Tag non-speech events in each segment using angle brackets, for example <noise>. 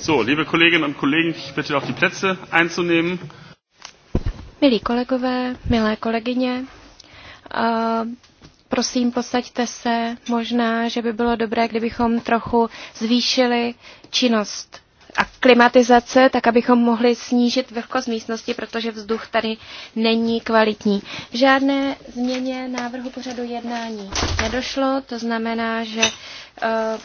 So, liebe Kolleginnen und Kollegen, ich bitte auf die Plätze einzunehmen. Milí kolegové, milé kolegyně, uh, prosím, posaďte se. Možná, že by bylo dobré, kdybychom trochu zvýšili činnost a klimatizace, tak abychom mohli snížit vlhkost místnosti, protože vzduch tady není kvalitní. Žádné změně návrhu pořadu jednání nedošlo, to znamená, že eh,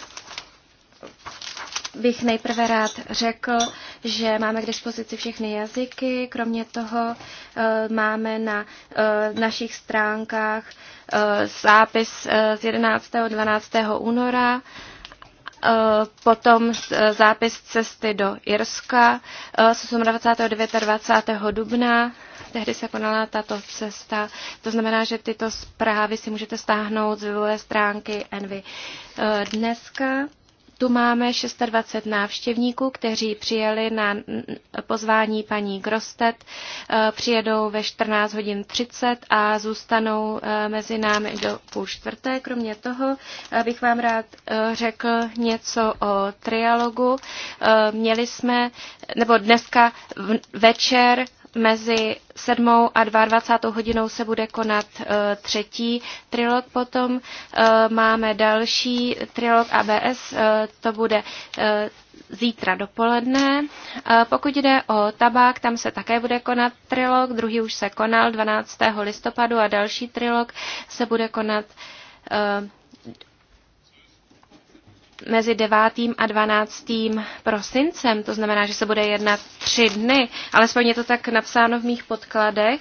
bych nejprve rád řekl, že máme k dispozici všechny jazyky, kromě toho eh, máme na eh, našich stránkách zápis z 11. 12. února Eh, potom eh, zápis cesty do Irska eh, z 28. a 29. dubna. Tehdy se konala tato cesta. To znamená, že tyto zprávy si můžete stáhnout z webové stránky Envy dneska tu máme 620 návštěvníků, kteří přijeli na pozvání paní Grostet. Eh, přijedou ve 14 hodin 30 a zůstanou eh, mezi námi do půl čtvrté. Kromě toho eh, bych vám rád řekl něco o trialogu. Měli jsme, nebo dneska večer mezi 7. a 22. hodinou se bude konat e, třetí trilog, potom e, máme další trilog ABS, e, to bude zítra dopoledne. Pokud jde o tabák, tam se také bude konat trilog, druhý už se konal 12. listopadu a další trilog se bude konat mezi 9. a 12. prosincem, to znamená, že se bude jednat tři dny, alespoň je to tak napsáno v mých podkladech,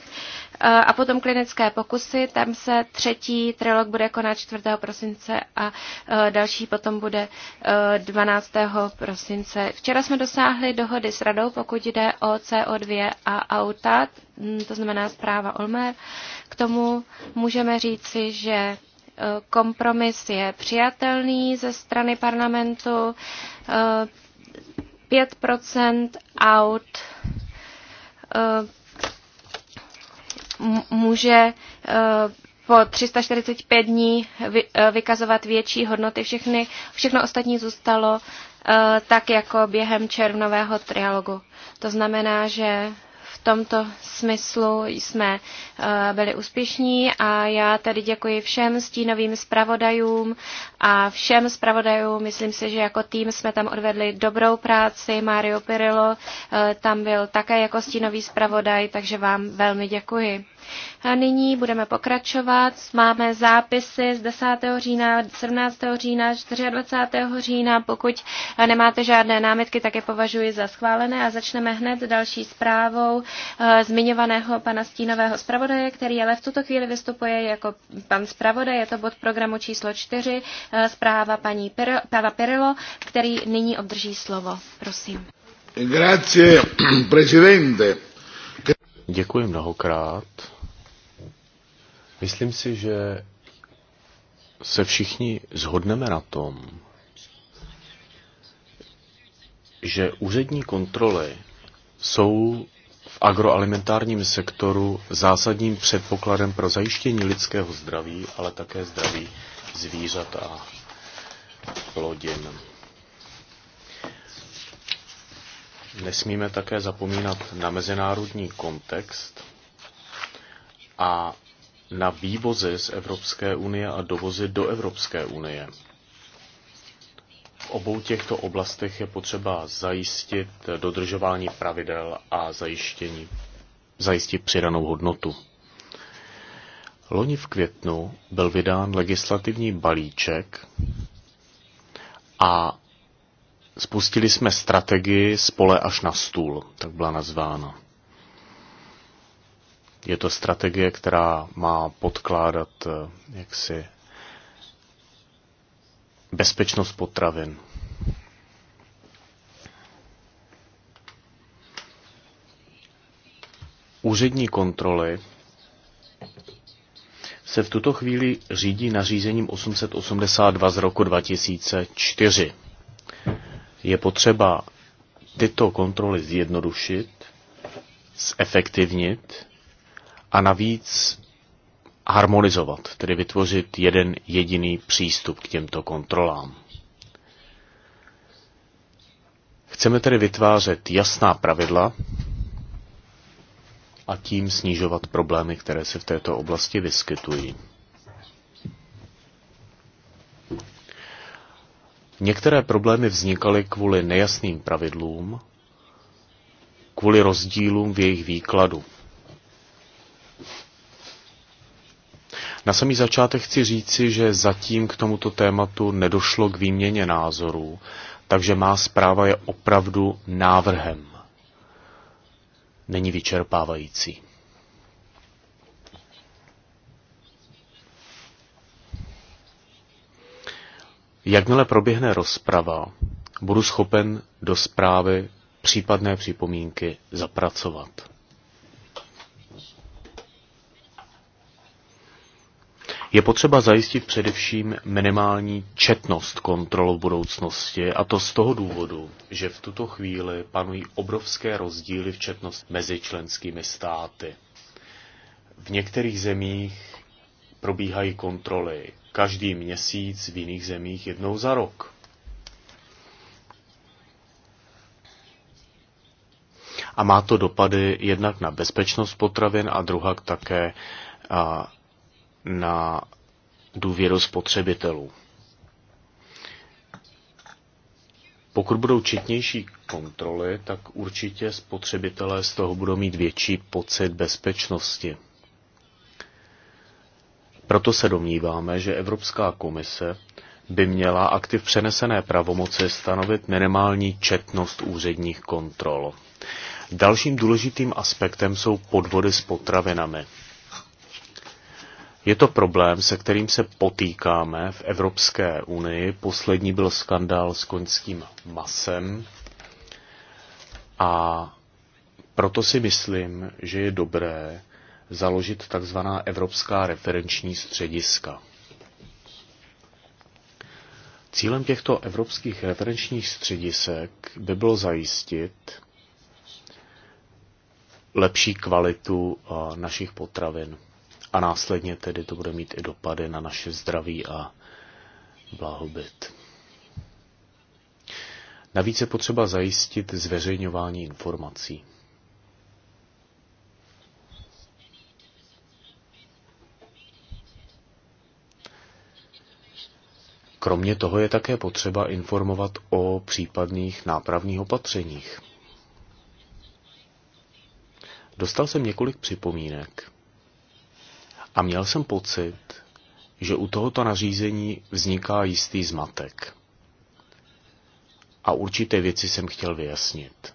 eh, a potom klinické pokusy, tam se třetí trilog bude konat 4. prosince a eh, další potom bude 12. Eh, prosince. Včera jsme dosáhli dohody s radou, pokud jde o CO2 a auta, hm, to znamená zpráva Olmer. K tomu můžeme říci, že kompromis je přijatelný ze strany parlamentu. 5 eh, aut eh, může eh, po 345 dní vykazovat větší hodnoty. Všechny, všechno ostatní zůstalo tak jako během červnového trialogu. To znamená, že v tomto smyslu jsme eh, byli úspěšní a já tady děkuji všem stínovým zpravodajům a všem zpravodajům. Myslím si, že jako tým jsme tam odvedli dobrou práci. Mario Pirillo eh, tam byl také jako stínový zpravodaj, takže vám velmi děkuji. A nyní budeme pokračovat. Máme zápisy z 10. října, 17. října, 24. října. Pokud nemáte žádné námitky, tak je považuji za schválené a začneme hned další zprávou eh, zmiňovaného pana Stínového zpravodaje, který ale v tuto chvíli vystupuje jako pan zpravodaj. Je to bod programu číslo 4, eh, zpráva paní Pava Pirilo, který nyní obdrží slovo. Prosím. Grazie, presidente. Děkuji mnohokrát. Myslím si, že se všichni zhodneme na tom, že úřední kontroly jsou v agroalimentárním sektoru zásadním předpokladem pro zajištění lidského zdraví, ale také zdraví zvířat a plodin. Nesmíme také zapomínat na mezinárodní kontext a na vývozy z Evropské unie a dovozy do Evropské unie. V obou těchto oblastech je potřeba zajistit dodržování pravidel a zajištění, zajistit přidanou hodnotu. Loni v květnu byl vydán legislativní balíček a spustili jsme strategii spole až na stůl, tak byla nazvána. Je to strategie, která má podkládat eh, jaksi bezpečnost potravin. Úřední kontroly se v tuto chvíli řídí nařízením 882 z roku 2004. Je potřeba tyto kontroly zjednodušit, zefektivnit a navíc harmonizovat, tedy vytvořit jeden jediný přístup k těmto kontrolám. Chceme tedy vytvářet jasná pravidla a tím snižovat problémy, které se v této oblasti vyskytují. Některé problémy vznikaly kvůli nejasným pravidlům, kvůli rozdílům v jejich výkladu Na samý začátek chci říci, že zatím k tomuto tématu nedošlo k výměně názorů, takže má zpráva je opravdu návrhem. Není vyčerpávající. Jakmile proběhne rozprava, budu schopen do zprávy případné připomínky zapracovat. Je potřeba zajistit především minimální četnost kontrol v budoucnosti a to z toho důvodu, že v tuto chvíli panují obrovské rozdíly v četnosti mezi členskými státy. V některých zemích probíhají kontroly každý měsíc, v jiných zemích jednou za rok. A má to dopady jednak na bezpečnost potravin a druhak také na důvěru spotřebitelů. Pokud budou četnější kontroly, tak určitě spotřebitelé z toho budou mít větší pocit bezpečnosti. Proto se domníváme, že Evropská komise by měla aktiv přenesené pravomoci stanovit minimální četnost úředních kontrol. Dalším důležitým aspektem jsou podvody s potravinami. Je to problém, se kterým se potýkáme v Evropské unii. Poslední byl skandál s koňským masem. A proto si myslím, že je dobré založit takzvaná evropská referenční střediska. Cílem těchto evropských referenčních středisek by bylo zajistit lepší kvalitu eh, našich potravin a následně tedy to bude mít i dopady na naše zdraví a blahobyt. Navíc je potřeba zajistit zveřejňování informací. Kromě toho je také potřeba informovat o případných nápravních opatřeních. Dostal jsem několik připomínek a měl jsem pocit, že u tohoto nařízení vzniká jistý zmatek. A určité věci jsem chtěl vyjasnit.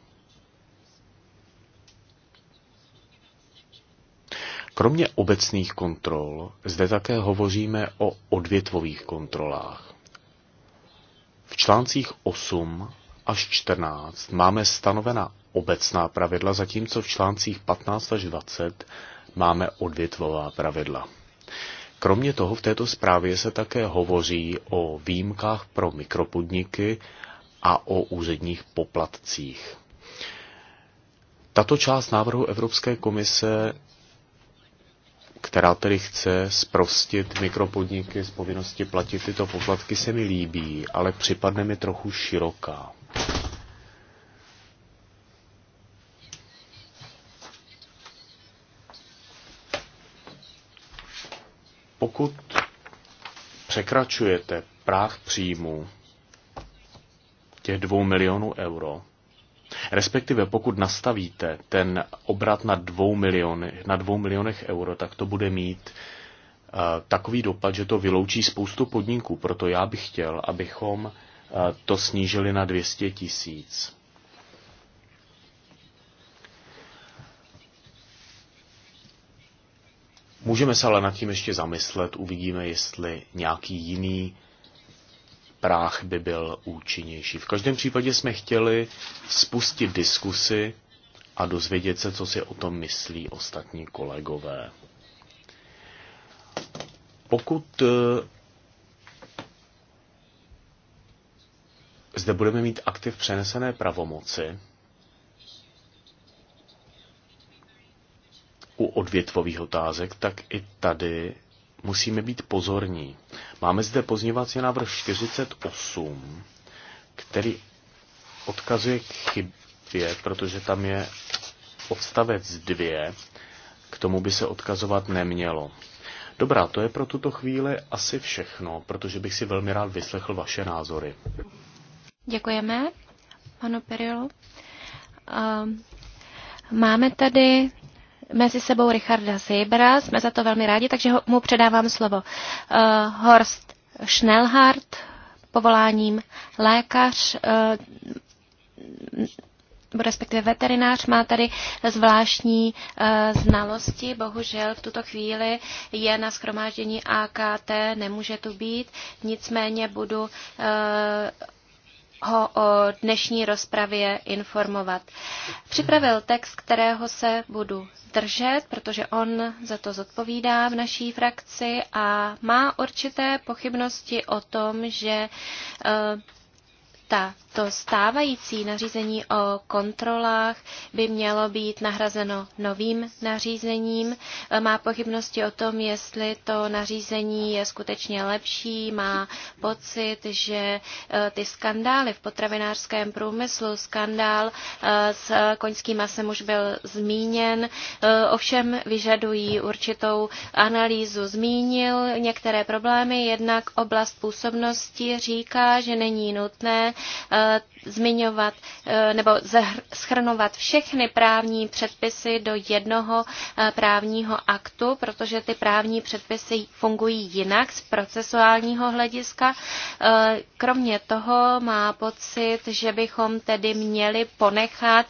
Kromě obecných kontrol zde také hovoříme o odvětvových kontrolách. V článcích 8 až 14 máme stanovena obecná pravidla, zatímco v článcích 15 až 20 máme odvětvová pravidla. Kromě toho v této zprávě se také hovoří o výjimkách pro mikropodniky a o úředních poplatcích. Tato část návrhu Evropské komise, která tedy chce sprostit mikropodniky z povinnosti platit tyto poplatky, se mi líbí, ale připadne mi trochu široká. Pokud překračujete práh příjmu těch dvou milionů euro, respektive pokud nastavíte ten obrat na dvou, miliony, na dvou milionech euro, tak to bude mít eh, takový dopad, že to vyloučí spoustu podniků. Proto já bych chtěl, abychom eh, to snížili na 200 tisíc. Můžeme se ale nad tím ještě zamyslet, uvidíme, jestli nějaký jiný práh by byl účinnější. V každém případě jsme chtěli spustit diskusy a dozvědět se, co si o tom myslí ostatní kolegové. Pokud eh, zde budeme mít aktiv přenesené pravomoci, u odvětvových otázek, tak i tady musíme být pozorní. Máme zde pozněvací návrh 48, který odkazuje k chybě, protože tam je odstavec 2, k tomu by se odkazovat nemělo. Dobrá, to je pro tuto chvíli asi všechno, protože bych si velmi rád vyslechl vaše názory. Děkujeme, panu Perilu. Um, máme tady mezi sebou Richarda Zebra. Jsme za to velmi rádi, takže mu předávám slovo. Uh, Horst Schnellhardt, povoláním lékař, uh, respektive veterinář má tady zvláštní uh, znalosti. Bohužel v tuto chvíli je na schromáždění AKT, nemůže tu být. Nicméně budu uh, ho o dnešní rozpravě informovat. Připravil text, kterého se budu držet, protože on za to zodpovídá v naší frakci a má určité pochybnosti o tom, že eh, ta, to stávající nařízení o kontrolách by mělo být nahrazeno novým nařízením. E, má pochybnosti o tom, jestli to nařízení je skutečně lepší, má pocit, že e, ty skandály v potravinářském průmyslu, skandál e, s koňským masem už byl zmíněn, ovšem vyžadují určitou analýzu. Zmínil některé problémy, jednak oblast působnosti říká, že není nutné, Eh, zmiňovat eh, nebo schrnovat všechny právní předpisy do jednoho eh, právního aktu, protože ty právní předpisy fungují jinak z procesuálního hlediska. Kromě toho má pocit, že bychom tedy měli ponechat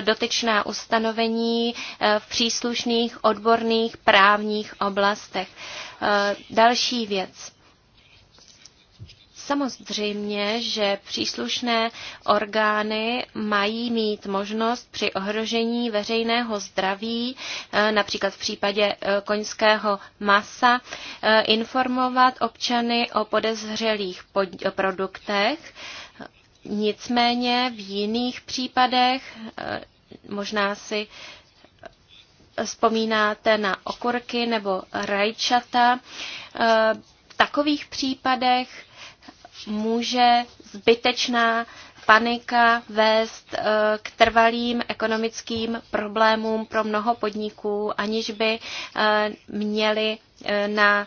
dotyčná ustanovení v příslušných odborných právních oblastech. Další věc. Samozřejmě, že příslušné orgány mají mít možnost při ohrožení veřejného zdraví, eh, například v případě eh, koňského masa, eh, informovat občany o podezřelých produktech. Nicméně v jiných případech, možná si vzpomínáte na okurky nebo rajčata, v takových případech může zbytečná panika vést eh, k trvalým ekonomickým problémům pro mnoho podniků, aniž by eh, měli eh, na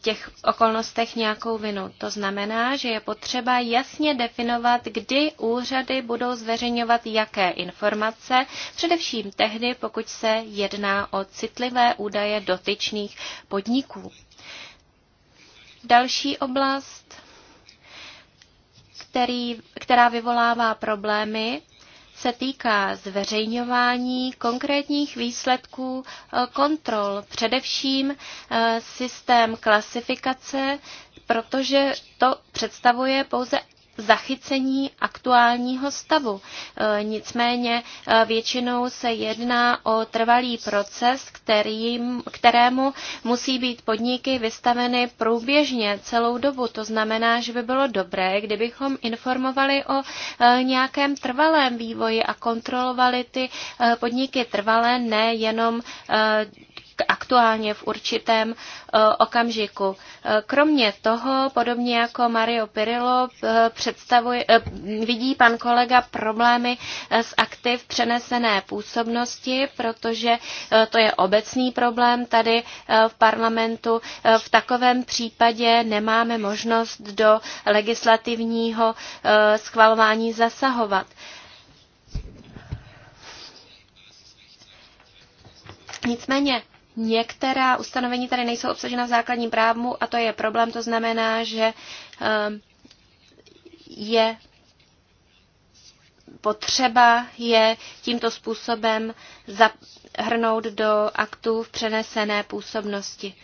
těch okolnostech nějakou vinu. To znamená, že je potřeba jasně definovat, kdy úřady budou zveřejňovat jaké informace, především tehdy, pokud se jedná o citlivé údaje dotyčných podniků. Další oblast který, která vyvolává problémy, se týká zveřejňování konkrétních výsledků eh, kontrol, především eh, systém klasifikace, protože to představuje pouze zachycení aktuálního stavu. E, nicméně e, většinou se jedná o trvalý proces, kterým, kterému musí být podniky vystaveny průběžně celou dobu. To znamená, že by bylo dobré, kdybychom informovali o e, nějakém trvalém vývoji a kontrolovali ty podniky trvalé, ne jenom aktuálně v určitém eh, okamžiku. Eh, kromě toho, podobně jako Mario Pirillo, eh, představuje, vidí pan kolega problémy s aktiv přenesené působnosti, protože to je obecný problém tady v parlamentu. V takovém případě nemáme možnost do legislativního schvalování zasahovat. Nicméně Některá ustanovení tady nejsou obsažena v základním právu a to je problém. To znamená, že eh, je potřeba je tímto způsobem zahrnout do aktů v přenesené působnosti.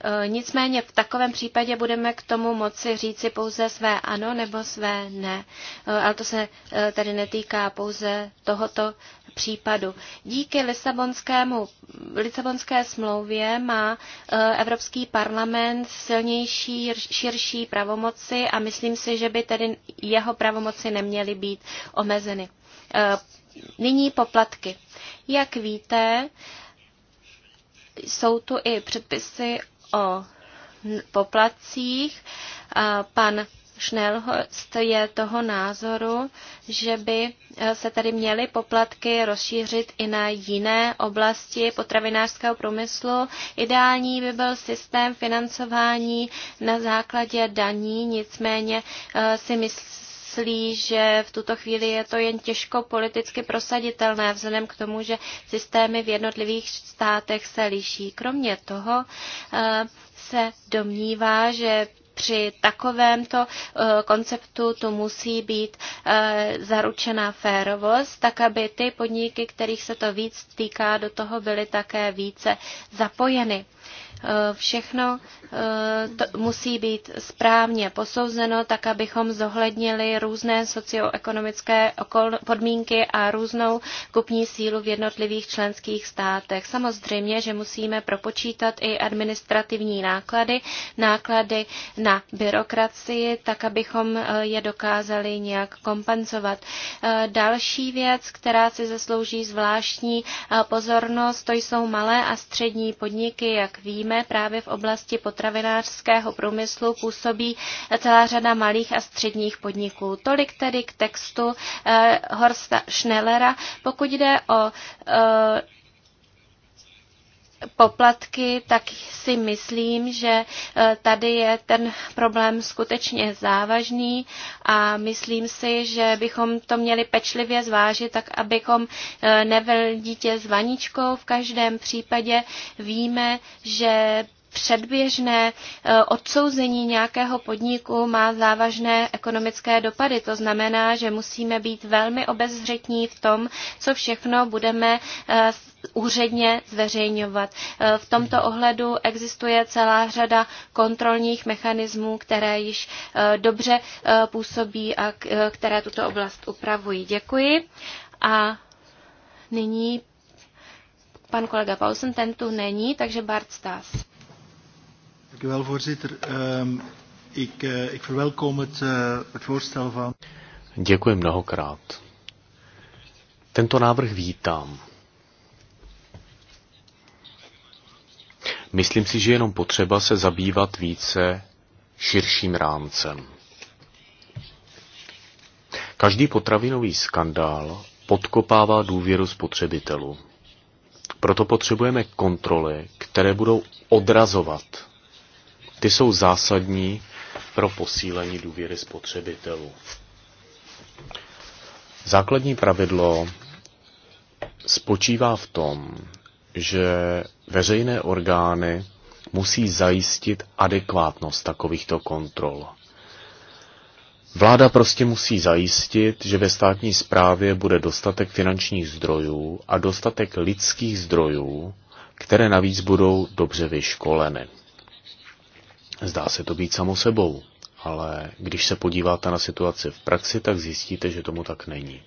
Eh, nicméně v takovém případě budeme k tomu moci říci pouze své ano nebo své ne. Eh, ale to se eh, tady netýká pouze tohoto případu. Díky Lisabonskému, Lisabonské smlouvě má Evropský parlament silnější, širší pravomoci a myslím si, že by tedy jeho pravomoci neměly být omezeny. Nyní poplatky. Jak víte, jsou tu i předpisy o poplacích. Pan Schnellhorst je toho názoru, že by e, se tady měly poplatky rozšířit i na jiné oblasti potravinářského průmyslu. Ideální by byl systém financování na základě daní, nicméně e, si myslím, myslí, že v tuto chvíli je to jen těžko politicky prosaditelné, vzhledem k tomu, že systémy v jednotlivých státech se liší. Kromě toho eh, se domnívá, že při takovémto eh, konceptu to musí být eh, zaručena férovost, tak aby ty podniky, kterých se to víc týká, do toho byly také více zapojeny. Eh, všechno eh, to musí být správně posouzeno, tak abychom zohlednili různé socioekonomické podmínky a různou kupní sílu v jednotlivých členských státech. Samozřejmě, že musíme propočítat i administrativní náklady, náklady na byrokracii, tak abychom eh, je dokázali nějak kompenzovat. Další věc, která si zaslouží zvláštní pozornost, to jsou malé a střední podniky, jak víme, právě v oblasti potravinářského průmyslu působí celá řada malých a středních podniků. Tolik tedy k textu eh, Horsta Schnellera. Pokud jde o eh, poplatky, tak si myslím, že e, tady je ten problém skutečně závažný a myslím si, že bychom to měli pečlivě zvážit, tak abychom e, nevel dítě s vaničkou. V každém případě víme, že předběžné eh, odsouzení nějakého podniku má závažné ekonomické dopady. To znamená, že musíme být velmi obezřetní v tom, co všechno budeme eh, úředně zveřejňovat. Eh, v tomto ohledu existuje celá řada kontrolních mechanismů, které již dobře působí a které tuto oblast upravují. Děkuji. A nyní pan kolega Paulsen, ten tu není, takže Bart Stas. Dank u wel, voorzitter. Um, ik, uh, ik verwelkom het, uh, het voorstel van... Děkuji mnohokrát. Tento návrh vítám. Myslím si, že jenom potřeba se zabývat více širším rámcem. Každý potravinový skandál podkopává důvěru spotřebitelů. Proto potřebujeme kontroly, které budou odrazovat ty jsou zásadní pro posílení důvěry spotřebitelů. Základní pravidlo spočívá v tom, že veřejné orgány musí zajistit adekvátnost takovýchto kontrol. Vláda prostě musí zajistit, že ve státní správě bude dostatek finančních zdrojů a dostatek lidských zdrojů, které navíc budou dobře vyškoleny. Zdá se to být samo sebou, ale když se podíváte na situaci v praxi, tak zjistíte, že tomu tak není.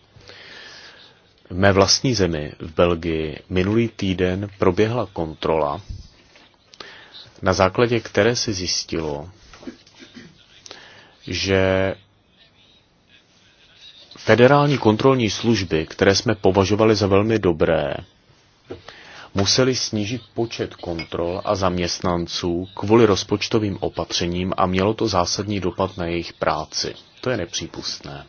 V mé vlastní zemi, v Belgii, minulý týden proběhla kontrola, na základě které se zjistilo, že federální kontrolní služby, které jsme považovali za velmi dobré, museli snížit počet kontrol a zaměstnanců kvůli rozpočtovým opatřením a mělo to zásadní dopad na jejich práci. To je nepřípustné.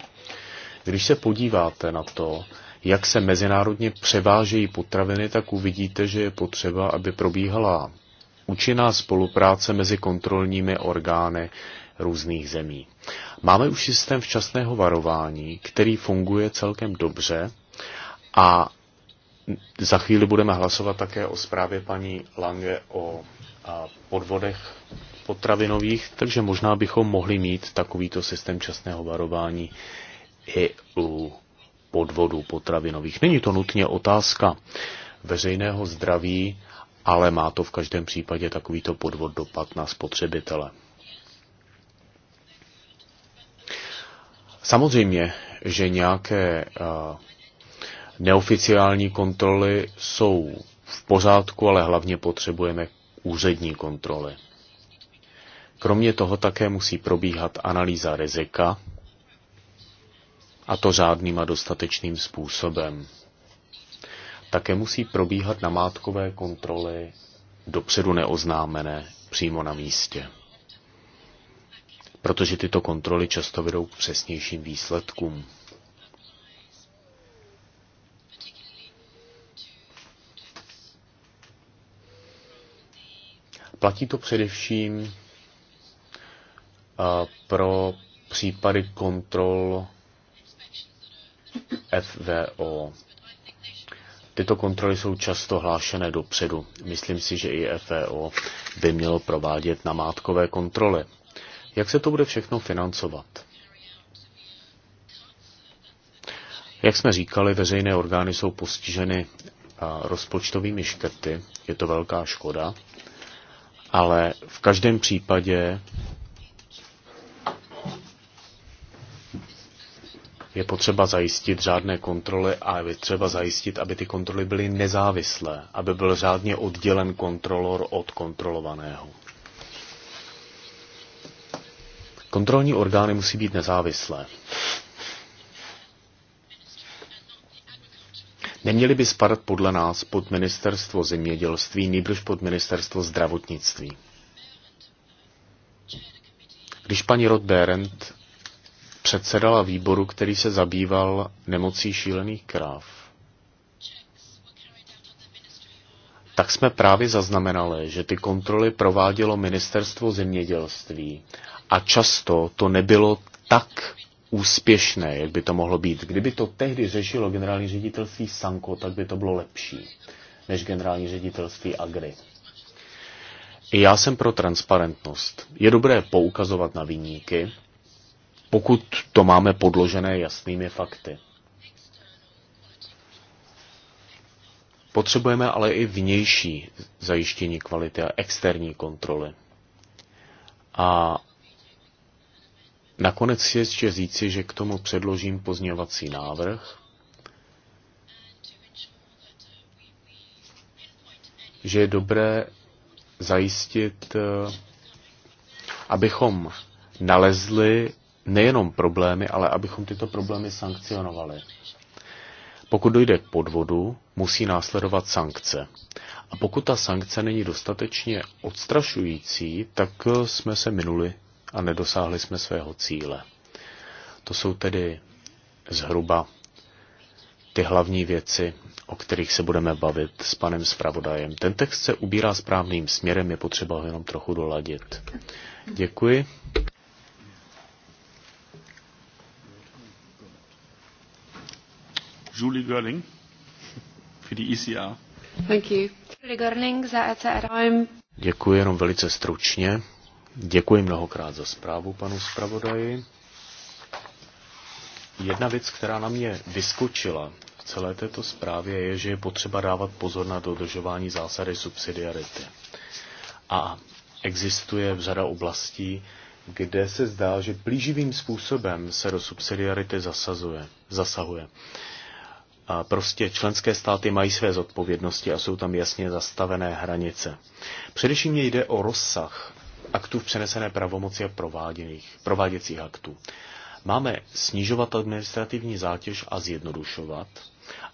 Když se podíváte na to, jak se mezinárodně převážejí potraviny, tak uvidíte, že je potřeba, aby probíhala účinná spolupráce mezi kontrolními orgány různých zemí. Máme už systém včasného varování, který funguje celkem dobře a za chvíli budeme hlasovat také o zprávě paní Lange o podvodech potravinových, takže možná bychom mohli mít takovýto systém časného varování i u podvodů potravinových. Není to nutně otázka veřejného zdraví, ale má to v každém případě takovýto podvod dopad na spotřebitele. Samozřejmě, že nějaké Neoficiální kontroly jsou v pořádku, ale hlavně potřebujeme úřední kontroly. Kromě toho také musí probíhat analýza rizika, a to řádným a dostatečným způsobem. Také musí probíhat namátkové kontroly dopředu neoznámené přímo na místě. Protože tyto kontroly často vedou k přesnějším výsledkům. Platí to především eh, pro případy kontrol FVO. Tyto kontroly jsou často hlášené dopředu. Myslím si, že i FVO by mělo provádět namátkové kontroly. Jak se to bude všechno financovat? Jak jsme říkali, veřejné orgány jsou postiženy eh, rozpočtovými škrty. Je to velká škoda ale v každém případě je potřeba zajistit řádné kontroly a je třeba zajistit, aby ty kontroly byly nezávislé, aby byl řádně oddělen kontrolor od kontrolovaného. Kontrolní orgány musí být nezávislé. neměly by spadat podle nás pod ministerstvo zemědělství, nejbrž pod ministerstvo zdravotnictví. Když paní Rod Berend předsedala výboru, který se zabýval nemocí šílených kráv, tak jsme právě zaznamenali, že ty kontroly provádělo ministerstvo zemědělství a často to nebylo tak úspěšné, jak by to mohlo být. Kdyby to tehdy řešilo generální ředitelství Sanko, tak by to bylo lepší než generální ředitelství Agri. Já jsem pro transparentnost. Je dobré poukazovat na výníky, pokud to máme podložené jasnými fakty. Potřebujeme ale i vnější zajištění kvality a externí kontroly. A Nakonec ještě říci, že k tomu předložím pozměňovací návrh, že je dobré zajistit, eh, abychom nalezli nejenom problémy, ale abychom tyto problémy sankcionovali. Pokud dojde k podvodu, musí následovat sankce. A pokud ta sankce není dostatečně odstrašující, tak eh, jsme se minuli a nedosáhli jsme svého cíle. To jsou tedy zhruba ty hlavní věci, o kterých se budeme bavit s panem zpravodajem. Ten text se ubírá správným směrem, je potřeba ho jenom trochu doladit. Děkuji. Julie Görling für die ECR. Thank you. Julie Görling za ECR. Děkuji jenom velice stručně. Děkuji mnohokrát za zprávu panu zpravodaji. Jedna věc, která na mě vyskočila v celé této zprávě, je, že je potřeba dávat pozor na dodržování zásady subsidiarity. A existuje v řada oblastí, kde se zdá, že plíživým způsobem se do subsidiarity zasazuje, zasahuje. A prostě členské státy mají své zodpovědnosti a jsou tam jasně zastavené hranice. Především jde o rozsah aktů v přenesené pravomoci a prováděcích aktů. Máme snižovat administrativní zátěž a zjednodušovat,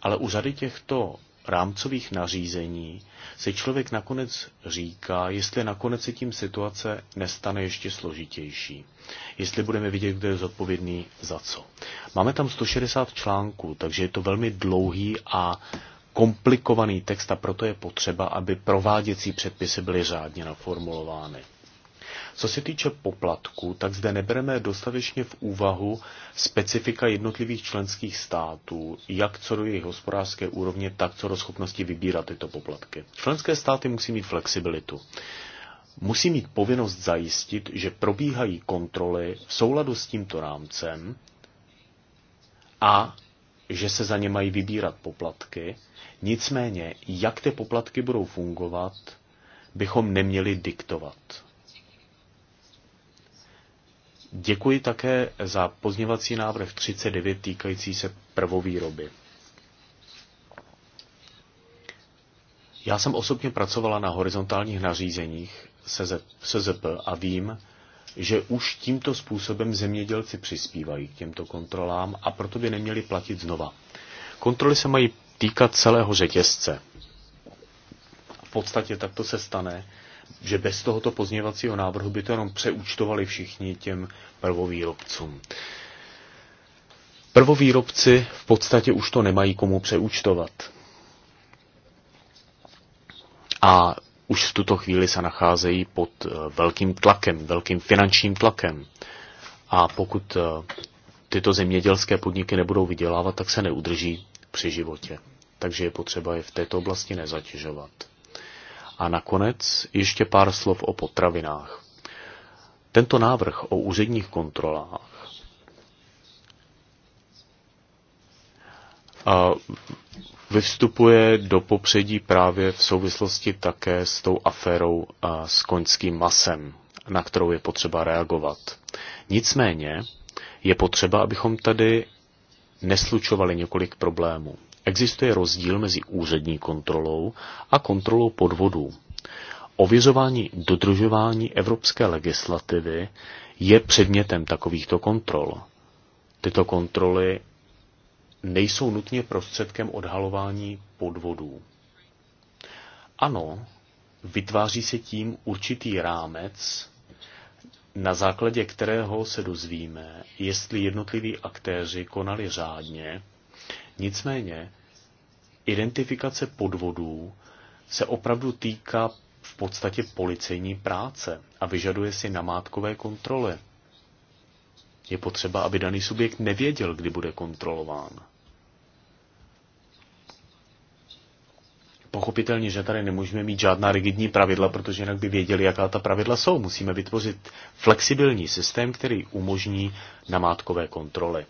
ale u řady těchto rámcových nařízení se člověk nakonec říká, jestli nakonec se tím situace nestane ještě složitější. Jestli budeme vidět, kdo je zodpovědný za co. Máme tam 160 článků, takže je to velmi dlouhý a komplikovaný text a proto je potřeba, aby prováděcí předpisy byly řádně naformulovány. Co se týče poplatku, tak zde nebereme dostatečně v úvahu specifika jednotlivých členských států, jak co do jejich hospodářské úrovně, tak co do schopnosti vybírat tyto poplatky. Členské státy musí mít flexibilitu musí mít povinnost zajistit, že probíhají kontroly v souladu s tímto rámcem a že se za ně mají vybírat poplatky. Nicméně, jak ty poplatky budou fungovat, bychom neměli diktovat. Děkuji také za pozněvací návrh 39 týkající se prvovýroby. Já jsem osobně pracovala na horizontálních nařízeních SZP a vím, že už tímto způsobem zemědělci přispívají k těmto kontrolám a proto by neměli platit znova. Kontroly se mají týkat celého řetězce. V podstatě takto se stane, že bez tohoto pozměvacího návrhu by to jenom přeúčtovali všichni těm prvovýrobcům. Prvovýrobci v podstatě už to nemají komu přeúčtovat. A už v tuto chvíli se nacházejí pod eh, velkým tlakem, velkým finančním tlakem. A pokud eh, tyto zemědělské podniky nebudou vydělávat, tak se neudrží při životě. Takže je potřeba je v této oblasti nezatěžovat. A nakonec ještě pár slov o potravinách. Tento návrh o úředních kontrolách vystupuje do popředí právě v souvislosti také s tou aférou s koňským masem, na kterou je potřeba reagovat. Nicméně je potřeba, abychom tady neslučovali několik problémů. Existuje rozdíl mezi úřední kontrolou a kontrolou podvodů. Ověřování dodržování evropské legislativy je předmětem takovýchto kontrol. Tyto kontroly nejsou nutně prostředkem odhalování podvodů. Ano, vytváří se tím určitý rámec, na základě kterého se dozvíme, jestli jednotliví aktéři konali řádně Nicméně identifikace podvodů se opravdu týká v podstatě policejní práce a vyžaduje si namátkové kontroly. Je potřeba, aby daný subjekt nevěděl, kdy bude kontrolován. Pochopitelně, že tady nemůžeme mít žádná rigidní pravidla, protože jinak by věděli, jaká ta pravidla jsou. Musíme vytvořit flexibilní systém, který umožní namátkové kontroly.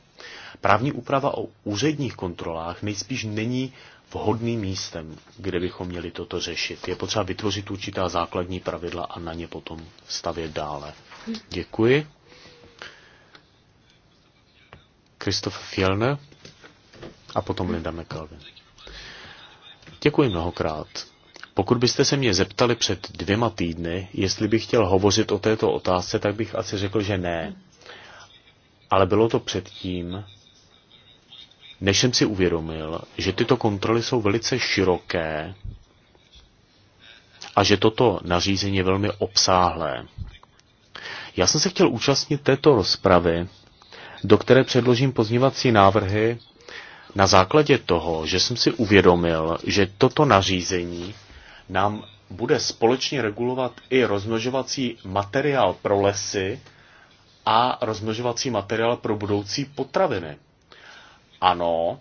Právní úprava o úředních kontrolách nejspíš není vhodným místem, kde bychom měli toto řešit. Je potřeba vytvořit určitá základní pravidla a na ně potom stavět dále. Děkuji. Kristof Fjellner a potom Linda McAlvin. Děkuji mnohokrát. Pokud byste se mě zeptali před dvěma týdny, jestli bych chtěl hovořit o této otázce, tak bych asi řekl, že ne ale bylo to předtím, než jsem si uvědomil, že tyto kontroly jsou velice široké a že toto nařízení je velmi obsáhlé. Já jsem se chtěl účastnit této rozpravy, do které předložím pozněvací návrhy na základě toho, že jsem si uvědomil, že toto nařízení nám bude společně regulovat i rozmnožovací materiál pro lesy, a rozmnožovací materiál pro budoucí potraviny. Ano,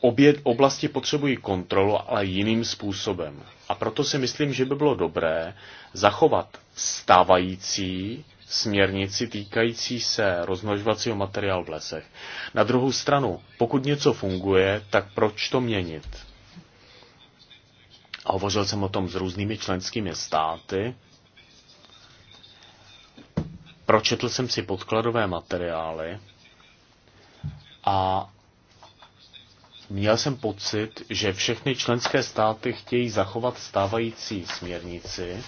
obě oblasti potřebují kontrolu, ale jiným způsobem. A proto si myslím, že by bylo dobré zachovat stávající směrnici týkající se rozmnožovacího materiálu v lesech. Na druhou stranu, pokud něco funguje, tak proč to měnit? A hovořil jsem o tom s různými členskými státy, Pročetl jsem si podkladové materiály a měl jsem pocit, že všechny členské státy chtějí zachovat stávající směrnici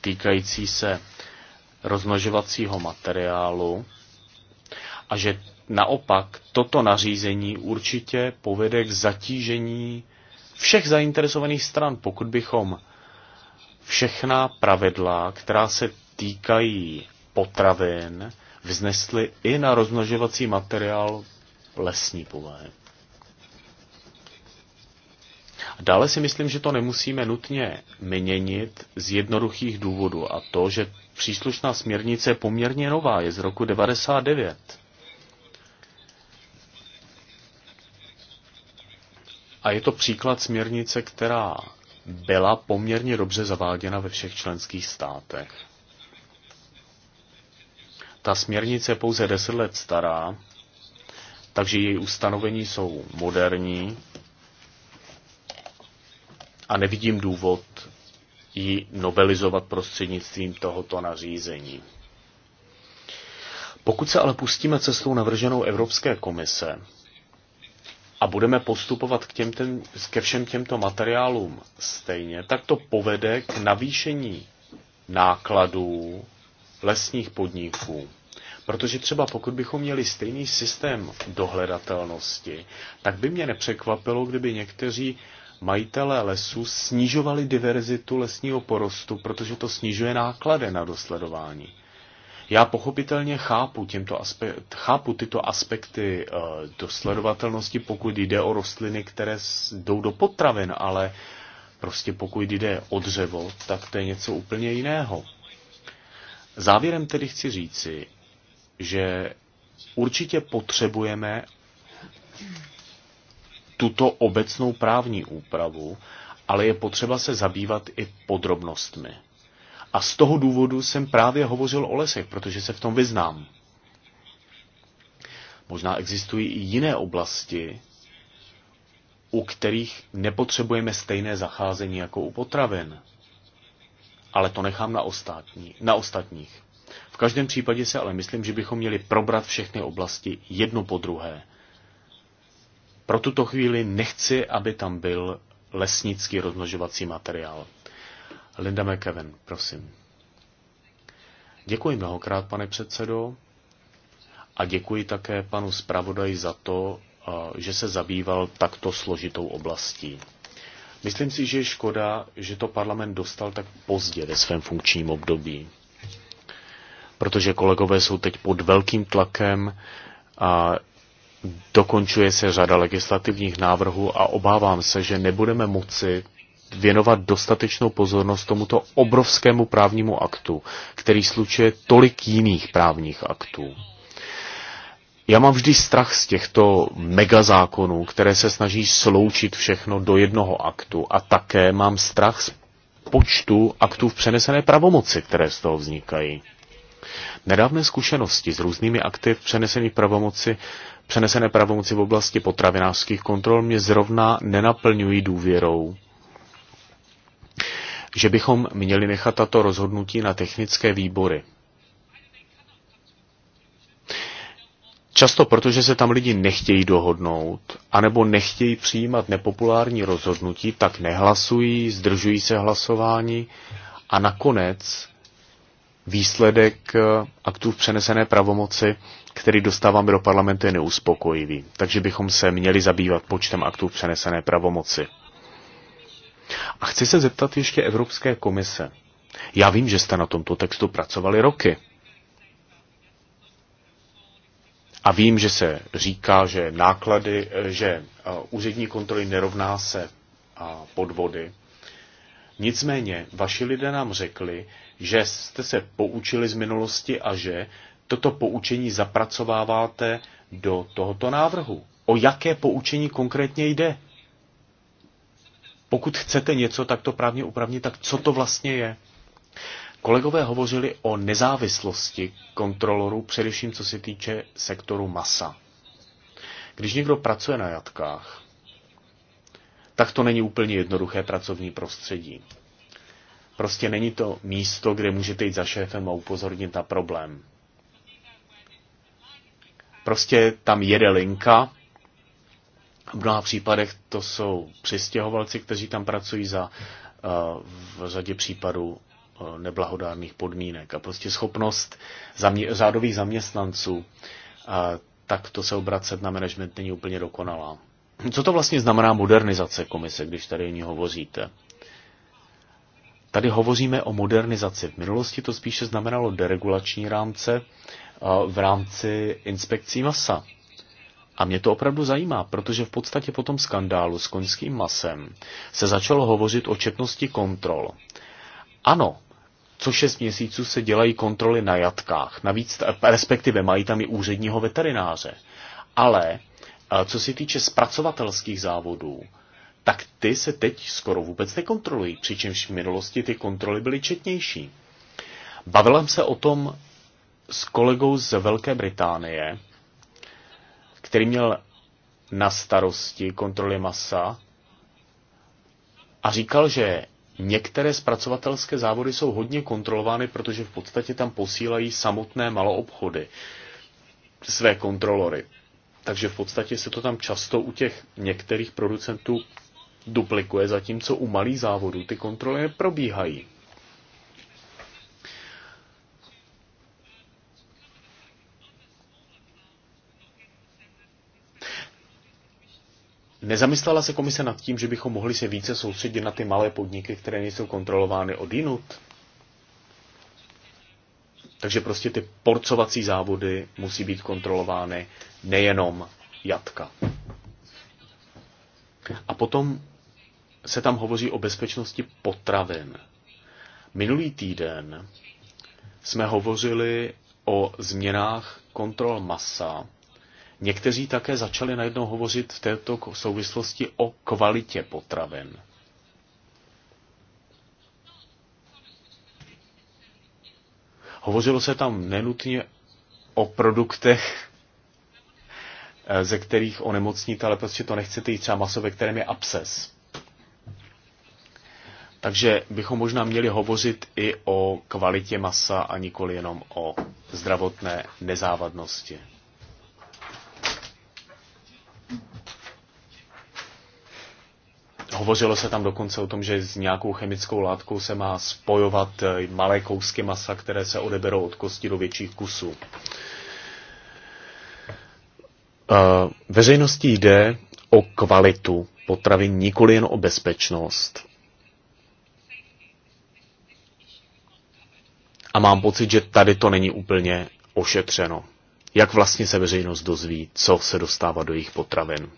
týkající se rozmnožovacího materiálu a že naopak toto nařízení určitě povede k zatížení všech zainteresovaných stran, pokud bychom všechna pravidla, která se týkají potravin vznesly i na rozmnožovací materiál lesní povahy. Dále si myslím, že to nemusíme nutně měnit z jednoduchých důvodů a to, že příslušná směrnice je poměrně nová, je z roku 99. A je to příklad směrnice, která byla poměrně dobře zaváděna ve všech členských státech. Ta směrnice je pouze 10 let stará, takže její ustanovení jsou moderní a nevidím důvod ji novelizovat prostřednictvím tohoto nařízení. Pokud se ale pustíme cestou navrženou Evropské komise a budeme postupovat k těm, ten, ke všem těmto materiálům stejně, tak to povede k navýšení nákladů lesních podniků. Protože třeba pokud bychom měli stejný systém dohledatelnosti, tak by mě nepřekvapilo, kdyby někteří majitelé lesů snižovali diverzitu lesního porostu, protože to snižuje náklady na dosledování. Já pochopitelně chápu, tímto aspekt, chápu tyto aspekty e, dosledovatelnosti, pokud jde o rostliny, které jdou do potravin, ale prostě pokud jde o dřevo, tak to je něco úplně jiného. Závěrem tedy chci říci, že určitě potřebujeme tuto obecnou právní úpravu, ale je potřeba se zabývat i podrobnostmi. A z toho důvodu jsem právě hovořil o lesech, protože se v tom vyznám. Možná existují i jiné oblasti, u kterých nepotřebujeme stejné zacházení jako u potravin ale to nechám na, ostatní, na ostatních. V každém případě se ale myslím, že bychom měli probrat všechny oblasti jedno po druhé. Pro tuto chvíli nechci, aby tam byl lesnický rozmnožovací materiál. Linda McKeven, prosím. Děkuji mnohokrát, pane předsedo, a děkuji také panu zpravodaji za to, eh, že se zabýval takto složitou oblastí. Myslím si, že je škoda, že to parlament dostal tak pozdě ve svém funkčním období. Protože kolegové jsou teď pod velkým tlakem a dokončuje se řada legislativních návrhů a obávám se, že nebudeme moci věnovat dostatečnou pozornost tomuto obrovskému právnímu aktu, který slučuje tolik jiných právních aktů. Já mám vždy strach z těchto megazákonů, které se snaží sloučit všechno do jednoho aktu a také mám strach z počtu aktů v přenesené pravomoci, které z toho vznikají. Nedávné zkušenosti s různými akty v přenesené pravomoci, přenesené pravomoci v oblasti potravinářských kontrol mě zrovna nenaplňují důvěrou že bychom měli nechat tato rozhodnutí na technické výbory. Často protože se tam lidi nechtějí dohodnout, anebo nechtějí přijímat nepopulární rozhodnutí, tak nehlasují, zdržují se hlasování a nakonec výsledek eh, aktů v přenesené pravomoci, který dostáváme do parlamentu, je neuspokojivý. Takže bychom se měli zabývat počtem aktů v přenesené pravomoci. A chci se zeptat ještě Evropské komise. Já vím, že jste na tomto textu pracovali roky. A vím, že se říká, že náklady, eh, že eh, úřední kontroly nerovná se podvody. Nicméně, vaši lidé nám řekli, že jste se poučili z minulosti a že toto poučení zapracováváte do tohoto návrhu. O jaké poučení konkrétně jde? Pokud chcete něco takto právně upravnit, tak co to vlastně je? Kolegové hovořili o nezávislosti kontrolorů, především co se týče sektoru masa. Když někdo pracuje na jatkách, tak to není úplně jednoduché pracovní prostředí. Prostě není to místo, kde můžete jít za šéfem a upozornit na problém. Prostě tam jede linka. V mnoha případech to jsou přistěhovalci, kteří tam pracují za eh, v řadě případů Eh, neblahodárných podmínek. A prostě schopnost zamě- řádových zaměstnanců eh, to se obracet na management není úplně dokonalá. Co to vlastně znamená modernizace komise, když tady o ní hovoříte? Tady hovoříme o modernizaci. V minulosti to spíše znamenalo deregulační rámce eh, v rámci inspekcí masa. A mě to opravdu zajímá, protože v podstatě po tom skandálu s koňským masem se začalo hovořit o četnosti kontrol. Ano, co šest měsíců se dělají kontroly na jatkách. Navíc, respektive mají tam i úředního veterináře. Ale e, co se týče zpracovatelských závodů, tak ty se teď skoro vůbec nekontrolují, přičemž v minulosti ty kontroly byly četnější. Bavil jsem se o tom s kolegou z Velké Británie, který měl na starosti kontroly masa a říkal, že Některé zpracovatelské závody jsou hodně kontrolovány, protože v podstatě tam posílají samotné maloobchody své kontrolory. Takže v podstatě se to tam často u těch některých producentů duplikuje, zatímco u malých závodů ty kontroly neprobíhají. Nezamyslela se komise nad tím, že bychom mohli se více soustředit na ty malé podniky, které nejsou kontrolovány od jinut? Takže prostě ty porcovací závody musí být kontrolovány nejenom jatka. A potom se tam hovoří o bezpečnosti potravin. Minulý týden jsme hovořili o změnách kontrol masa Někteří také začali najednou hovořit v této souvislosti o kvalitě potravin. Hovořilo se tam nenutně o produktech, eh, ze kterých onemocníte, ale prostě to nechcete jít třeba maso, ve kterém je absces. Takže bychom možná měli hovořit i o kvalitě masa a nikoli jenom o zdravotné nezávadnosti. Hovořilo se tam dokonce o tom, že s nějakou chemickou látkou se má spojovat malé kousky masa, které se odeberou od kosti do větších kusů. Eh, veřejnosti jde o kvalitu potravy, nikoli jen o bezpečnost. A mám pocit, že tady to není úplně ošetřeno jak vlastně se veřejnost dozví, co se dostává do jejich potravin.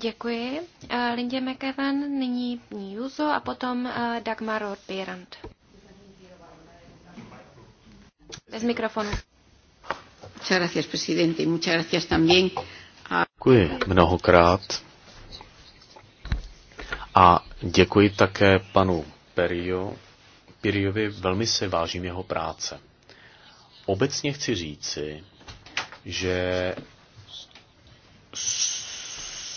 Děkuji. Eh, Lindě McEwan nyní Juzo a potom eh, Dagmar Orpirant. Bez mikrofonu. Děkuji mnohokrát. A děkuji také panu Perio. Piriovi velmi si vážím jeho práce. Obecně chci říci, že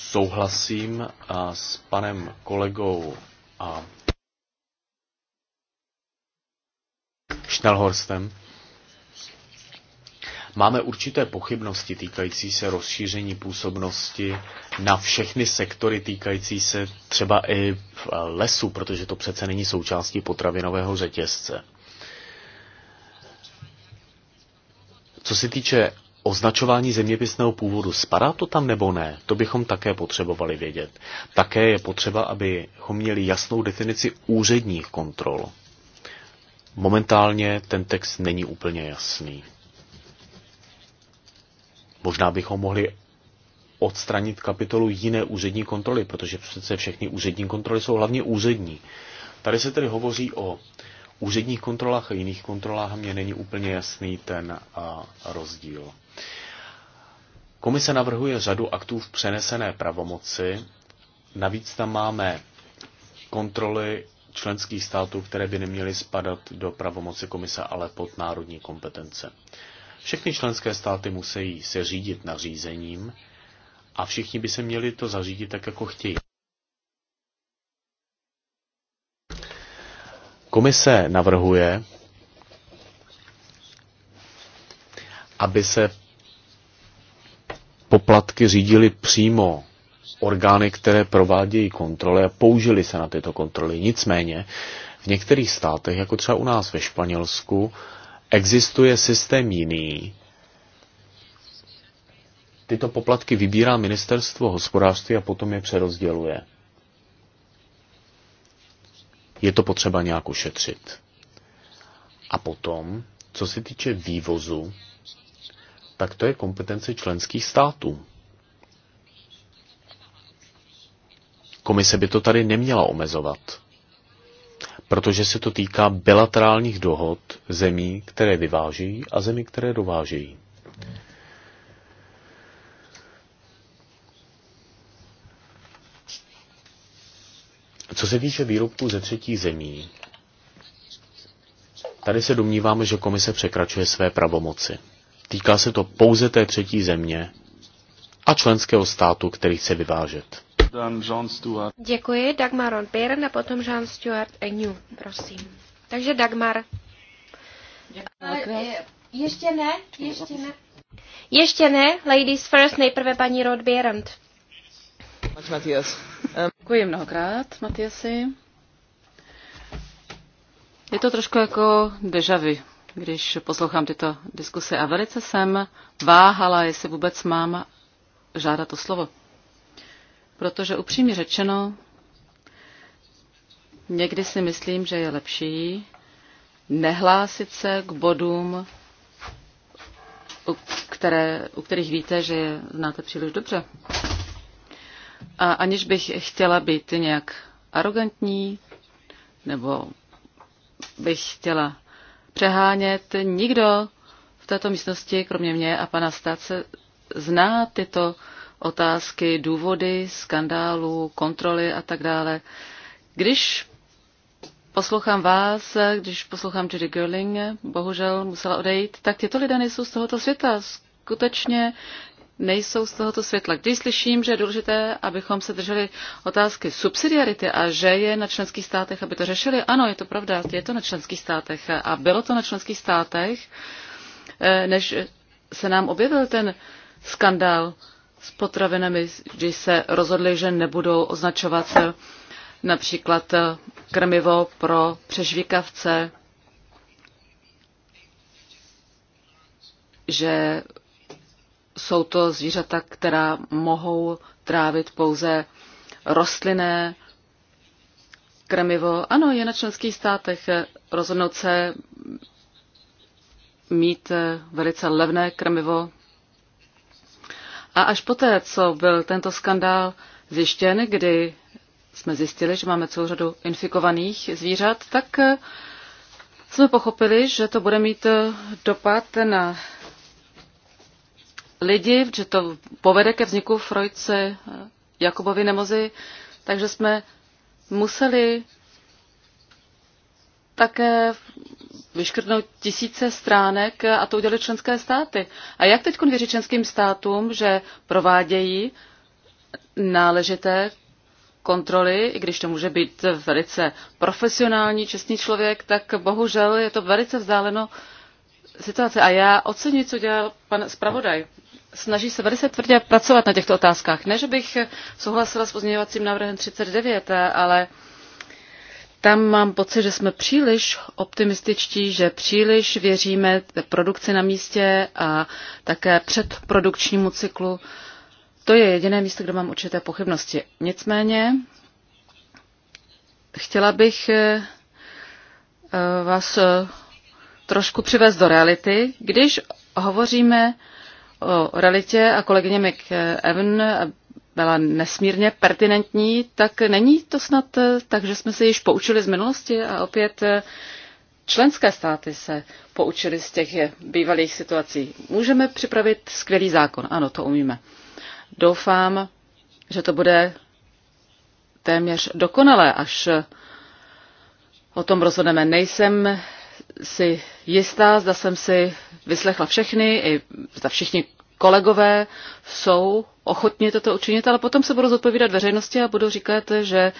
souhlasím a s panem kolegou a Schnellhorstem. Máme určité pochybnosti týkající se rozšíření působnosti na všechny sektory týkající se třeba i lesu, protože to přece není součástí potravinového řetězce. Co se týče označování zeměpisného původu, spadá to tam nebo ne? To bychom také potřebovali vědět. Také je potřeba, abychom měli jasnou definici úředních kontrol. Momentálně ten text není úplně jasný. Možná bychom mohli odstranit kapitolu jiné úřední kontroly, protože přece všechny úřední kontroly jsou hlavně úřední. Tady se tedy hovoří o úředních kontrolách a jiných kontrolách mě není úplně jasný ten rozdíl. Komise navrhuje řadu aktů v přenesené pravomoci, navíc tam máme kontroly členských států, které by neměly spadat do pravomoci komise, ale pod národní kompetence. Všechny členské státy musí se řídit nařízením a všichni by se měli to zařídit tak, jako chtějí. Komise navrhuje, aby se poplatky řídily přímo orgány, které provádějí kontroly a použili se na tyto kontroly. Nicméně v některých státech, jako třeba u nás ve Španělsku, existuje systém jiný. Tyto poplatky vybírá ministerstvo hospodářství a potom je přerozděluje je to potřeba nějak ušetřit. A potom, co se týče vývozu, tak to je kompetence členských států. Komise by to tady neměla omezovat, protože se to týká bilaterálních dohod zemí, které vyvážejí a zemí, které dovážejí. Co se týče výrobků ze třetí zemí, tady se domníváme, že komise překračuje své pravomoci. Týká se to pouze té třetí země a členského státu, který chce vyvážet. Děkuji, Dagmar Ron a potom Jean Stuart Enu, prosím. Takže Dagmar. Ještě ne, ještě ne. Ještě ne, ladies first, nejprve paní Rod Matias. Um, Děkuji mnohokrát, Matiasi. Je to trošku jako deja vu, když poslouchám tyto diskuse a velice jsem váhala, jestli vůbec mám žádat o slovo. Protože upřímně řečeno, někdy si myslím, že je lepší nehlásit se k bodům, u, které, u kterých víte, že je znáte příliš dobře. A aniž bych chtěla být nějak arrogantní, nebo bych chtěla přehánět, nikdo v této místnosti, kromě mě a pana Stáce, zná tyto otázky, důvody, skandálu, kontroly a tak dále. Když poslouchám vás, když poslouchám Judy Girling, bohužel musela odejít, tak tyto lidé nejsou z tohoto světa. Skutečně nejsou z tohoto světla. Když slyším, že je důležité, abychom se drželi otázky subsidiarity a že je na členských státech, aby to řešili, ano, je to pravda, je to na členských státech a bylo to na členských státech, eh, než se nám objevil ten skandál s potravinami, kdy se rozhodli, že nebudou označovat eh, například eh, krmivo pro přežvíkavce, že jsou to zvířata, která mohou trávit pouze rostlinné krmivo. Ano, je na členských státech rozhodnout se mít velice levné krmivo. A až poté, co byl tento skandál zjištěn, kdy jsme zjistili, že máme celou řadu infikovaných zvířat, tak jsme pochopili, že to bude mít dopad na lidi, že to povede ke vzniku Freudce eh, Jakubovi nemozy, takže jsme museli také vyškrtnout tisíce stránek a to udělali členské státy. A jak teď věří členským státům, že provádějí náležité kontroly, i když to může být velice profesionální, čestný člověk, tak bohužel je to velice vzdáleno situace. A já ocením, co dělal pan zpravodaj snaží se velice tvrdě pracovat na těchto otázkách. Ne, že bych souhlasila s pozměňovacím návrhem 39, ale tam mám pocit, že jsme příliš optimističtí, že příliš věříme produkci na místě a také předprodukčnímu cyklu. To je jediné místo, kde mám určité pochybnosti. Nicméně chtěla bych eh, vás eh, trošku přivést do reality, když hovoříme o realitě a kolegyně McEwen byla nesmírně pertinentní, tak není to snad eh, tak, že jsme se již poučili z minulosti a opět eh, členské státy se poučili z těch eh, bývalých situací. Můžeme připravit skvělý zákon, ano, to umíme. Doufám, že to bude téměř dokonalé, až o tom rozhodneme. Nejsem si jistá, zda jsem si vyslechla všechny, i zda všichni kolegové jsou ochotni toto učinit, ale potom se budu zodpovídat veřejnosti a budu říkat, že eh,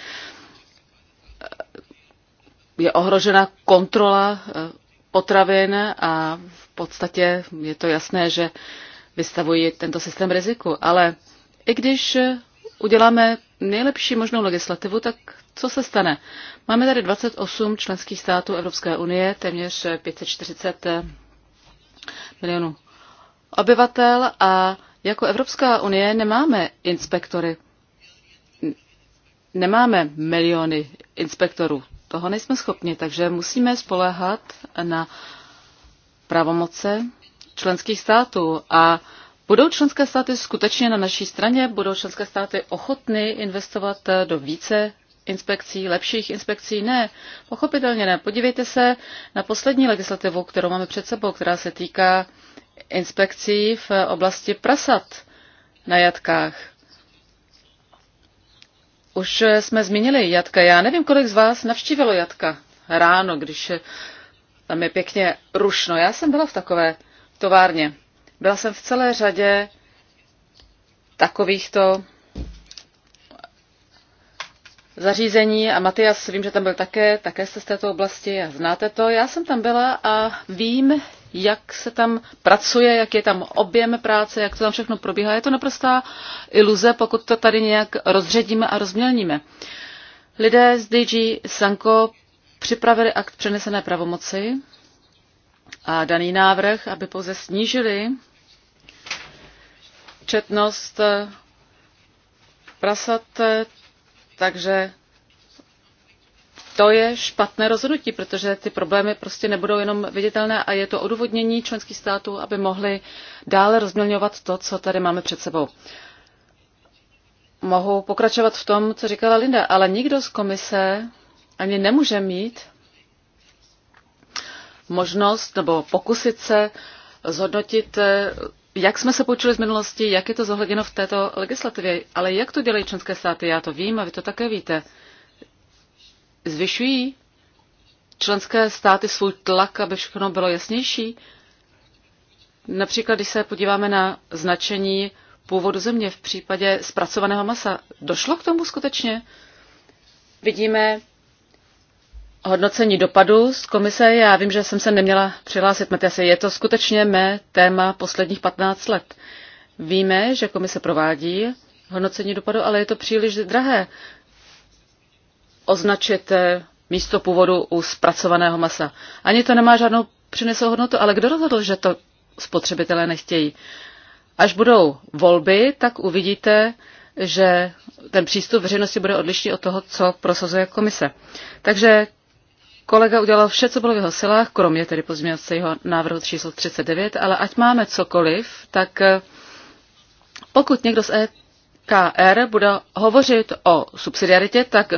je ohrožena kontrola eh, potravin a v podstatě je to jasné, že vystavují tento systém riziku. Ale i když uděláme nejlepší možnou legislativu, tak co se stane? Máme tady 28 členských států Evropské unie, téměř 540 eh, milionů obyvatel a jako Evropská unie nemáme inspektory. Nemáme miliony inspektorů. Toho nejsme schopni, takže musíme spoléhat na pravomoce členských států. A budou členské státy skutečně na naší straně? Budou členské státy ochotny investovat eh, do více inspekcí, lepších inspekcí? Ne, pochopitelně ne. Podívejte se na poslední legislativu, kterou máme před sebou, která se týká inspekcí v oblasti prasat na jatkách. Už jsme zmínili jatka. Já nevím, kolik z vás navštívilo jatka ráno, když tam je pěkně rušno. Já jsem byla v takové továrně. Byla jsem v celé řadě takovýchto zařízení a Matias, vím, že tam byl také, také jste z této oblasti a znáte to. Já jsem tam byla a vím, jak se tam pracuje, jak je tam objem práce, jak to tam všechno probíhá. Je to naprostá iluze, pokud to tady nějak rozředíme a rozmělníme. Lidé z DG Sanko připravili akt přenesené pravomoci a daný návrh, aby pouze snížili četnost prasat takže to je špatné rozhodnutí, protože ty problémy prostě nebudou jenom viditelné a je to odůvodnění členských států, aby mohli dále rozmělňovat to, co tady máme před sebou. Mohu pokračovat v tom, co říkala Linda, ale nikdo z komise ani nemůže mít možnost nebo pokusit se zhodnotit jak jsme se poučili z minulosti, jak je to zohledněno v této legislativě, ale jak to dělají členské státy, já to vím a vy to také víte. Zvyšují členské státy svůj tlak, aby všechno bylo jasnější? Například, když se podíváme na značení původu země v případě zpracovaného masa, došlo k tomu skutečně? Vidíme hodnocení dopadu z komise. Já vím, že jsem se neměla přihlásit, Matiasi. Je to skutečně mé téma posledních 15 let. Víme, že komise provádí hodnocení dopadu, ale je to příliš drahé označit eh, místo původu u zpracovaného masa. Ani to nemá žádnou přinesou hodnotu, ale kdo rozhodl, že to spotřebitelé nechtějí? Až budou volby, tak uvidíte, že ten přístup veřejnosti bude odlišný od toho, co prosazuje komise. Takže Kolega udělal vše, co bylo v jeho silách, kromě tedy pozměňovacího návrhu číslo 39, ale ať máme cokoliv, tak eh, pokud někdo z EKR bude hovořit o subsidiaritě, tak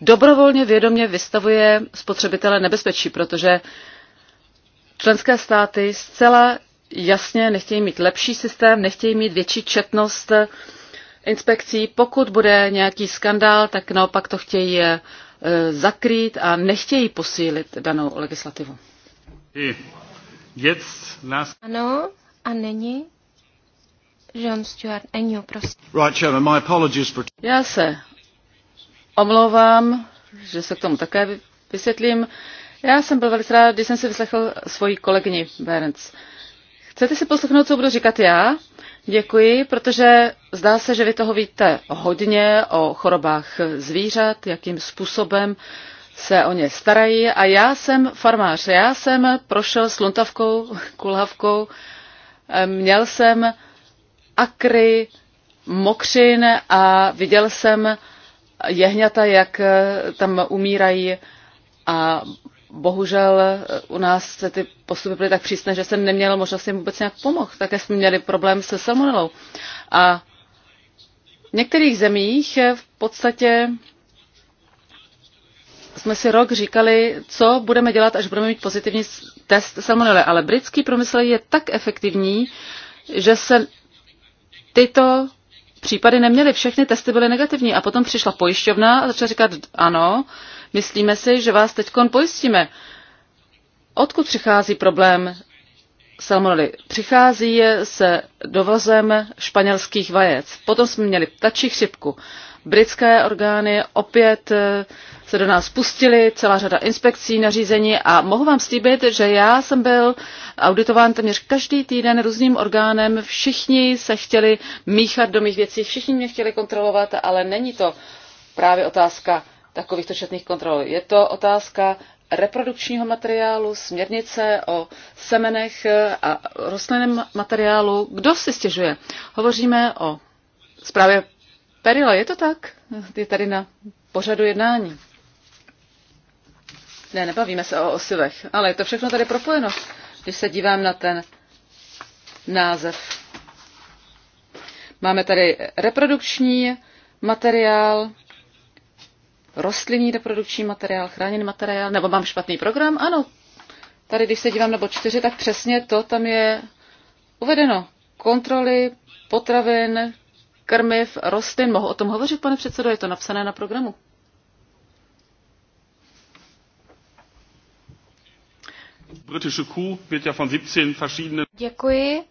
dobrovolně vědomě vystavuje spotřebitele nebezpečí, protože členské státy zcela jasně nechtějí mít lepší systém, nechtějí mít větší četnost inspekcí. Pokud bude nějaký skandál, tak naopak to chtějí eh, E, zakrýt a nechtějí posílit danou legislativu. Ano, a není John Stuart Enio, prosím. Right, my Já se omlouvám, že se k tomu také vysvětlím. Já jsem byl velice rád, když jsem si vyslechl svoji kolegyni Berens. Chcete si poslechnout, co budu říkat já? Děkuji, protože zdá se, že vy toho víte hodně o chorobách zvířat, jakým způsobem se o ně starají. A já jsem farmář, já jsem prošel sluntavkou, kulhavkou, měl jsem akry, mokřin a viděl jsem jehňata, jak eh, tam umírají a bohužel eh, u nás se ty postupy byly tak přísné, že jsem neměl možnost jim vůbec nějak pomoct. Také jsme měli problém se salmonelou. A v některých zemích eh, v podstatě jsme si rok říkali, co budeme dělat, až budeme mít pozitivní test salmonely. Ale britský promysl je tak efektivní, že se tyto případy neměly. Všechny testy byly negativní. A potom přišla pojišťovna a začala říkat, ano, Myslíme si, že vás teď pojistíme. Odkud přichází problém salmonely? Přichází je se dovozem španělských vajec. Potom jsme měli ptačí chřipku. Britské orgány opět eh, se do nás pustili, celá řada inspekcí, nařízení a mohu vám slíbit, že já jsem byl auditován téměř každý týden různým orgánem, všichni se chtěli míchat do mých věcí, všichni mě chtěli kontrolovat, ale není to právě otázka takovýchto četných kontrol. Je to otázka reprodukčního materiálu, směrnice o semenech a rostlinném materiálu. Kdo si stěžuje? Hovoříme o zprávě Perila, je to tak? Je tady na pořadu jednání. Ne, nebavíme se o osivech, ale je to všechno tady propojeno, když se dívám na ten název. Máme tady reprodukční materiál, rostlinný reprodukční materiál, chráněný materiál, nebo mám špatný program? Ano. Tady, když se dívám na bod 4, tak přesně to tam je uvedeno. Kontroly potravin, krmiv, rostlin. Mohu o tom hovořit, pane předsedo? Je to napsané na programu. Děkuji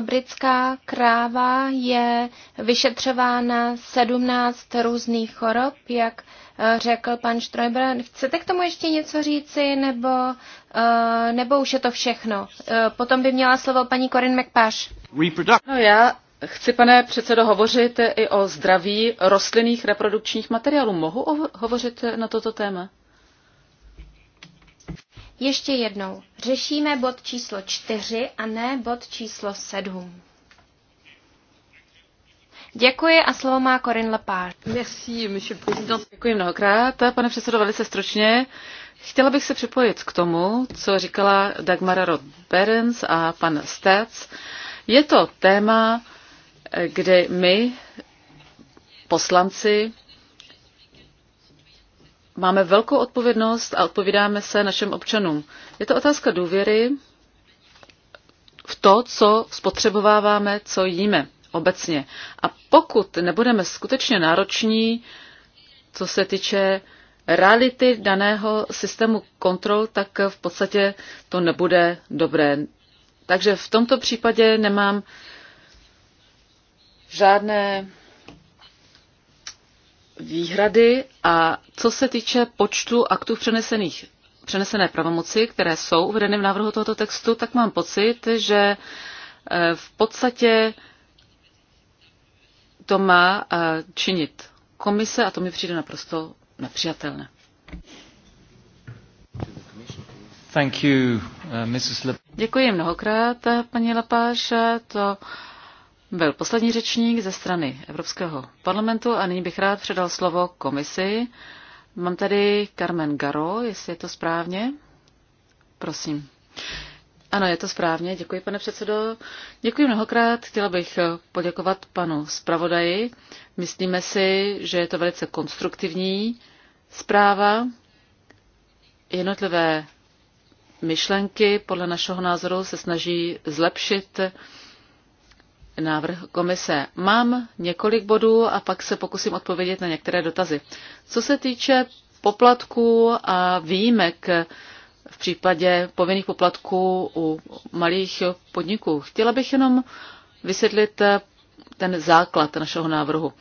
britská kráva je vyšetřována 17 různých chorob, jak eh, řekl pan Štrojber. Chcete k tomu ještě něco říci, nebo, eh, nebo už je to všechno? Eh, potom by měla slovo paní Corin McPash. No já chci, pane předsedo, hovořit i o zdraví rostlinných reprodukčních materiálů. Mohu hovořit na toto téma? Ještě jednou, řešíme bod číslo 4 a ne bod číslo 7. Děkuji a slovo má Corinne Lepard. Merci, monsieur président. Děkuji mnohokrát. Pane předsedo, velice stručně. Chtěla bych se připojit k tomu, co říkala Dagmara Roth Berens a pan Stec. Je to téma, kde my, poslanci, máme velkou odpovědnost a odpovídáme se našim občanům. Je to otázka důvěry v to, co spotřebováváme, co jíme obecně. A pokud nebudeme skutečně nároční, co se týče reality daného systému kontrol, tak v podstatě to nebude dobré. Takže v tomto případě nemám žádné výhrady a co se týče počtu aktů přenesených, přenesené pravomoci, které jsou uvedeny v návrhu tohoto textu, tak mám pocit, že e, v podstatě to má e, činit komise a to mi přijde naprosto nepřijatelné. Thank you, uh, Mrs. Děkuji mnohokrát, paní Lapáš. To uh, byl poslední řečník ze strany Evropského parlamentu a nyní bych rád předal slovo komisi. Mám tady Carmen Garo, jestli je to správně. Prosím. Ano, je to správně. Děkuji, pane předsedo. Děkuji mnohokrát. Chtěla bych poděkovat panu zpravodaji. Myslíme si, že je to velice konstruktivní zpráva. Jednotlivé myšlenky podle našeho názoru se snaží zlepšit návrh komise. Mám několik bodů a pak se pokusím odpovědět na některé dotazy. Co se týče poplatků a výjimek v případě povinných poplatků u malých podniků, chtěla bych jenom vysvětlit ten základ našeho návrhu.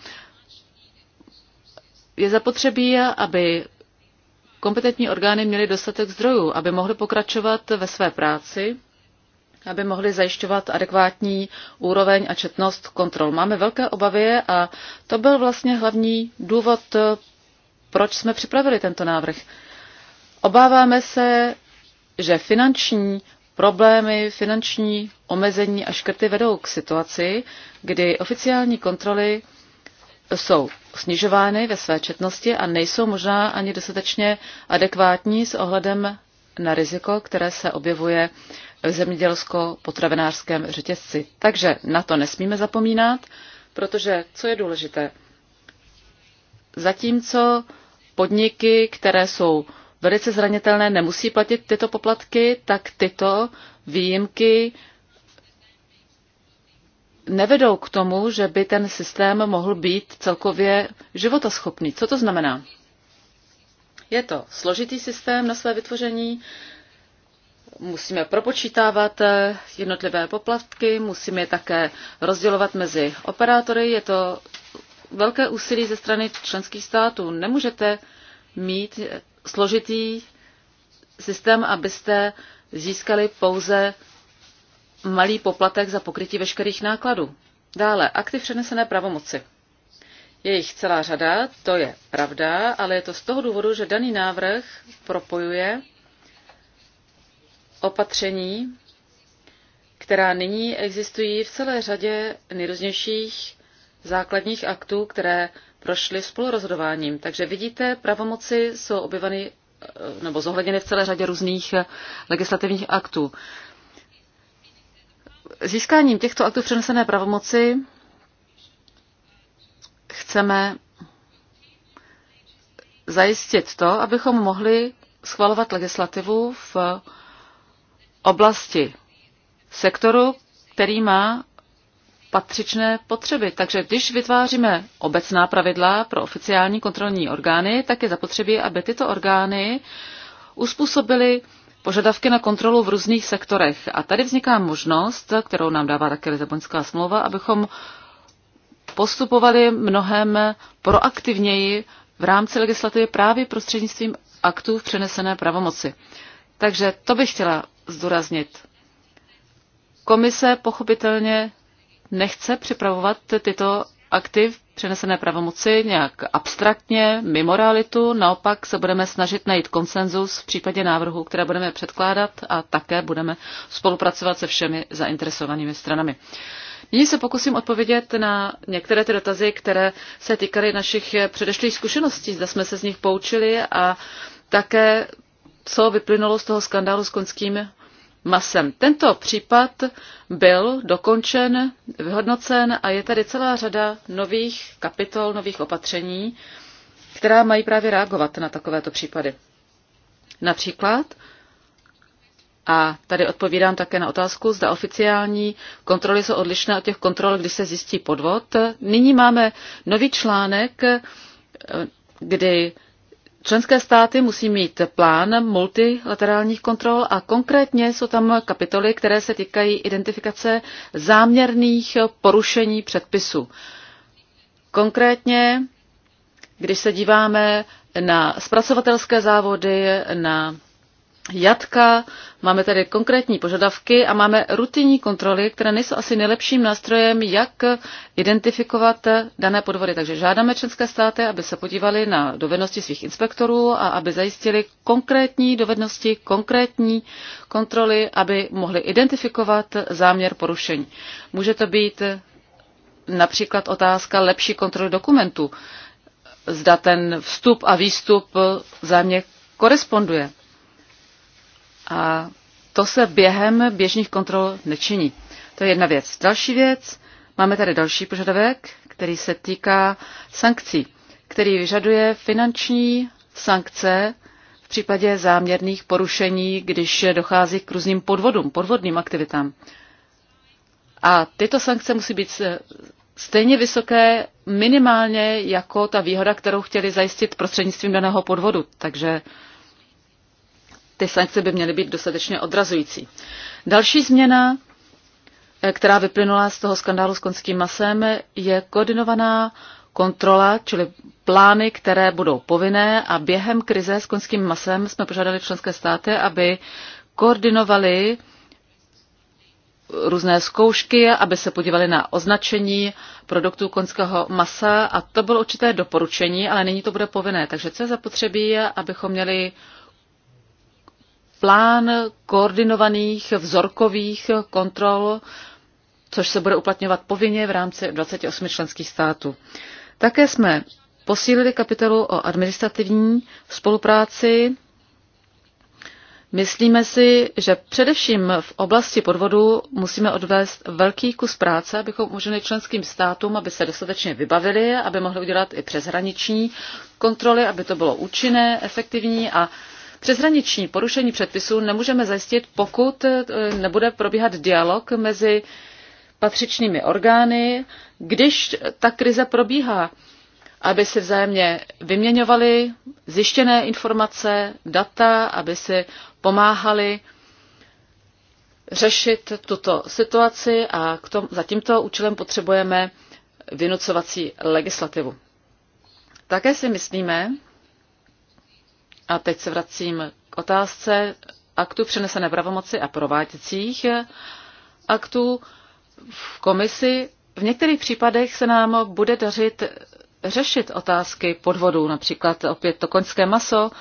Je zapotřebí, aby kompetentní orgány měly dostatek zdrojů, aby mohly pokračovat ve své práci aby mohli zajišťovat adekvátní úroveň a četnost kontrol. Máme velké obavy a to byl vlastně hlavní důvod, proč jsme připravili tento návrh. Obáváme se, že finanční problémy, finanční omezení a škrty vedou k situaci, kdy oficiální kontroly jsou snižovány ve své četnosti a nejsou možná ani dostatečně adekvátní s ohledem na riziko, které se objevuje v zemědělsko-potravinářském řetězci. Takže na to nesmíme zapomínat, protože co je důležité? Zatímco podniky, které jsou velice zranitelné, nemusí platit tyto poplatky, tak tyto výjimky nevedou k tomu, že by ten systém mohl být celkově životaschopný. Co to znamená? Je to složitý systém na své vytvoření, musíme propočítávat eh, jednotlivé poplatky, musíme je také rozdělovat mezi operátory. Je to velké úsilí ze strany členských států. Nemůžete mít složitý systém, abyste získali pouze malý poplatek za pokrytí veškerých nákladů. Dále, aktiv přenesené pravomoci. Je jich celá řada, to je pravda, ale je to z toho důvodu, že daný návrh propojuje opatření, která nyní existují v celé řadě nejrůznějších základních aktů, které prošly spolurozhodováním. Takže vidíte, pravomoci jsou obyvany eh, nebo zohledněny v celé řadě různých eh, legislativních aktů. Získáním těchto aktů přenesené pravomoci chceme zajistit to, abychom mohli schvalovat legislativu v oblasti sektoru, který má patřičné potřeby. Takže když vytváříme obecná pravidla pro oficiální kontrolní orgány, tak je zapotřebí, aby tyto orgány uspůsobily požadavky na kontrolu v různých sektorech. A tady vzniká možnost, kterou nám dává také Lisabonská smlouva, abychom postupovali mnohem proaktivněji v rámci legislativy právě prostřednictvím aktů v přenesené pravomoci. Takže to bych chtěla zdůraznit. Komise pochopitelně nechce připravovat tyto v přenesené pravomoci nějak abstraktně, mimo realitu, naopak se budeme snažit najít konsenzus v případě návrhu, které budeme předkládat a také budeme spolupracovat se všemi zainteresovanými stranami. Nyní se pokusím odpovědět na některé ty dotazy, které se týkaly našich předešlých zkušeností, zda jsme se z nich poučili a také co vyplynulo z toho skandálu s konským masem. Tento případ byl dokončen, vyhodnocen a je tady celá řada nových kapitol, nových opatření, která mají právě reagovat na takovéto případy. Například, a tady odpovídám také na otázku, zda oficiální kontroly jsou odlišné od těch kontrol, kdy se zjistí podvod. Nyní máme nový článek, kdy Členské státy musí mít plán multilaterálních kontrol a konkrétně jsou tam kapitoly, které se týkají identifikace záměrných porušení předpisů. Konkrétně, když se díváme na zpracovatelské závody, na jatka, máme tady konkrétní požadavky a máme rutinní kontroly, které nejsou asi nejlepším nástrojem, jak identifikovat dané podvody. Takže žádáme členské státy, aby se podívali na dovednosti svých inspektorů a aby zajistili konkrétní dovednosti, konkrétní kontroly, aby mohli identifikovat záměr porušení. Může to být například otázka lepší kontroly dokumentů, zda ten vstup a výstup zámě koresponduje. A to se během běžných kontrol nečiní. To je jedna věc. Další věc, máme tady další požadavek, který se týká sankcí, který vyžaduje finanční sankce v případě záměrných porušení, když dochází k různým podvodům, podvodným aktivitám. A tyto sankce musí být stejně vysoké minimálně jako ta výhoda, kterou chtěli zajistit prostřednictvím daného podvodu. Takže ty sankce by měly být dostatečně odrazující. Další změna, eh, která vyplynula z toho skandálu s konským masem, je koordinovaná kontrola, čili plány, které budou povinné a během krize s konským masem jsme požádali členské státy, aby koordinovali různé zkoušky, aby se podívali na označení produktů konského masa a to bylo určité doporučení, ale nyní to bude povinné. Takže co je zapotřebí, abychom měli plán koordinovaných vzorkových kontrol, což se bude uplatňovat povinně v rámci 28 členských států. Také jsme posílili kapitolu o administrativní spolupráci. Myslíme si, že především v oblasti podvodu musíme odvést velký kus práce, abychom umožnili členským státům, aby se dostatečně vybavili, aby mohli udělat i přeshraniční kontroly, aby to bylo účinné, efektivní a Přeshraniční porušení předpisů nemůžeme zajistit, pokud eh, nebude probíhat dialog mezi patřičnými orgány, když ta krize probíhá, aby si vzájemně vyměňovali zjištěné informace, data, aby si pomáhali řešit tuto situaci a k tom, za tímto účelem potřebujeme vynucovací legislativu. Také si myslíme, a teď se vracím k otázce aktu přenesené pravomoci a prováděcích aktů v komisi. V některých případech se nám bude dařit řešit otázky podvodů, například opět to koňské maso.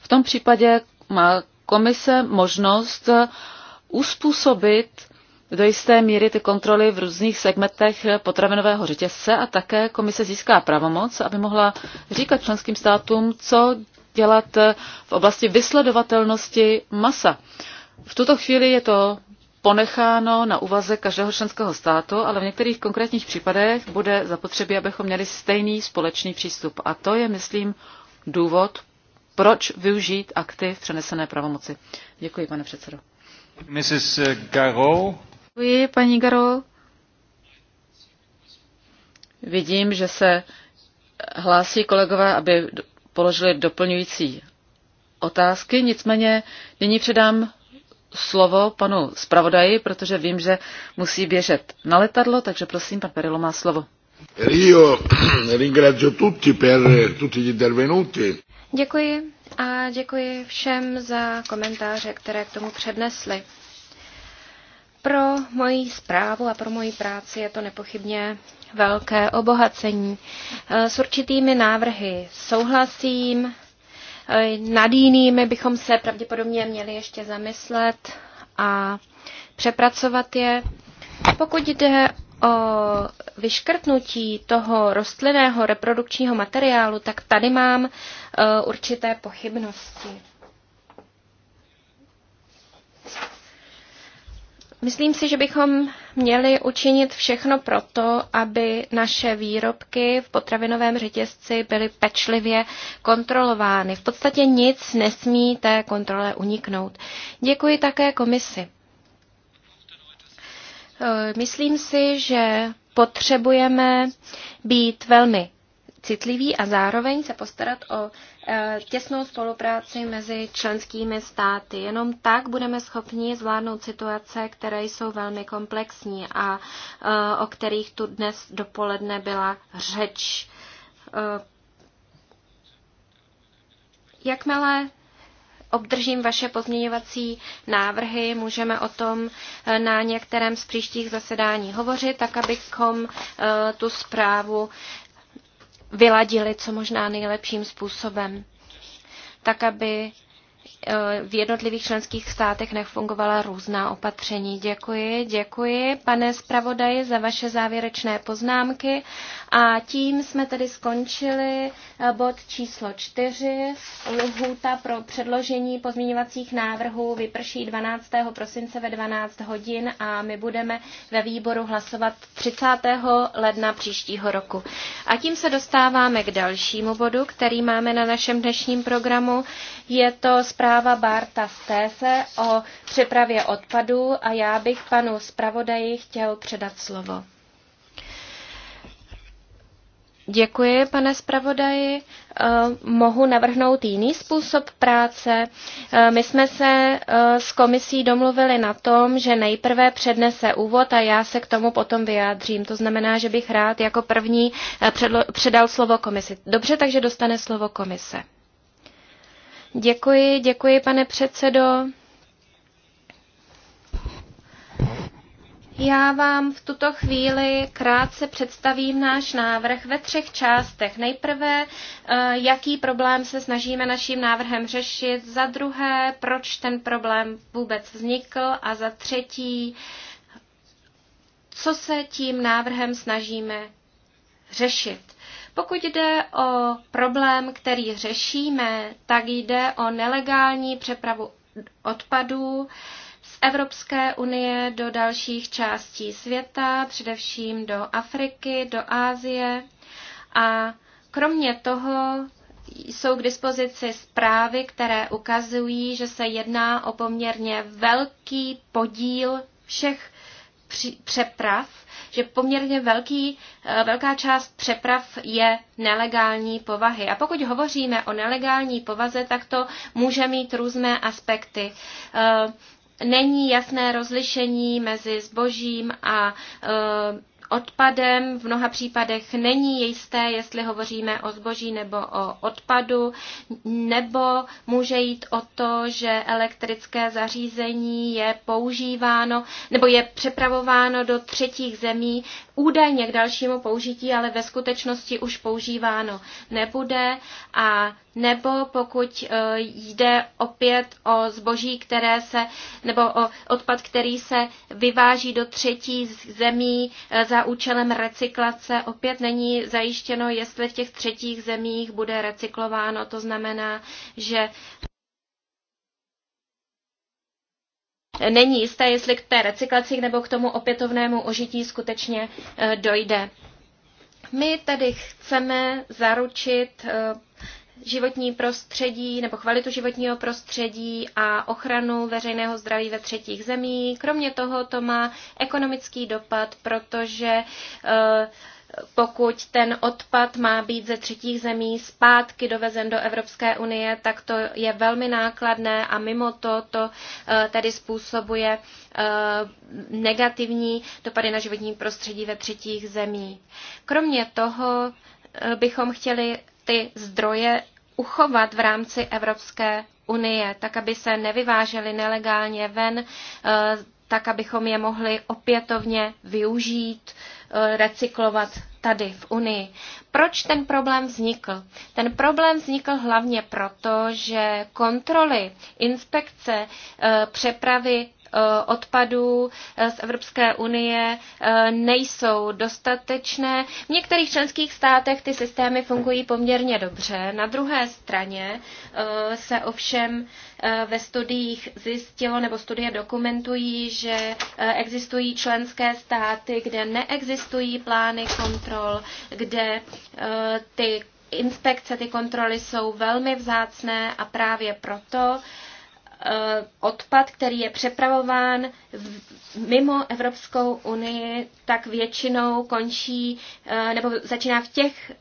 V tom případě má komise možnost uspůsobit do jisté míry ty kontroly v různých segmentech potravinového řetězce a také komise získá pravomoc, aby mohla říkat členským státům, co dělat eh, v oblasti vysledovatelnosti masa. V tuto chvíli je to ponecháno na úvaze každého členského státu, ale v některých konkrétních případech bude zapotřebí, abychom měli stejný společný přístup. A to je, myslím, důvod, proč využít akty v přenesené pravomoci. Děkuji, pane předsedo. Mrs. Eh, Garou. Děkuji, paní Garou. Vidím, že se hlásí kolegové, aby položili doplňující otázky, nicméně nyní předám slovo panu zpravodaji, protože vím, že musí běžet na letadlo, takže prosím, pan Perilo má slovo. Rio, <clears throat> ringrazio tutti per tutti gli intervenuti. Děkuji a děkuji všem za komentáře, které k tomu přednesli. Pro moji zprávu a pro moji práci je to nepochybně velké obohacení. E, s určitými návrhy souhlasím, e, nad jinými bychom se pravděpodobně měli ještě zamyslet a přepracovat je. Pokud jde o vyškrtnutí toho rostlinného reprodukčního materiálu, tak tady mám e, určité pochybnosti. Myslím si, že bychom měli učinit všechno proto, aby naše výrobky v potravinovém řetězci byly pečlivě kontrolovány. V podstatě nic nesmí té kontrole uniknout. Děkuji také komisi. Myslím si, že potřebujeme být velmi citlivý a zároveň se postarat o e, těsnou spolupráci mezi členskými státy. Jenom tak budeme schopni zvládnout situace, které jsou velmi komplexní a e, o kterých tu dnes dopoledne byla řeč. E, jakmile obdržím vaše pozměňovací návrhy, můžeme o tom na některém z příštích zasedání hovořit, tak abychom tu zprávu vyladili co možná nejlepším způsobem, tak aby v jednotlivých členských státech nefungovala různá opatření. Děkuji, děkuji, pane zpravodaji, za vaše závěrečné poznámky. A tím jsme tedy skončili eh, bod číslo čtyři. Lhůta pro předložení pozměňovacích návrhů vyprší 12. prosince ve 12 hodin a my budeme ve výboru hlasovat 30. ledna příštího roku. A tím se dostáváme k dalšímu bodu, který máme na našem dnešním programu. Je to zpráva Barta Stése o přepravě odpadů a já bych panu zpravodaji chtěl předat slovo. Děkuji, pane zpravodaji. Eh, mohu navrhnout jiný způsob práce. Eh, my jsme se eh, s komisí domluvili na tom, že nejprve přednese úvod a já se k tomu potom vyjádřím. To znamená, že bych rád jako první předal slovo komisi. Dobře, takže dostane slovo komise. Děkuji, děkuji, pane předsedo. Já vám v tuto chvíli krátce představím náš návrh ve třech částech. Nejprve, eh, jaký problém se snažíme naším návrhem řešit, za druhé, proč ten problém vůbec vznikl a za třetí, co se tím návrhem snažíme řešit. Pokud jde o problém, který řešíme, tak jde o nelegální přepravu odpadů z Evropské unie do dalších částí světa, především do Afriky, do Ázie. A kromě toho jsou k dispozici zprávy, které ukazují, že se jedná o poměrně velký podíl všech přeprav že poměrně velký, eh, velká část přeprav je nelegální povahy. A pokud hovoříme o nelegální povaze, tak to může mít různé aspekty eh, není jasné rozlišení mezi zbožím a eh, odpadem. V mnoha případech není jisté, jestli hovoříme o zboží nebo o odpadu, nebo může jít o to, že elektrické zařízení je používáno nebo je přepravováno do třetích zemí údajně k dalšímu použití, ale ve skutečnosti už používáno nebude a nebo pokud e, jde opět o zboží, které se, nebo o odpad, který se vyváží do třetí zemí e, za účelem recyklace, opět není zajištěno, jestli v těch třetích zemích bude recyklováno. To znamená, že není jisté, jestli k té recyklaci nebo k tomu opětovnému ožití skutečně e, dojde. My tedy chceme zaručit životní prostředí nebo kvalitu životního prostředí a ochranu veřejného zdraví ve třetích zemí. Kromě toho to má ekonomický dopad, protože eh, pokud ten odpad má být ze třetích zemí zpátky dovezen do Evropské unie, tak to je velmi nákladné a mimo to to eh, tedy způsobuje eh, negativní dopady na životní prostředí ve třetích zemí. Kromě toho bychom chtěli ty zdroje uchovat v rámci Evropské unie, tak aby se nevyvážely nelegálně ven, eh, tak abychom je mohli opětovně využít, eh, recyklovat tady v Unii. Proč ten problém vznikl? Ten problém vznikl hlavně proto, že kontroly, inspekce eh, přepravy Eh, odpadů eh, z Evropské unie eh, nejsou dostatečné. V některých členských státech ty systémy fungují poměrně dobře. Na druhé straně se ovšem ve studiích zjistilo, nebo studie dokumentují, že existují členské státy, kde neexistují plány kontrol, kde ty inspekce, ty kontroly jsou velmi vzácné a právě proto Eh, odpad, který je přepravován mimo Evropskou unii, tak většinou končí eh, nebo začíná v těch eh,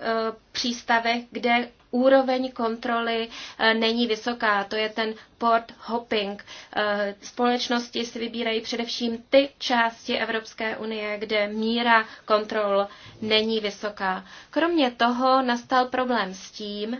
přístavech, kde úroveň kontroly není vysoká. To je ten port hopping. Společnosti si vybírají především ty části Evropské unie, kde míra kontrol není vysoká. Kromě toho nastal problém s tím,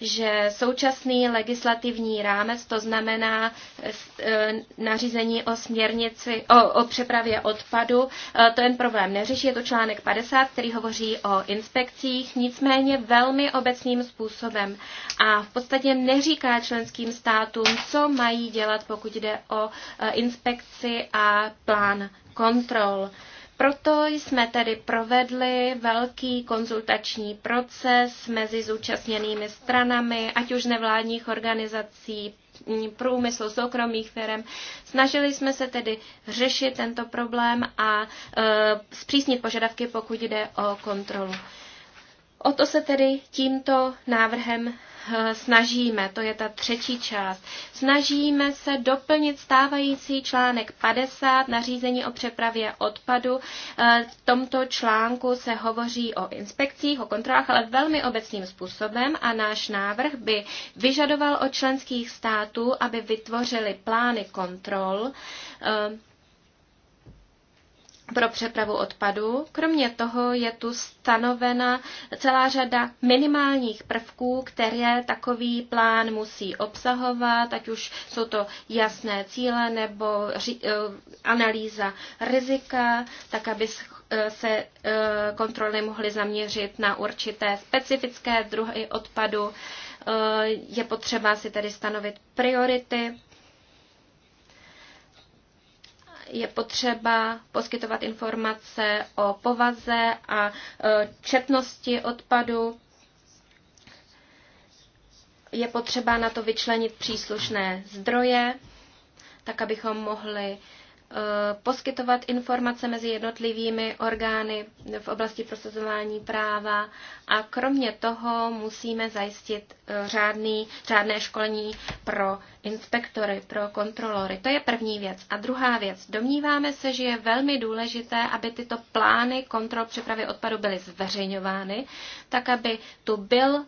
že současný legislativní rámec, to znamená eh, eh, nařízení o směrnici, o, o přepravě odpadu, eh, ten problém neřeší. Je to článek 50, který hovoří o inspekcích, nicméně velmi obecným způsobem a v podstatě neříká členským státům, co mají dělat, pokud jde o inspekci a plán kontrol. Proto jsme tedy provedli velký konzultační proces mezi zúčastněnými stranami, ať už nevládních organizací, průmyslu, soukromých firm. Snažili jsme se tedy řešit tento problém a e, zpřísnit požadavky, pokud jde o kontrolu. O to se tedy tímto návrhem Eh, snažíme, to je ta třetí část, snažíme se doplnit stávající článek 50 nařízení o přepravě odpadu. Eh, v tomto článku se hovoří o inspekcích, o kontrolách, ale velmi obecným způsobem a náš návrh by vyžadoval od členských států, aby vytvořili plány kontrol, eh, pro přepravu odpadu. Kromě toho je tu stanovena celá řada minimálních prvků, které takový plán musí obsahovat, ať už jsou to jasné cíle nebo eh, analýza rizika, tak aby eh, se eh, kontroly mohly zaměřit na určité specifické druhy odpadu. Je potřeba si tedy stanovit priority je potřeba poskytovat informace o povaze a e, četnosti odpadu. Je potřeba na to vyčlenit příslušné zdroje, tak abychom mohli Eh, poskytovat informace mezi jednotlivými orgány v oblasti prosazování práva a kromě toho musíme zajistit eh, řádný, řádné školení pro inspektory, pro kontrolory. To je první věc. A druhá věc. Domníváme se, že je velmi důležité, aby tyto plány kontrol přepravy odpadu byly zveřejňovány, tak aby tu byl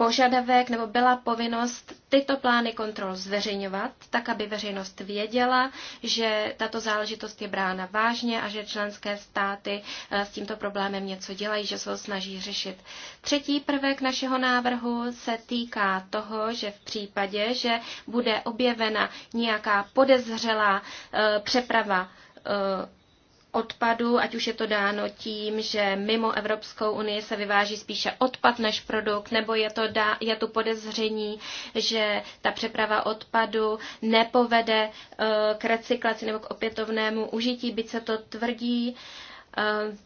požadavek nebo byla povinnost tyto plány kontrol zveřejňovat, tak aby veřejnost věděla, že tato záležitost je brána vážně a že členské státy eh, s tímto problémem něco dělají, že se ho snaží řešit. Třetí prvek našeho návrhu se týká toho, že v případě, že bude objevena nějaká podezřelá eh, přeprava eh, odpadu, ať už je to dáno tím, že mimo Evropskou unii se vyváží spíše odpad než produkt, nebo je, to dá, je tu podezření, že ta přeprava odpadu nepovede eh, k recyklaci nebo k opětovnému užití, byť se to tvrdí. Eh,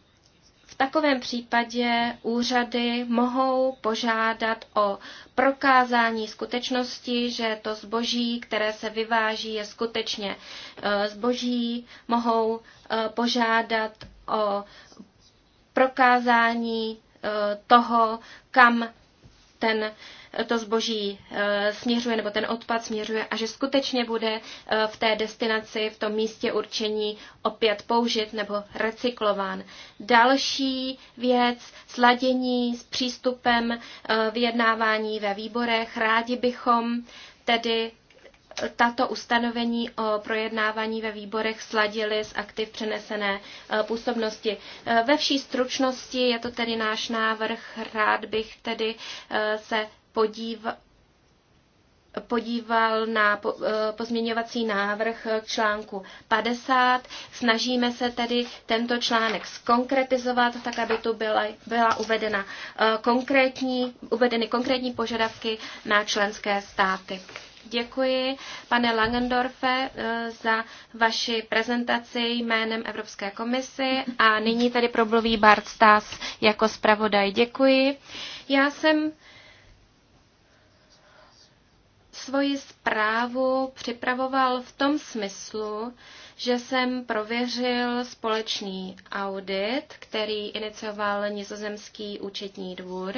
v takovém případě úřady mohou požádat o prokázání skutečnosti, že to zboží, které se vyváží, je skutečně e, zboží, mohou e, požádat o prokázání e, toho, kam ten to zboží eh, směřuje nebo ten odpad směřuje a že skutečně bude eh, v té destinaci, v tom místě určení opět použit nebo recyklován. Další věc, sladění s přístupem eh, vyjednávání ve výborech. Rádi bychom tedy tato ustanovení o projednávání ve výborech sladili s aktiv přenesené působnosti. Ve vší stručnosti je to tedy náš návrh. Rád bych tedy se podíval, podíval na eh, pozměňovací návrh k článku 50. Snažíme se tedy tento článek skonkretizovat, tak aby tu byla, byla uvedena eh, konkrétní, uvedeny konkrétní požadavky na členské státy. Děkuji, pane Langendorfe, eh, za vaši prezentaci jménem Evropské komisy a nyní tady probluví Bart Stas jako zpravodaj. Děkuji. Já jsem svoji zprávu připravoval v tom smyslu, že jsem prověřil společný audit, který inicioval nizozemský účetní dvůr.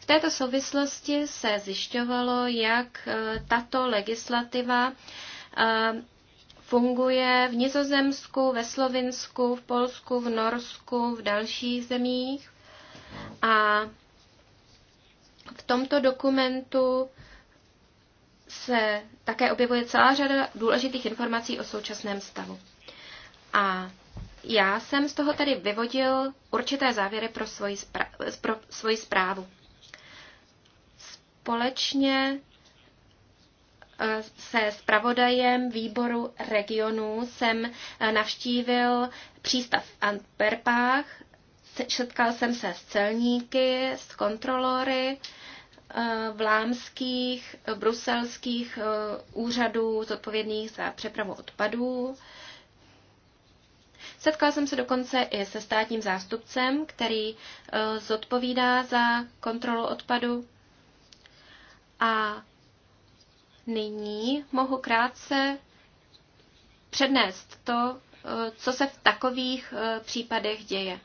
V této souvislosti se zjišťovalo, jak eh, tato legislativa eh, funguje v Nizozemsku, ve Slovinsku, v Polsku, v Norsku, v dalších zemích. A v tomto dokumentu se také objevuje celá řada důležitých informací o současném stavu. A já jsem z toho tedy vyvodil určité závěry pro svoji, zpra- pro svoji zprávu. Společně eh, se spravodajem výboru regionu jsem eh, navštívil přístav v Antwerpách, setkal jsem se s celníky, s kontrolory, vlámských, bruselských eh, úřadů zodpovědných za přepravu odpadů. Setkala jsem se dokonce i se státním zástupcem, který eh, zodpovídá za kontrolu odpadu. A nyní mohu krátce přednést to, eh, co se v takových případech děje.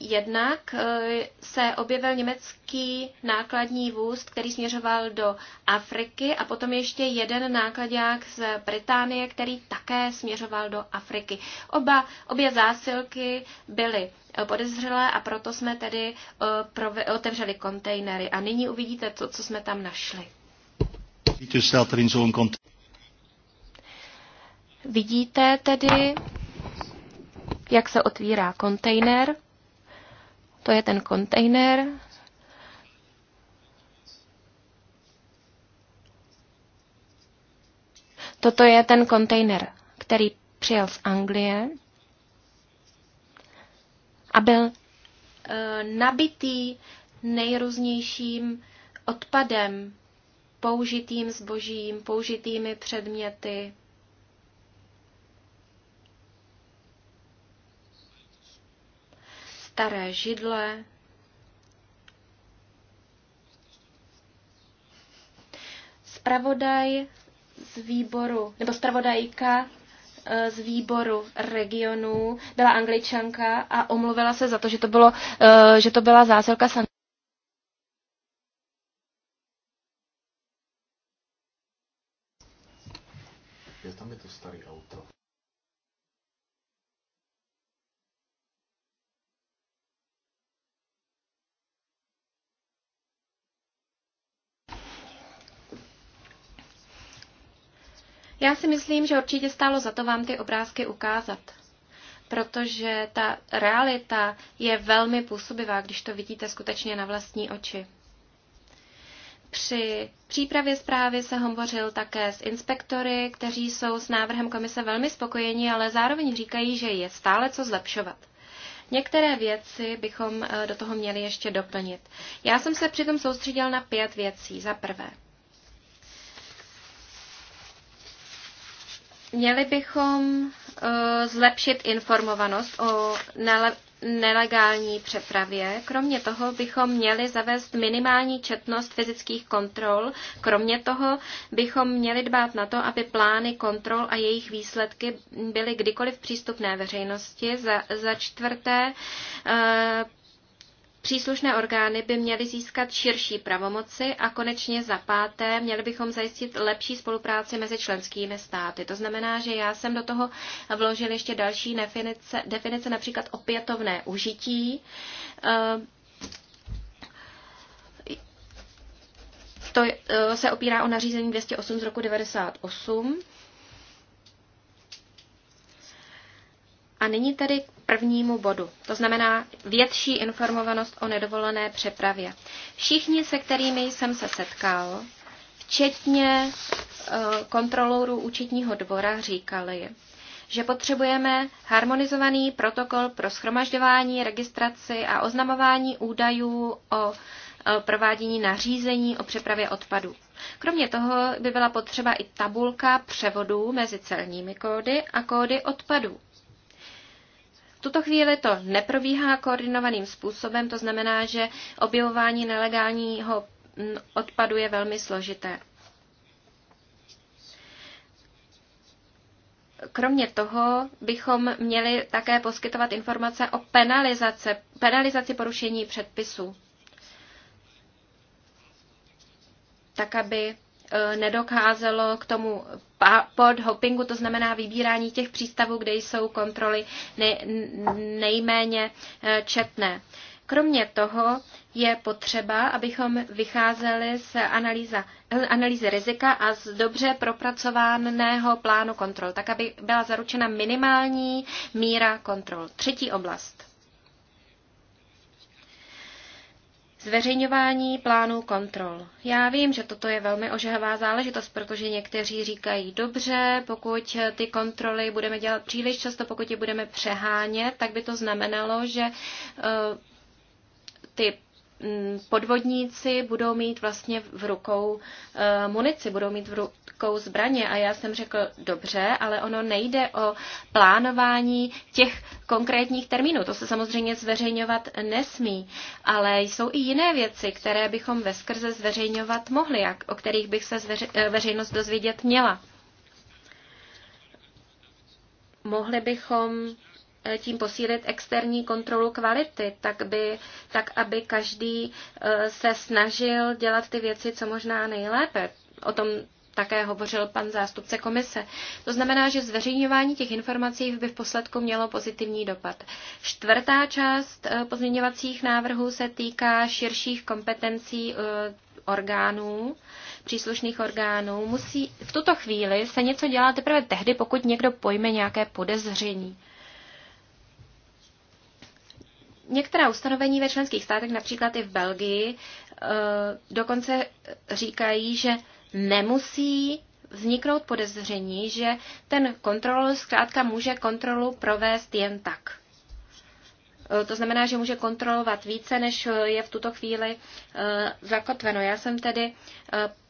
Jednak eh, se objevil německý nákladní vůz, který směřoval do Afriky a potom ještě jeden nákladák z Británie, který také směřoval do Afriky. Oba, obě zásilky byly eh, podezřelé a proto jsme tedy eh, otevřeli kontejnery. A nyní uvidíte to, co jsme tam našli. Vidíte tedy, jak se otvírá kontejner. To je ten kontejner. Toto je ten kontejner, který přijel z Anglie a byl e, nabitý nejrůznějším odpadem, použitým zbožím, použitými předměty. staré židle. Spravodaj z výboru, nebo spravodajka eh, z výboru regionů byla angličanka a omluvila se za to, že to, bylo, eh, že to byla zásilka Já si myslím, že určitě stálo za to vám ty obrázky ukázat, protože ta realita je velmi působivá, když to vidíte skutečně na vlastní oči. Při přípravě zprávy se hovořil také s inspektory, kteří jsou s návrhem komise velmi spokojeni, ale zároveň říkají, že je stále co zlepšovat. Některé věci bychom eh, do toho měli ještě doplnit. Já jsem se přitom soustředil na pět věcí. Za prvé, Měli bychom eh, zlepšit informovanost o nelegální přepravě. Kromě toho bychom měli zavést minimální četnost fyzických kontrol. Kromě toho bychom měli dbát na to, aby plány kontrol a jejich výsledky byly kdykoliv přístupné veřejnosti. Za, za čtvrté, eh, Příslušné orgány by měly získat širší pravomoci a konečně za páté měli bychom zajistit lepší spolupráci mezi členskými státy. To znamená, že já jsem do toho vložil ještě další definice, definice například opětovné užití. Eh, to eh, se opírá o nařízení 208 z roku 98. A nyní tedy k prvnímu bodu, to znamená větší informovanost o nedovolené přepravě. Všichni, se kterými jsem se setkal, včetně e, kontrolorů účetního dvora, říkali, že potřebujeme harmonizovaný protokol pro schromažďování, registraci a oznamování údajů o e, provádění nařízení o přepravě odpadů. Kromě toho by byla potřeba i tabulka převodů mezi celními kódy a kódy odpadů tuto chvíli to neprobíhá koordinovaným způsobem, to znamená, že objevování nelegálního odpadu je velmi složité. Kromě toho bychom měli také poskytovat informace o penalizace, penalizaci porušení předpisů, tak aby Eh, nedokázalo k tomu pod hoppingu, to znamená vybírání těch přístavů, kde jsou kontroly nejméně eh, četné. Kromě toho je potřeba, abychom vycházeli z analýza, analýzy rizika a z dobře propracovaného plánu kontrol, tak aby byla zaručena minimální míra kontrol. Třetí oblast. Zveřejňování plánů kontrol. Já vím, že toto je velmi ožehavá záležitost, protože někteří říkají, dobře, pokud ty kontroly budeme dělat příliš často, pokud je budeme přehánět, tak by to znamenalo, že eh, ty Mm, podvodníci budou mít vlastně v rukou eh, munici, budou mít v rukou zbraně. A já jsem řekl, dobře, ale ono nejde o plánování těch konkrétních termínů. To se samozřejmě zveřejňovat nesmí, ale jsou i jiné věci, které bychom ve skrze zveřejňovat mohli, jak, o kterých bych se zveře- eh, veřejnost dozvědět měla. Mohli bychom tím posílit externí kontrolu kvality, tak, by, tak aby každý e, se snažil dělat ty věci co možná nejlépe. O tom také hovořil pan zástupce komise. To znamená, že zveřejňování těch informací by v posledku mělo pozitivní dopad. Čtvrtá část e, pozměňovacích návrhů se týká širších kompetencí e, orgánů, příslušných orgánů. Musí, v tuto chvíli se něco dělá teprve tehdy, pokud někdo pojme nějaké podezření. Některá ustanovení ve členských státech, například i v Belgii, eh, dokonce říkají, že nemusí vzniknout podezření, že ten kontrolor zkrátka může kontrolu provést jen tak. Eh, to znamená, že může kontrolovat více, než je v tuto chvíli eh, zakotveno. Já jsem tedy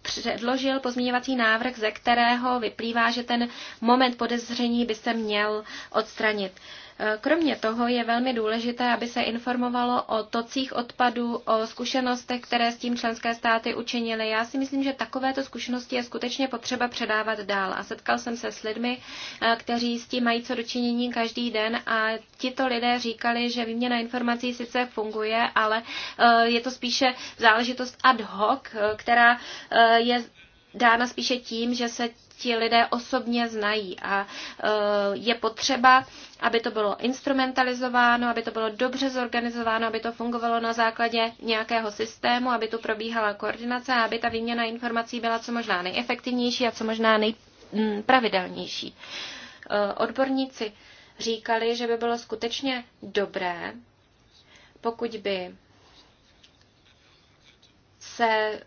předložil pozměňovací návrh, ze kterého vyplývá, že ten moment podezření by se měl odstranit. Kromě toho je velmi důležité, aby se informovalo o tocích odpadů, o zkušenostech, které s tím členské státy učinily. Já si myslím, že takovéto zkušenosti je skutečně potřeba předávat dál. A setkal jsem se s lidmi, eh, kteří s tím mají co dočinění každý den a tito lidé říkali, že výměna informací sice funguje, ale eh, je to spíše záležitost ad hoc, eh, která je dána spíše tím, že se ti lidé osobně znají a e, je potřeba, aby to bylo instrumentalizováno, aby to bylo dobře zorganizováno, aby to fungovalo na základě nějakého systému, aby tu probíhala koordinace a aby ta výměna informací byla co možná nejefektivnější a co možná nejpravidelnější. Mm, e, odborníci říkali, že by bylo skutečně dobré, pokud by se eh,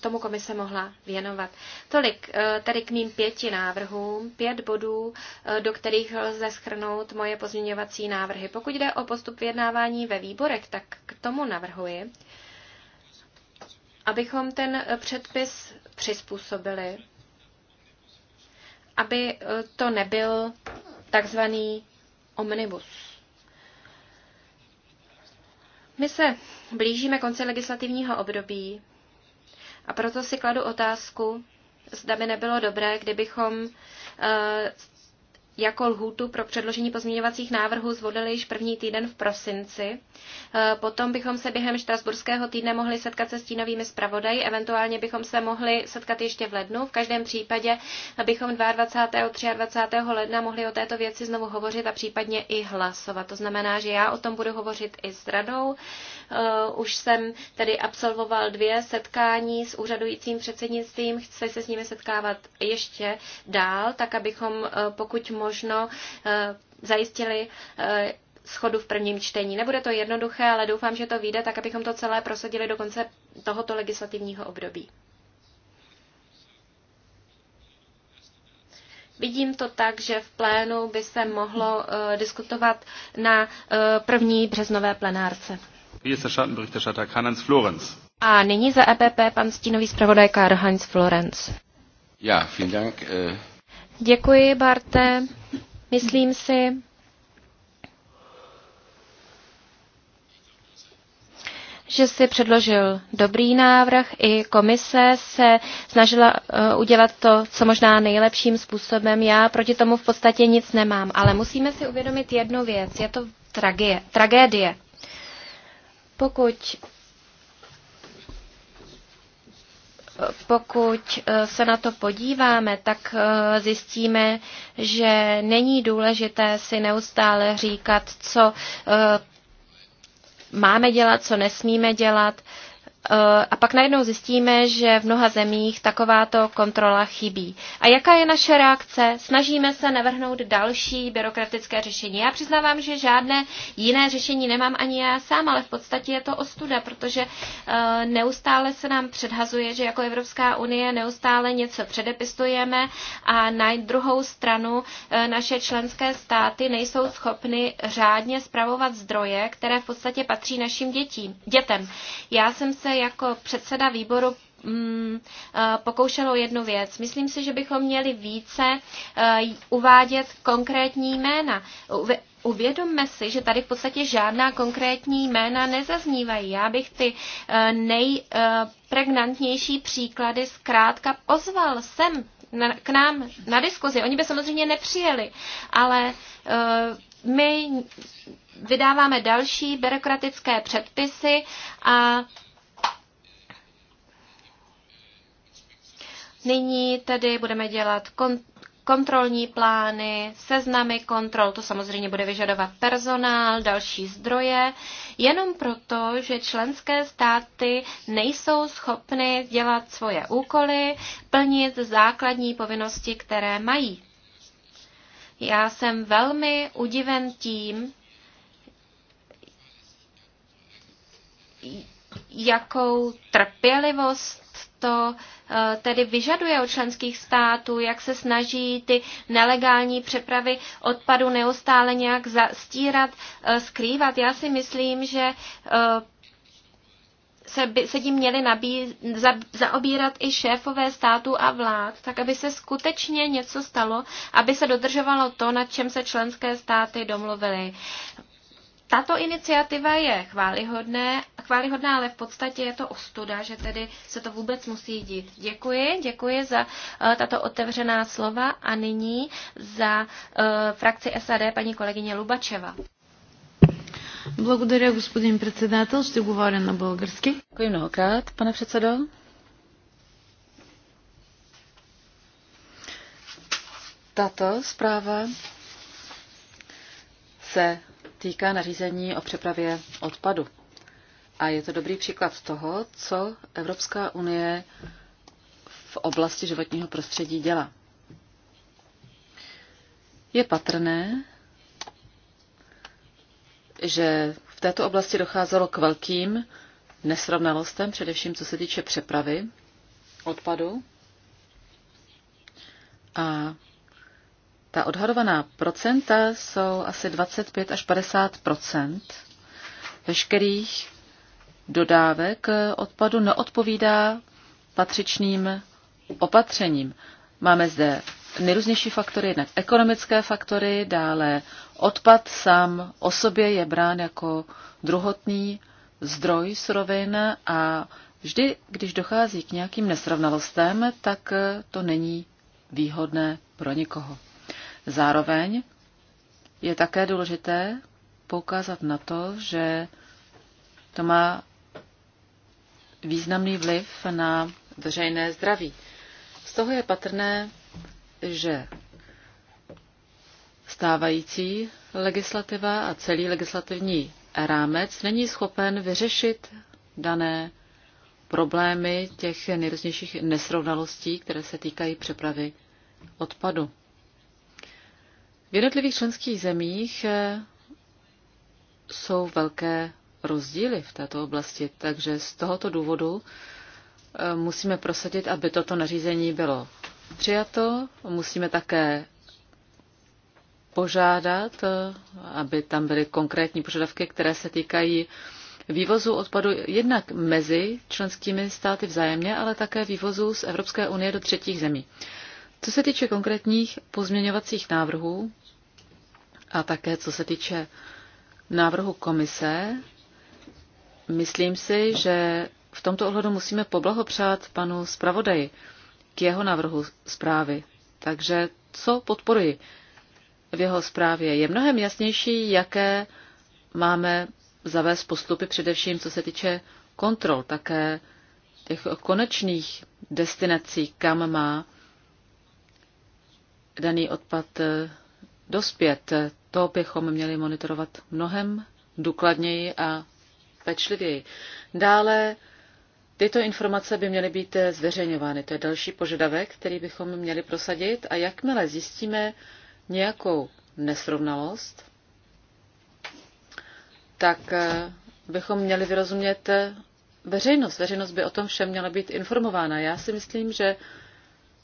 tomu komise mohla věnovat. Tolik eh, tedy k mým pěti návrhům, pět bodů, eh, do kterých lze schrnout moje pozměňovací návrhy. Pokud jde o postup vyjednávání ve výborech, tak k tomu navrhuji, abychom ten předpis přizpůsobili, aby to nebyl takzvaný omnibus my se blížíme konci legislativního období a proto si kladu otázku, zda by nebylo dobré, kdybychom eh, jako lhůtu pro předložení pozměňovacích návrhů zvolili již první týden v prosinci. E, potom bychom se během štrasburského týdne mohli setkat se stínovými zpravodaji, eventuálně bychom se mohli setkat ještě v lednu. V každém případě bychom 22. a 23. ledna mohli o této věci znovu hovořit a případně i hlasovat. To znamená, že já o tom budu hovořit i s radou. E, už jsem tedy absolvoval dvě setkání s úřadujícím předsednictvím. Chci se s nimi setkávat ještě dál, tak abychom e, pokud možná možno eh, zajistili eh, schodu v prvním čtení. Nebude to jednoduché, ale doufám, že to vyjde tak, abychom to celé prosadili do konce tohoto legislativního období. Vidím to tak, že v plénu by se mohlo uh, diskutovat na uh, první březnové plenárce. A nyní za EPP pan stínový zpravodaj Karl-Heinz Florenz. Ja, vielen Dank. Uh... Děkuji, Barte. Myslím si, že si předložil dobrý návrh. I komise se snažila eh, udělat to, co možná nejlepším způsobem. Já proti tomu v podstatě nic nemám, ale musíme si uvědomit jednu věc. Je to tragie, tragédie. Pokud Pokud eh, se na to podíváme, tak eh, zjistíme, že není důležité si neustále říkat, co eh, máme dělat, co nesmíme dělat. Eh, a pak najednou zjistíme, že v mnoha zemích takováto kontrola chybí. A jaká je naše reakce? Snažíme se navrhnout další byrokratické řešení. Já přiznávám, že žádné jiné řešení nemám ani já sám, ale v podstatě je to ostuda, protože eh, neustále se nám předhazuje, že jako Evropská unie neustále něco předepisujeme a na druhou stranu eh, naše členské státy nejsou schopny řádně spravovat zdroje, které v podstatě patří našim dětím, dětem. Já jsem se jako předseda výboru mm, eh, pokoušel jednu věc. Myslím si, že bychom měli více eh, uvádět konkrétní jména. Uvědomme si, že tady v podstatě žádná konkrétní jména nezaznívají. Já bych ty eh, nejpregnantnější příklady zkrátka pozval sem k nám na diskuzi. Oni by samozřejmě nepřijeli, ale my vydáváme další byrokratické předpisy a Nyní tedy budeme dělat kontrolní plány, seznamy kontrol, to samozřejmě bude vyžadovat personál, další zdroje, jenom proto, že členské státy nejsou schopny dělat svoje úkoly, plnit základní povinnosti, které mají. Já jsem velmi udiven tím, jakou trpělivost to eh, tedy vyžaduje od členských států, jak se snaží ty nelegální přepravy odpadu neustále nějak zastírat, eh, skrývat. Já si myslím, že eh, se, by, se tím měli nabí, za, zaobírat i šéfové států a vlád, tak aby se skutečně něco stalo, aby se dodržovalo to, nad čem se členské státy domluvily tato iniciativa je chválihodné, chválihodná, ale v podstatě je to ostuda, že tedy se to vůbec musí dít. Děkuji, děkuji za uh, tato otevřená slova a nyní za uh, frakci SAD paní kolegyně Lubačeva. Благодаря, господин председател. Ще говоря на български. Děkuji mnohokrát, pane předsedo. Tato справа se týká nařízení o přepravě odpadu. A je to dobrý příklad toho, co Evropská unie v oblasti životního prostředí dělá. Je patrné, že v této oblasti docházelo k velkým nesrovnalostem, především co se týče přepravy odpadu. A ta odhadovaná procenta jsou asi 25 až 50 veškerých dodávek odpadu neodpovídá patřičným opatřením. Máme zde nejrůznější faktory, jednak ekonomické faktory, dále odpad sám o sobě je brán jako druhotný zdroj surovin a vždy, když dochází k nějakým nesrovnalostem, tak to není výhodné pro nikoho. Zároveň je také důležité poukázat na to, že to má významný vliv na veřejné zdraví. Z toho je patrné, že stávající legislativa a celý legislativní rámec není schopen vyřešit dané problémy těch nejrůznějších nesrovnalostí, které se týkají přepravy odpadu. V jednotlivých členských zemích eh, jsou velké rozdíly v této oblasti, takže z tohoto důvodu eh, musíme prosadit, aby toto nařízení bylo přijato. Musíme také požádat, eh, aby tam byly konkrétní požadavky, které se týkají vývozu odpadu jednak mezi členskými státy vzájemně, ale také vývozu z Evropské unie do třetích zemí. Co se týče konkrétních pozměňovacích návrhů a také co se týče návrhu komise, myslím si, že v tomto ohledu musíme poblahopřát panu zpravodaji k jeho návrhu zprávy. Takže co podporuji v jeho zprávě? Je mnohem jasnější, jaké máme zavést postupy, především co se týče kontrol, také těch konečných destinací, kam má daný odpad eh, dospět. To bychom měli monitorovat mnohem důkladněji a pečlivěji. Dále tyto informace by měly být eh, zveřejňovány. To je další požadavek, který bychom měli prosadit. A jakmile zjistíme nějakou nesrovnalost, tak eh, bychom měli vyrozumět veřejnost. Veřejnost by o tom všem měla být informována. Já si myslím, že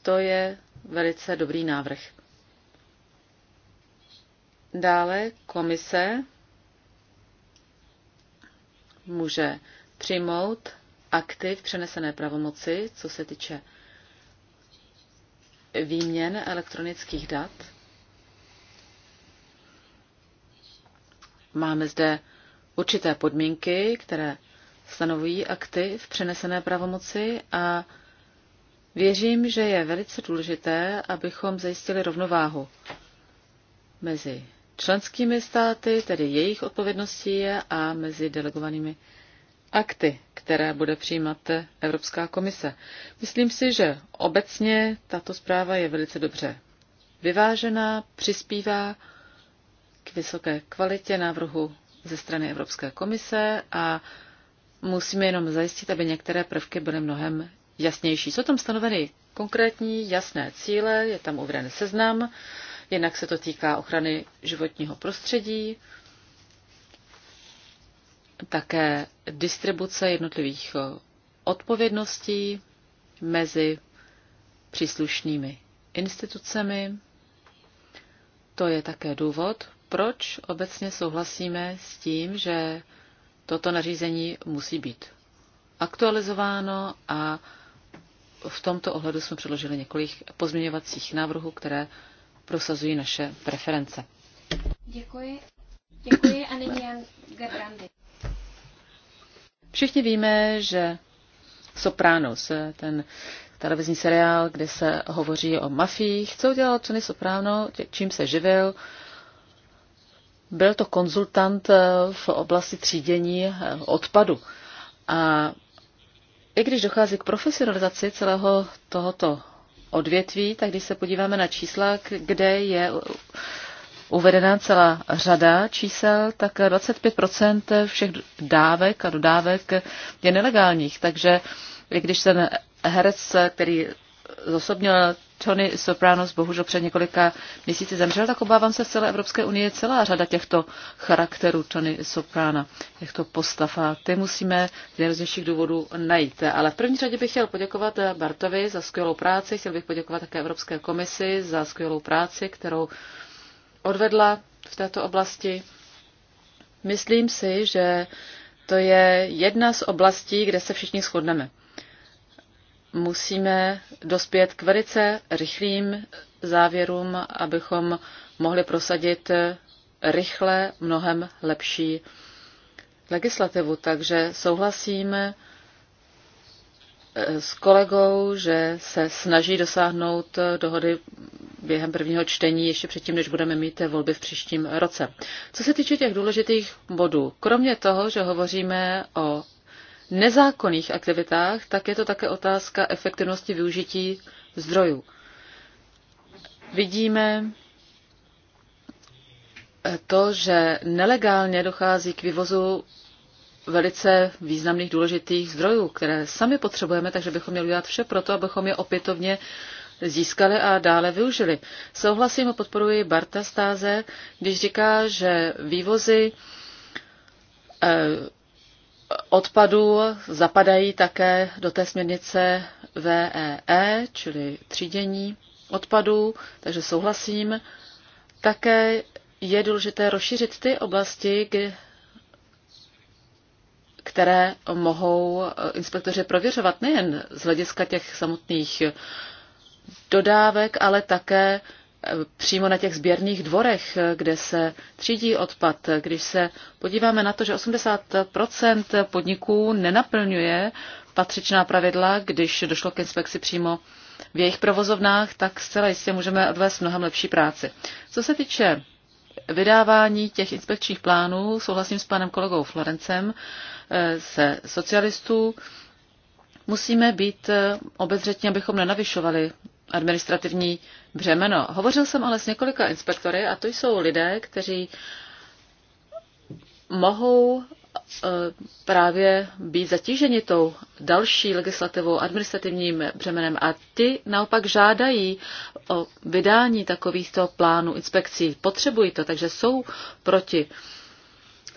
to je velice dobrý návrh. Dále komise může přijmout aktiv přenesené pravomoci, co se týče výměn elektronických dat. Máme zde určité podmínky, které stanovují akty v přenesené pravomoci a Věřím, že je velice důležité, abychom zajistili rovnováhu mezi členskými státy, tedy jejich odpovědností a mezi delegovanými akty, které bude přijímat Evropská komise. Myslím si, že obecně tato zpráva je velice dobře vyvážená, přispívá k vysoké kvalitě návrhu ze strany Evropské komise a musíme jenom zajistit, aby některé prvky byly mnohem jasnější. Jsou tam stanoveny konkrétní, jasné cíle, je tam uveden seznam, jinak se to týká ochrany životního prostředí, také distribuce jednotlivých eh, odpovědností mezi příslušnými institucemi. To je také důvod, proč obecně souhlasíme s tím, že toto nařízení musí být aktualizováno a v tomto ohledu jsme předložili několik pozměňovacích návrhů, které prosazují naše preference. Děkuji. Děkuji a nyní Jan Gerbrandy. Všichni víme, že Sopranos, ten televizní seriál, kde se hovoří o mafiích, co udělal Tony Soprano, čím se živil, byl to konzultant v oblasti třídění eh, odpadu. A i když dochází k profesionalizaci celého tohoto odvětví, tak když se podíváme na čísla, kde je uvedena celá řada čísel, tak 25 všech dávek a dodávek je nelegálních. Takže i když ten herec, který zosobnil Tony Sopranos bohužel před několika měsíci zemřel, tak obávám se z celé Evropské unie celá řada těchto charakterů Tony Soprana, těchto postav a ty musíme z nejrůznějších důvodů najít. Ale v první řadě bych chtěl poděkovat Bartovi za skvělou práci, chtěl bych poděkovat také Evropské komisi za skvělou práci, kterou odvedla v této oblasti. Myslím si, že to je jedna z oblastí, kde se všichni shodneme musíme dospět k velice rychlým závěrům, abychom mohli prosadit rychle mnohem lepší legislativu. Takže souhlasíme eh, s kolegou, že se snaží dosáhnout dohody během prvního čtení, ještě předtím, než budeme mít volby v příštím roce. Co se týče těch důležitých bodů, kromě toho, že hovoříme o nezákonných aktivitách, tak je to také otázka efektivnosti využití zdrojů. Vidíme eh, to, že nelegálně dochází k vyvozu velice významných, důležitých zdrojů, které sami potřebujeme, takže bychom měli udělat vše pro to, abychom je opětovně získali a dále využili. Souhlasím a podporuji Barta Stáze, když říká, že vývozy eh, odpadů zapadají také do té směrnice VEE, e, čili třídění odpadů, takže souhlasím. Také je důležité rozšířit ty oblasti, které mohou eh, inspektoři prověřovat nejen z hlediska těch samotných dodávek, ale také přímo na těch sběrných dvorech, kde se třídí odpad. Když se podíváme na to, že 80% podniků nenaplňuje patřičná pravidla, když došlo k inspekci přímo v jejich provozovnách, tak zcela jistě můžeme odvést mnohem lepší práci. Co se týče vydávání těch inspekčních plánů, souhlasím s panem kolegou Florencem, eh, se socialistů, musíme být eh, obezřetní, abychom nenavyšovali administrativní břemeno. Hovořil jsem ale s několika inspektory a to jsou lidé, kteří mohou eh, právě být zatíženi tou další legislativou, administrativním břemenem a ti naopak žádají o vydání takovýchto plánů inspekcí. Potřebují to, takže jsou proti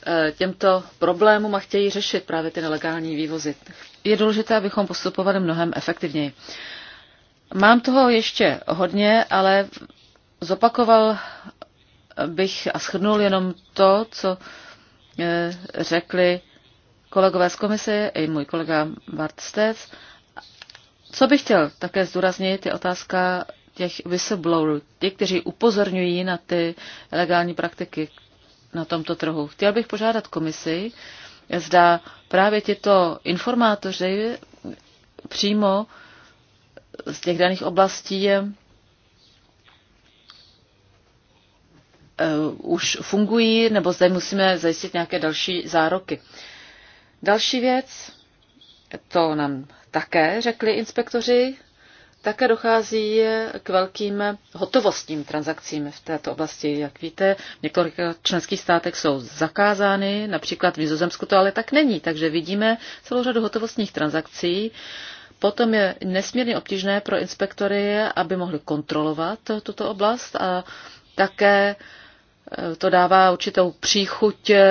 eh, těmto problémům a chtějí řešit právě ty nelegální vývozy. Je důležité, abychom postupovali mnohem efektivněji. Mám toho ještě hodně, ale zopakoval bych a shrnul jenom to, co eh, řekli kolegové z komise i můj kolega Bart Stec. Co bych chtěl také zdůraznit, je otázka těch whistleblowerů, těch, kteří upozorňují na ty legální praktiky na tomto trhu. Chtěl bych požádat komisi, zda právě tito informátoři přímo z těch daných oblastí eh, už fungují, nebo zde musíme zajistit nějaké další zároky. Další věc, to nám také řekli inspektoři, také dochází k velkým hotovostním transakcím v této oblasti. Jak víte, v několika členských státech jsou zakázány, například v Nizozemsku to ale tak není, takže vidíme celou řadu hotovostních transakcí Potom je nesmírně obtížné pro inspektory, aby mohli kontrolovat tuto oblast a také eh, to dává určitou příchuť, eh,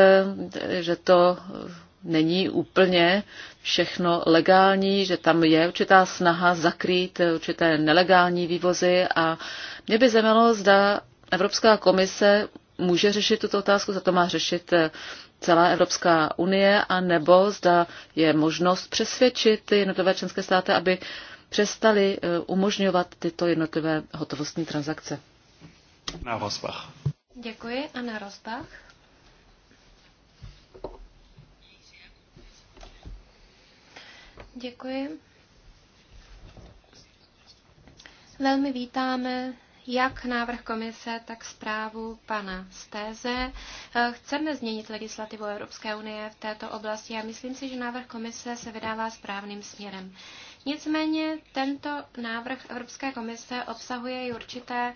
že to eh, není úplně všechno legální, že tam je určitá snaha zakrýt určité nelegální vývozy a mě by zajímalo, zda Evropská komise může řešit tuto otázku, za to má řešit celá Evropská unie, a nebo zda je možnost přesvědčit ty jednotlivé členské státy, aby přestali e, umožňovat tyto jednotlivé hotovostní transakce. Na Rosbach. Děkuji. A na Rosbach? Děkuji. Velmi vítáme jak návrh komise, tak zprávu pana Stéze. Chceme změnit legislativu Evropské unie v této oblasti a myslím si, že návrh komise se vydává správným směrem. Nicméně tento návrh Evropské komise obsahuje i určité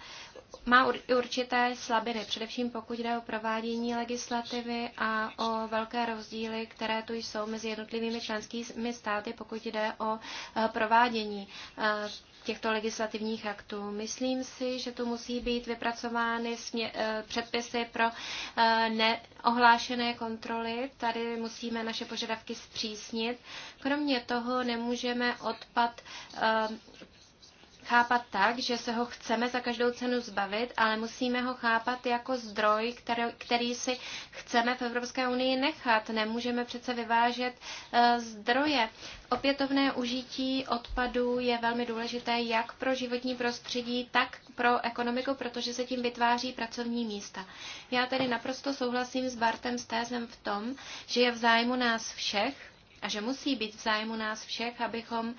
má určité slabiny, především pokud jde o provádění legislativy a o velké rozdíly, které tu jsou mezi jednotlivými členskými státy, pokud jde o eh, provádění eh, těchto legislativních aktů. Myslím si, že tu musí být vypracovány eh, předpisy pro neohlášené kontroly. Tady musíme naše požadavky zpřísnit. Kromě toho nemůžeme odpad chápat tak, že se ho chceme za každou cenu zbavit, ale musíme ho chápat jako zdroj, který, který si chceme v Evropské unii nechat. Nemůžeme přece vyvážet eh, zdroje. Opětovné užití odpadů je velmi důležité jak pro životní prostředí, tak pro ekonomiku, protože se tím vytváří pracovní místa. Já tedy naprosto souhlasím s Bartem Stézem v tom, že je v zájmu nás všech a že musí být v zájmu nás všech, abychom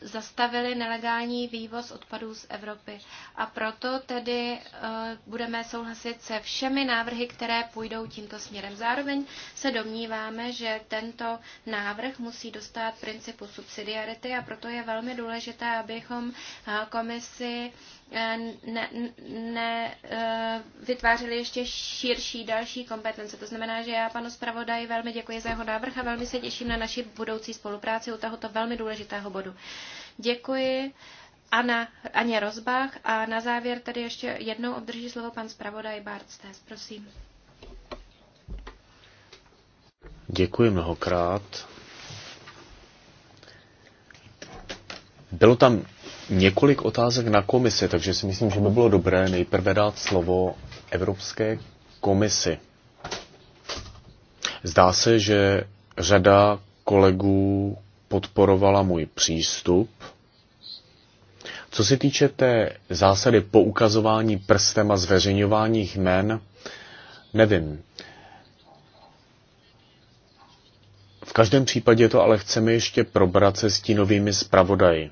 zastavili nelegální vývoz odpadů z Evropy. A proto tedy e, budeme souhlasit se všemi návrhy, které půjdou tímto směrem. Zároveň se domníváme, že tento návrh musí dostat principu subsidiarity a proto je velmi důležité, abychom e, komisi e, ne, ne, vytvářeli ještě širší další kompetence. To znamená, že já panu zpravodaji velmi děkuji za jeho návrh a velmi se těším na naši budoucí spolupráci u tohoto velmi důležitého bodu případu. Děkuji. Ana, Aně Rozbach a na závěr tady ještě jednou obdrží slovo pan zpravodaj Bart Stes, prosím. Děkuji mnohokrát. Bylo tam několik otázek na komisi, takže si myslím, že by bylo dobré nejprve dát slovo Evropské komisi. Zdá se, že řada kolegů, podporovala můj přístup. Co se týče té zásady poukazování prstem a zveřejňování jmen, nevím. V každém případě to ale chceme ještě probrat se stínovými zpravodaji.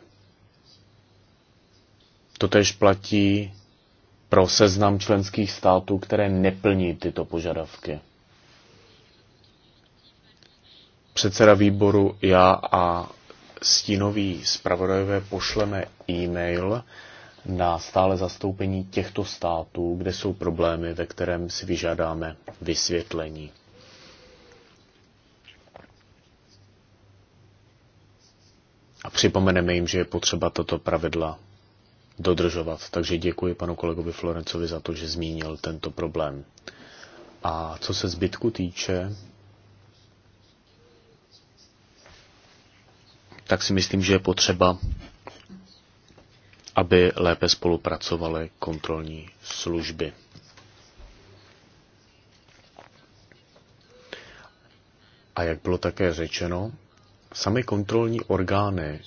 Totež platí pro seznam členských států, které neplní tyto požadavky. předseda výboru, já a stínoví zpravodajové pošleme e-mail na stále zastoupení těchto států, kde jsou problémy, ve kterém si vyžádáme vysvětlení. A připomeneme jim, že je potřeba toto pravidla dodržovat. Takže děkuji panu kolegovi Florencovi za to, že zmínil tento problém. A co se zbytku týče, tak si myslím, že je potřeba, aby lépe spolupracovaly kontrolní služby. A jak bylo také řečeno, sami kontrolní orgány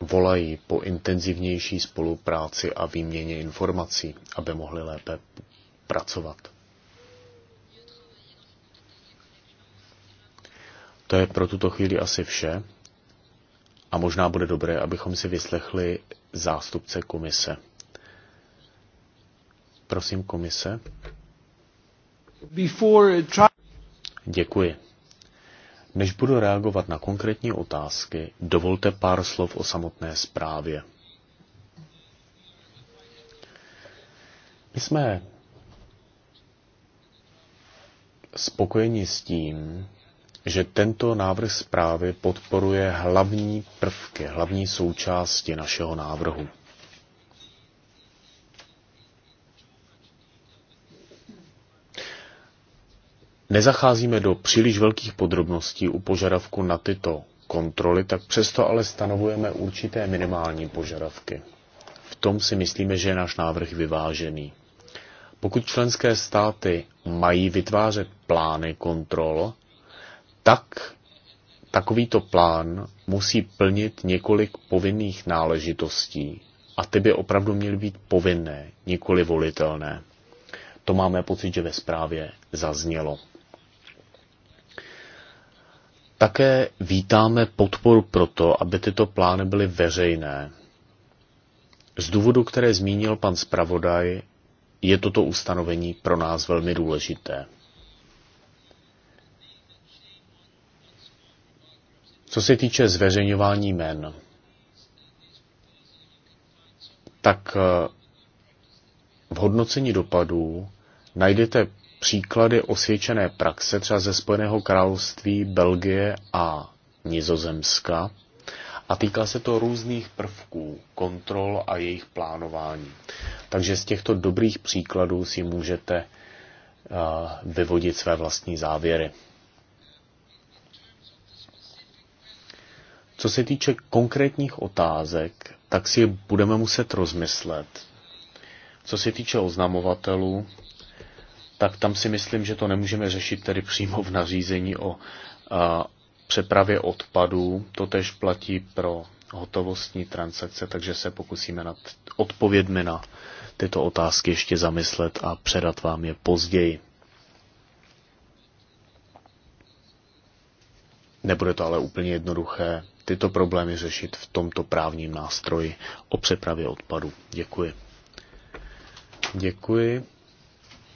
volají po intenzivnější spolupráci a výměně informací, aby mohly lépe pracovat. To je pro tuto chvíli asi vše. A možná bude dobré, abychom si vyslechli zástupce komise. Prosím, komise. Uh, Děkuji. Než budu reagovat na konkrétní otázky, dovolte pár slov o samotné zprávě. My jsme spokojeni s tím, že tento návrh zprávy podporuje hlavní prvky, hlavní součásti našeho návrhu. Nezacházíme do příliš velkých podrobností u požadavku na tyto kontroly, tak přesto ale stanovujeme určité minimální požadavky. V tom si myslíme, že je náš návrh vyvážený. Pokud členské státy mají vytvářet plány kontrol, tak takovýto plán musí plnit několik povinných náležitostí a ty by opravdu měly být povinné, nikoli volitelné. To máme pocit, že ve zprávě zaznělo. Také vítáme podporu pro to, aby tyto plány byly veřejné. Z důvodu, které zmínil pan zpravodaj, je toto ustanovení pro nás velmi důležité. Co se týče zveřejňování jmen, tak eh, v hodnocení dopadů najdete příklady osvědčené praxe třeba ze Spojeného království, Belgie a Nizozemska a týká se to různých prvků, kontrol a jejich plánování. Takže z těchto dobrých příkladů si můžete eh, vyvodit své vlastní závěry. Co se týče konkrétních otázek, tak si je budeme muset rozmyslet. Co se týče oznamovatelů, tak tam si myslím, že to nemůžeme řešit tedy přímo v nařízení o a, přepravě odpadů. To tež platí pro hotovostní transakce, takže se pokusíme nad odpovědmi na tyto otázky ještě zamyslet a předat vám je později. Nebude to ale úplně jednoduché, tyto problémy řešit v tomto právním nástroji o přepravě odpadu. Děkuji. Děkuji.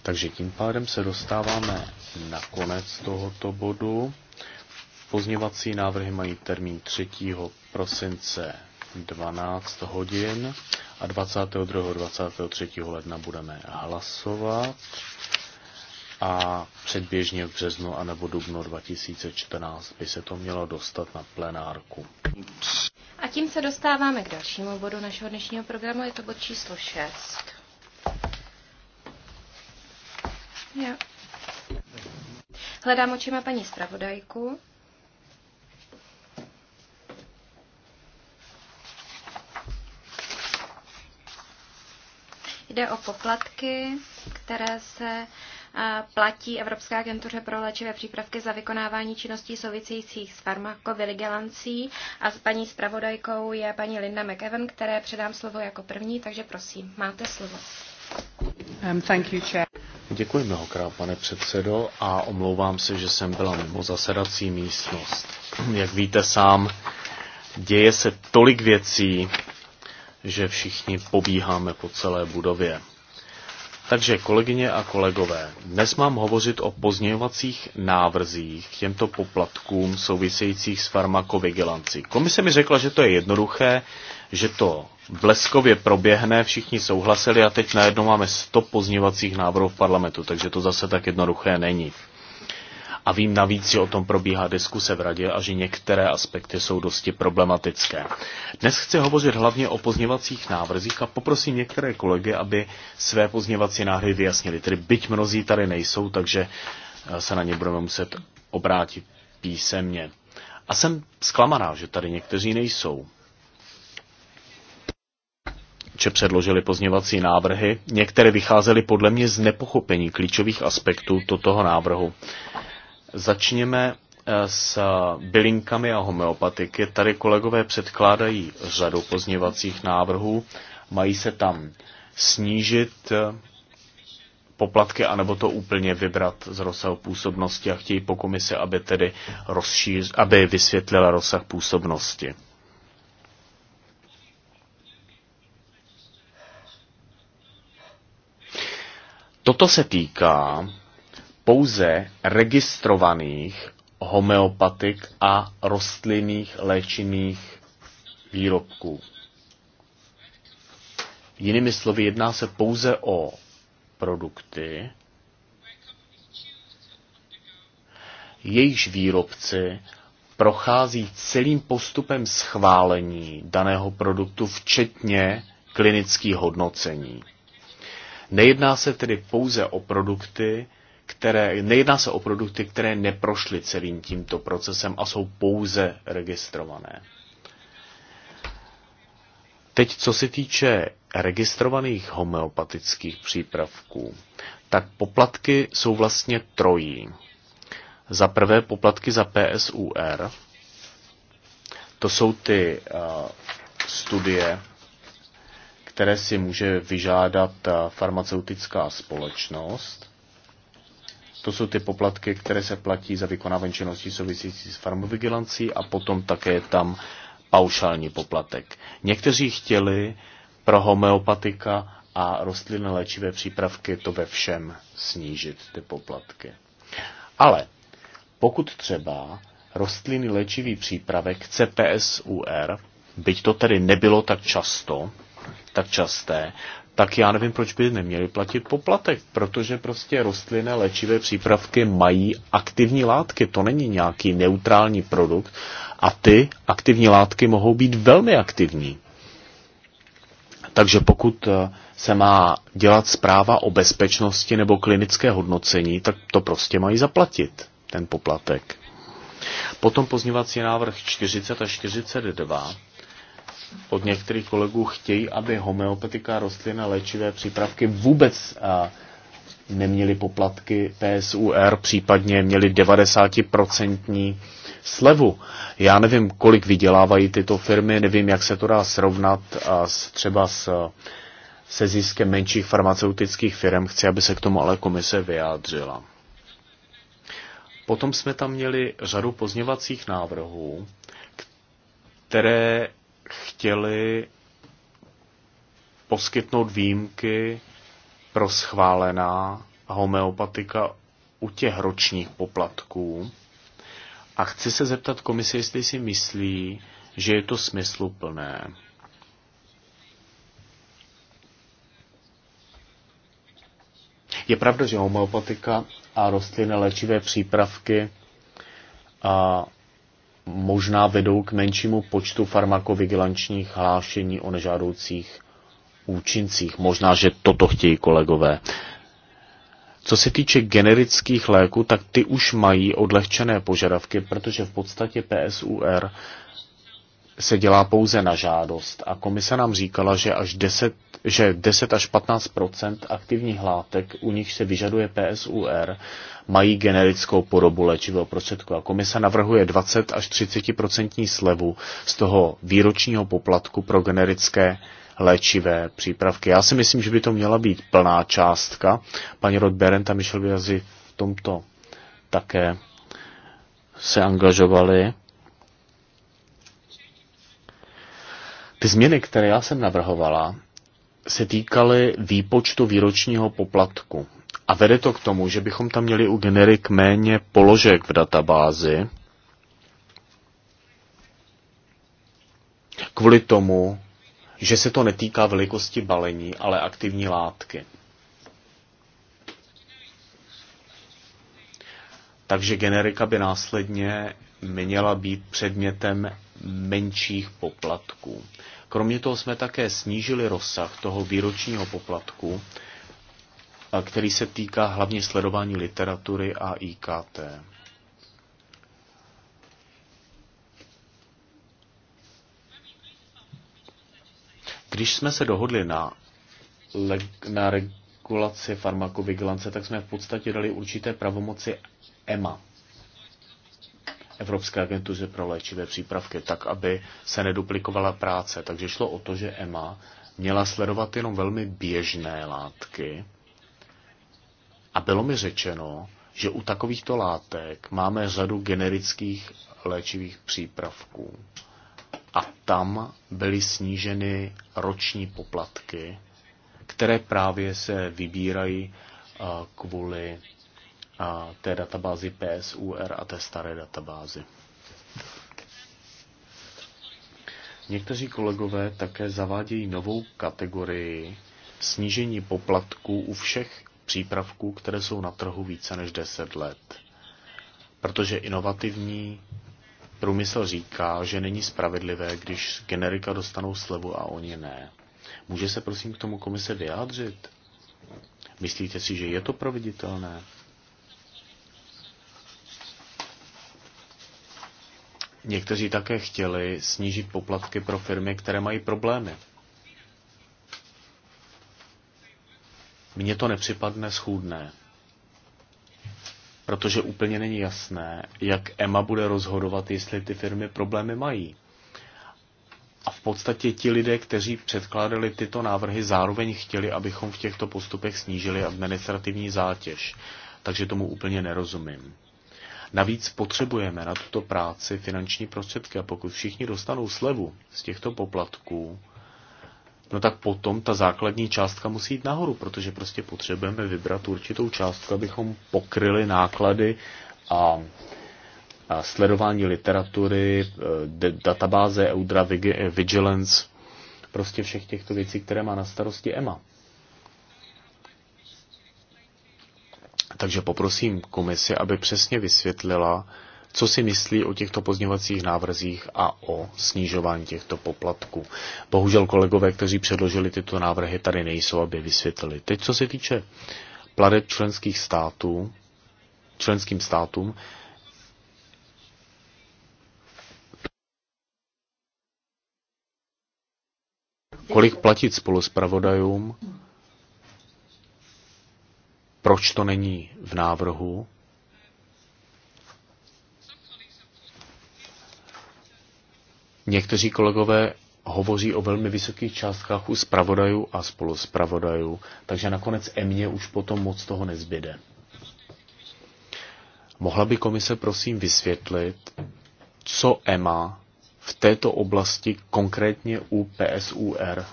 Takže tím pádem se dostáváme na konec tohoto bodu. Pozněvací návrhy mají termín 3. prosince 12 hodin a 22. 23. ledna budeme hlasovat a předběžně v březnu a nebo dubnu 2014 by se to mělo dostat na plenárku. A tím se dostáváme k dalšímu bodu našeho dnešního programu, je to bod číslo 6. Já. Hledám očima paní zpravodajku. Jde o poplatky, které se platí Evropská agentuře pro léčivé přípravky za vykonávání činností souvisejících s farmakovigilancí a s paní zpravodajkou je paní Linda McEwen, které předám slovo jako první, takže prosím, máte slovo. Um, thank you, chair. Děkuji mnohokrát, pane předsedo, a omlouvám se, že jsem byla mimo zasedací místnost. Jak víte sám, děje se tolik věcí, že všichni pobíháme po celé budově. Takže kolegyně a kolegové, dnes mám hovořit o pozněvacích návrzích k těmto poplatkům souvisejících s farmakovigilancí. Komise mi řekla, že to je jednoduché, že to bleskově proběhne, všichni souhlasili a teď najednou máme 100 pozněvacích návrhů v parlamentu, takže to zase tak jednoduché není. A vím navíc, že o tom probíhá diskuse v radě a že některé aspekty jsou dosti problematické. Dnes chci hovořit hlavně o pozněvacích návrzích a poprosím některé kolegy, aby své pozněvací návrhy vyjasnili. Tedy byť mnozí tady nejsou, takže eh, se na ně budeme muset obrátit písemně. A jsem zklamaná, že tady někteří nejsou. Če předložili pozněvací návrhy, některé vycházely podle mě z nepochopení klíčových aspektů toho návrhu. Začněme eh, s bylinkami a homeopatiky. Tady kolegové předkládají řadu pozněvacích návrhů. Mají se tam snížit eh, poplatky, anebo to úplně vybrat z rozsahu působnosti a chtějí po komisi, aby tedy rozšíř, aby vysvětlila rozsah působnosti. Toto se týká pouze registrovaných homeopatik a rostlinných léčinných výrobků. Jinými slovy, jedná se pouze o produkty, jejichž výrobci prochází celým postupem schválení daného produktu, včetně klinických hodnocení. Nejedná se tedy pouze o produkty, které, nejedná se o produkty, které neprošly celým tímto procesem a jsou pouze registrované. Teď, co se týče registrovaných homeopatických přípravků, tak poplatky jsou vlastně trojí. Za prvé poplatky za PSUR, to jsou ty uh, studie, které si může vyžádat eh, farmaceutická společnost. To jsou ty poplatky, které se platí za vykonávání činnosti související s farmovigilancí a potom také je tam paušální poplatek. Někteří chtěli pro homeopatika a rostlinné léčivé přípravky to ve všem snížit, ty poplatky. Ale pokud třeba rostliny léčivý přípravek CPSUR, byť to tedy nebylo tak často, tak časté, tak já nevím, proč by neměli platit poplatek, protože prostě rostlinné léčivé přípravky mají aktivní látky, to není nějaký neutrální produkt a ty aktivní látky mohou být velmi aktivní. Takže pokud eh, se má dělat zpráva o bezpečnosti nebo klinické hodnocení, tak to prostě mají zaplatit, ten poplatek. Potom pozněvací návrh 40 a 42 od některých kolegů chtějí, aby homeopatika, rostlina, léčivé přípravky vůbec neměly poplatky PSUR, případně měly 90% slevu. Já nevím, kolik vydělávají tyto firmy, nevím, jak se to dá srovnat a s, třeba s, se ziskem menších farmaceutických firm. Chci, aby se k tomu ale komise vyjádřila. Potom jsme tam měli řadu pozněvacích návrhů, které chtěli poskytnout výjimky pro schválená homeopatika u těch ročních poplatků. A chci se zeptat komise, jestli si myslí, že je to smysluplné. Je pravda, že homeopatika a rostlinné léčivé přípravky a možná vedou k menšímu počtu farmakovigilančních hlášení o nežádoucích účincích. Možná, že toto chtějí kolegové. Co se týče generických léků, tak ty už mají odlehčené požadavky, protože v podstatě PSUR se dělá pouze na žádost a komise nám říkala, že až 10, že 10 až 15 aktivních látek, u nich se vyžaduje PSUR, mají generickou podobu léčivého prostředku a komise navrhuje 20 až 30 slevu z toho výročního poplatku pro generické léčivé přípravky. Já si myslím, že by to měla být plná částka. Paní Rodberent a Michel Biazi v tomto také se angažovali Ty změny, které já jsem navrhovala, se týkaly výpočtu výročního poplatku. A vede to k tomu, že bychom tam měli u generik méně položek v databázi, kvůli tomu, že se to netýká velikosti balení, ale aktivní látky. Takže generika by následně měla být předmětem menších poplatků. Kromě toho jsme také snížili rozsah toho výročního poplatku, který se týká hlavně sledování literatury a IKT. Když jsme se dohodli na, na regulaci farmakovigilance, tak jsme v podstatě dali určité pravomoci EMA. Evropské agentuře pro léčivé přípravky, tak aby se neduplikovala práce. Takže šlo o to, že EMA měla sledovat jenom velmi běžné látky a bylo mi řečeno, že u takovýchto látek máme řadu generických léčivých přípravků a tam byly sníženy roční poplatky, které právě se vybírají eh, kvůli a té databázi PSUR a té staré databázi. Někteří kolegové také zavádějí novou kategorii snížení poplatků u všech přípravků, které jsou na trhu více než 10 let. Protože inovativní průmysl říká, že není spravedlivé, když generika dostanou slevu a oni ne. Může se prosím k tomu komise vyjádřit? Myslíte si, že je to proveditelné? Někteří také chtěli snížit poplatky pro firmy, které mají problémy. Mně to nepřipadne schůdné, protože úplně není jasné, jak EMA bude rozhodovat, jestli ty firmy problémy mají. A v podstatě ti lidé, kteří předkládali tyto návrhy, zároveň chtěli, abychom v těchto postupech snížili administrativní zátěž. Takže tomu úplně nerozumím. Navíc potřebujeme na tuto práci finanční prostředky a pokud všichni dostanou slevu z těchto poplatků, no tak potom ta základní částka musí jít nahoru, protože prostě potřebujeme vybrat určitou částku, abychom pokryli náklady a, a sledování literatury, e, databáze Eudra Vigilance, prostě všech těchto věcí, které má na starosti EMA. Takže poprosím komisi, aby přesně vysvětlila, co si myslí o těchto pozněvacích návrzích a o snižování těchto poplatků. Bohužel kolegové, kteří předložili tyto návrhy, tady nejsou, aby vysvětlili. Teď, co se týče pladeb členských států, členským státům, kolik platit pravodajům? proč to není v návrhu. Někteří kolegové hovoří o velmi vysokých částkách u zpravodajů a spolu zpravodajů, takže nakonec EMě už potom moc toho nezbyde. Mohla by komise prosím vysvětlit, co EMA v této oblasti konkrétně u PSUR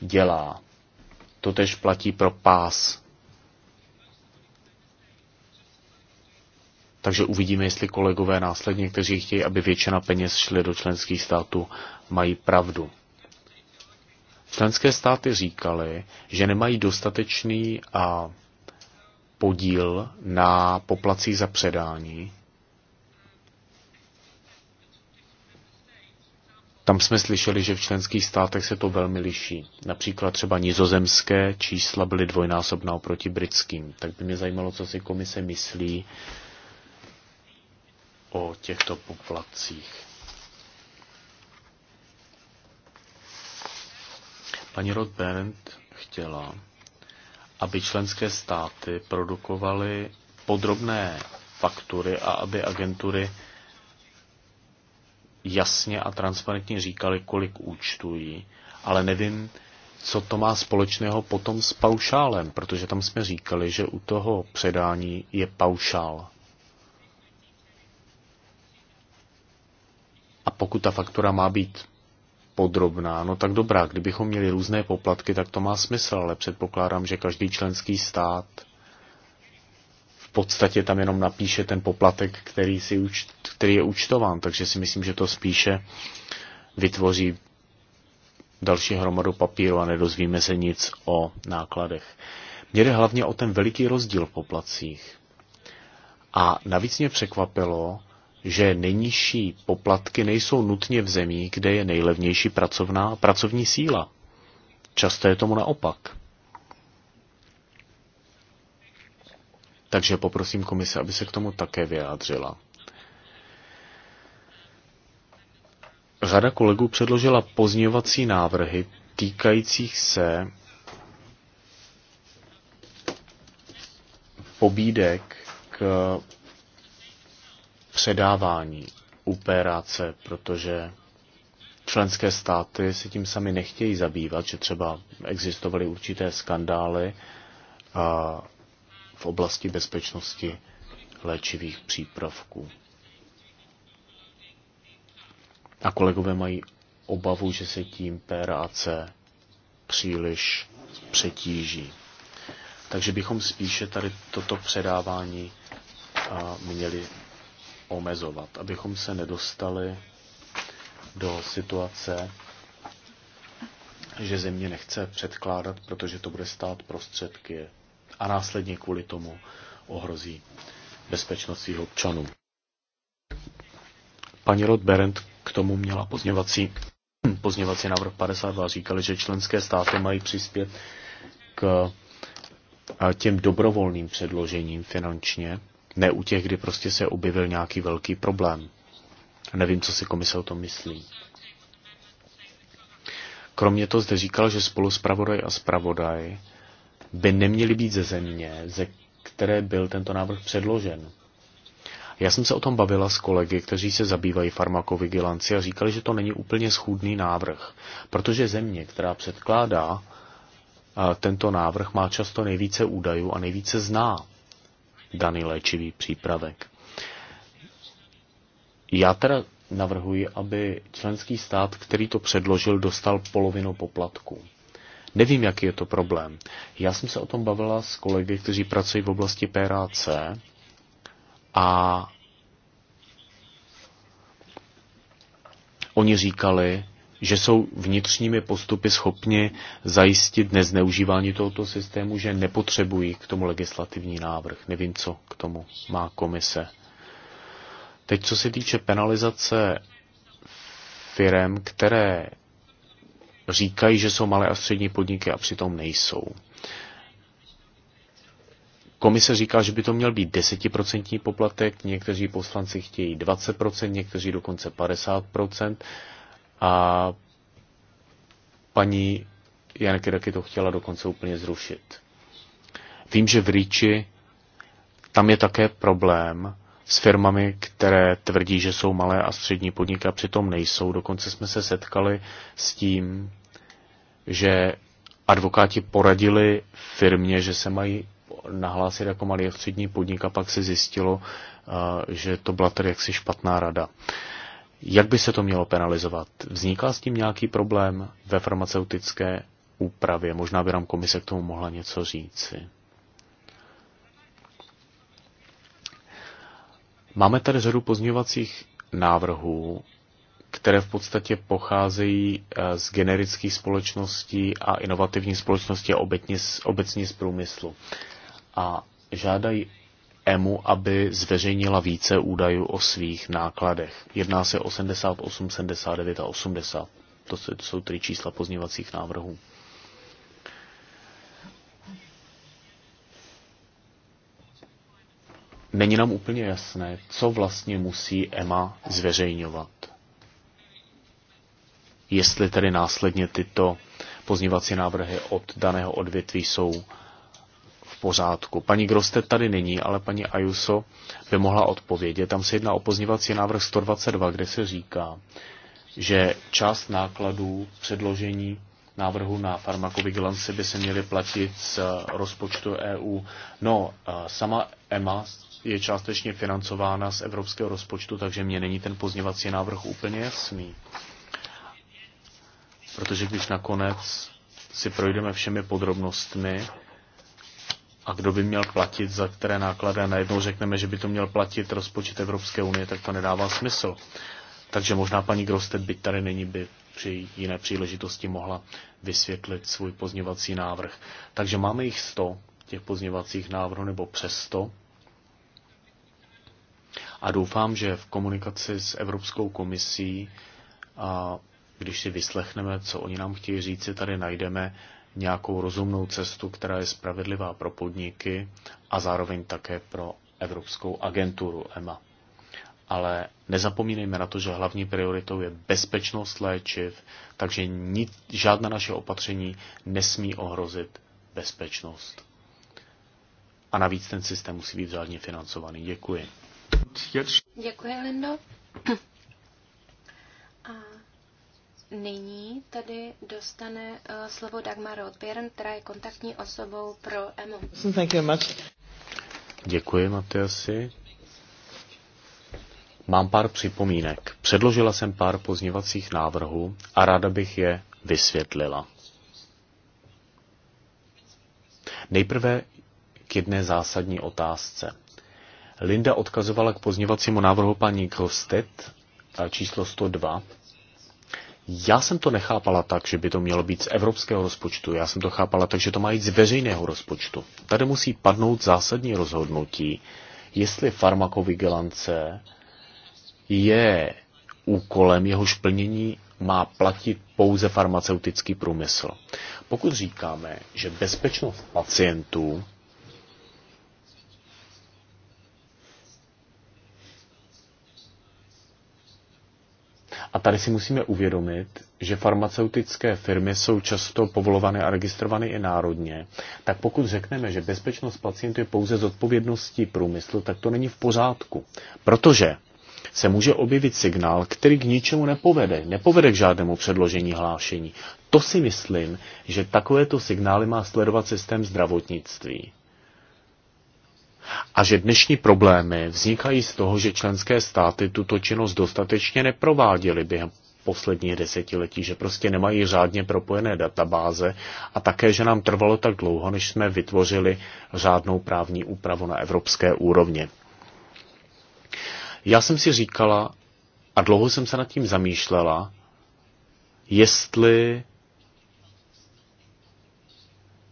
dělá? Totež platí pro PAS. Takže uvidíme, jestli kolegové následně, kteří chtějí, aby většina peněz šly do členských států, mají pravdu. Členské státy říkaly, že nemají dostatečný a podíl na poplacích za předání. Tam jsme slyšeli, že v členských státech se to velmi liší. Například třeba nizozemské čísla byly dvojnásobná oproti britským. Tak by mě zajímalo, co si komise myslí o těchto poplatcích. Paní Rodbent chtěla, aby členské státy produkovaly podrobné faktury a aby agentury jasně a transparentně říkali, kolik účtují, ale nevím, co to má společného potom s paušálem, protože tam jsme říkali, že u toho předání je paušál pokud ta faktura má být podrobná, no tak dobrá, kdybychom měli různé poplatky, tak to má smysl, ale předpokládám, že každý členský stát v podstatě tam jenom napíše ten poplatek, který, si, který je účtován, takže si myslím, že to spíše vytvoří další hromadu papíru a nedozvíme se nic o nákladech. Mě jde hlavně o ten veliký rozdíl v poplacích. A navíc mě překvapilo, že nejnižší poplatky nejsou nutně v zemí, kde je nejlevnější pracovná pracovní síla. Často je tomu naopak. Takže poprosím komise, aby se k tomu také vyjádřila. Řada kolegů předložila pozměňovací návrhy týkajících se pobídek k předávání UPRAC, protože členské státy se tím sami nechtějí zabývat, že třeba existovaly určité skandály v oblasti bezpečnosti léčivých přípravků. A kolegové mají obavu, že se tím PRAC příliš přetíží. Takže bychom spíše tady toto předávání měli omezovat, abychom se nedostali do situace, že země nechce předkládat, protože to bude stát prostředky a následně kvůli tomu ohrozí bezpečnost svých občanů. Paní Rod Berend k tomu měla pozněvací, <clears throat> pozněvací návrh 52. Říkali, že členské státy mají přispět k těm dobrovolným předložením finančně ne u těch, kdy prostě se objevil nějaký velký problém. Nevím, co si komise o tom myslí. Kromě toho zde říkal, že spolu zpravodaj a zpravodaj by neměli být ze země, ze které byl tento návrh předložen. Já jsem se o tom bavila s kolegy, kteří se zabývají farmakovigilanci a říkali, že to není úplně schůdný návrh, protože země, která předkládá tento návrh, má často nejvíce údajů a nejvíce zná daný léčivý přípravek. Já teda navrhuji, aby členský stát, který to předložil, dostal polovinu poplatku. Nevím, jaký je to problém. Já jsem se o tom bavila s kolegy, kteří pracují v oblasti PRAC a oni říkali, že jsou vnitřními postupy schopni zajistit nezneužívání tohoto systému, že nepotřebují k tomu legislativní návrh. Nevím, co k tomu má komise. Teď, co se týče penalizace firm, které říkají, že jsou malé a střední podniky a přitom nejsou. Komise říká, že by to měl být desetiprocentní poplatek, někteří poslanci chtějí 20%, někteří dokonce 50% a paní Janky taky to chtěla dokonce úplně zrušit. Vím, že v Ríči tam je také problém s firmami, které tvrdí, že jsou malé a střední podniky a přitom nejsou. Dokonce jsme se setkali s tím, že advokáti poradili firmě, že se mají nahlásit jako malý a střední podnik a pak se zjistilo, eh, že to byla tedy jaksi špatná rada. Jak by se to mělo penalizovat? Vzniká s tím nějaký problém ve farmaceutické úpravě? Možná by nám komise k tomu mohla něco říci. Máme tady řadu pozměňovacích návrhů, které v podstatě pocházejí eh, z generických společností a inovativních společností a obecně, obecně z průmyslu. A žádají EMU, aby zveřejnila více údajů o svých nákladech. Jedná se o 78, 79 a 80. To jsou tři čísla pozněvacích návrhů. Není nám úplně jasné, co vlastně musí EMA zveřejňovat. Jestli tedy následně tyto pozněvací návrhy od daného odvětví jsou pořádku. Paní Groste tady není, ale paní Ayuso by mohla odpovědět. Tam se jedná o pozněvací návrh 122, kde se říká, že část nákladů předložení návrhu na farmakovigilanci by se měly platit z rozpočtu EU. No, sama EMA je částečně financována z evropského rozpočtu, takže mě není ten pozněvací návrh úplně jasný. Protože když nakonec si projdeme všemi podrobnostmi, a kdo by měl platit za které náklady a najednou řekneme, že by to měl platit rozpočet Evropské unie, tak to nedává smysl. Takže možná paní Grosted, byť tady není, by při jiné příležitosti mohla vysvětlit svůj pozněvací návrh. Takže máme jich 100, těch pozněvacích návrhů, nebo přes 100. A doufám, že v komunikaci s Evropskou komisí, a když si vyslechneme, co oni nám chtějí si tady najdeme nějakou rozumnou cestu, která je spravedlivá pro podniky a zároveň také pro Evropskou agenturu EMA. Ale nezapomínejme na to, že hlavní prioritou je bezpečnost léčiv, takže nic, žádné naše opatření nesmí ohrozit bezpečnost. A navíc ten systém musí být řádně financovaný. Děkuji. Děkuji, Lindo nyní tady dostane eh, slovo Dagmar Rothbjern, která je kontaktní osobou pro EMO. Thank you much. Děkuji, Matiasi. Mám pár připomínek. Předložila jsem pár pozněvacích návrhů a ráda bych je vysvětlila. Nejprve k jedné zásadní otázce. Linda odkazovala k pozněvacímu návrhu paní Grostet eh, číslo 102, já jsem to nechápala tak, že by to mělo být z evropského rozpočtu. Já jsem to chápala tak, že to má jít z veřejného rozpočtu. Tady musí padnout zásadní rozhodnutí, jestli farmakovigilance je úkolem, jehož plnění má platit pouze farmaceutický průmysl. Pokud říkáme, že bezpečnost pacientů A tady si musíme uvědomit, že farmaceutické firmy jsou často povolované a registrované i národně. Tak pokud řekneme, že bezpečnost pacientů je pouze z odpovědností průmyslu, tak to není v pořádku. Protože se může objevit signál, který k ničemu nepovede, nepovede k žádnému předložení hlášení. To si myslím, že takovéto signály má sledovat systém zdravotnictví a že dnešní problémy vznikají z toho, že členské státy tuto činnost dostatečně neprováděly během poslední desetiletí, že prostě nemají řádně propojené databáze a také, že nám trvalo tak dlouho, než jsme vytvořili řádnou právní úpravu na evropské úrovni. Já jsem si říkala a dlouho jsem se nad tím zamýšlela, jestli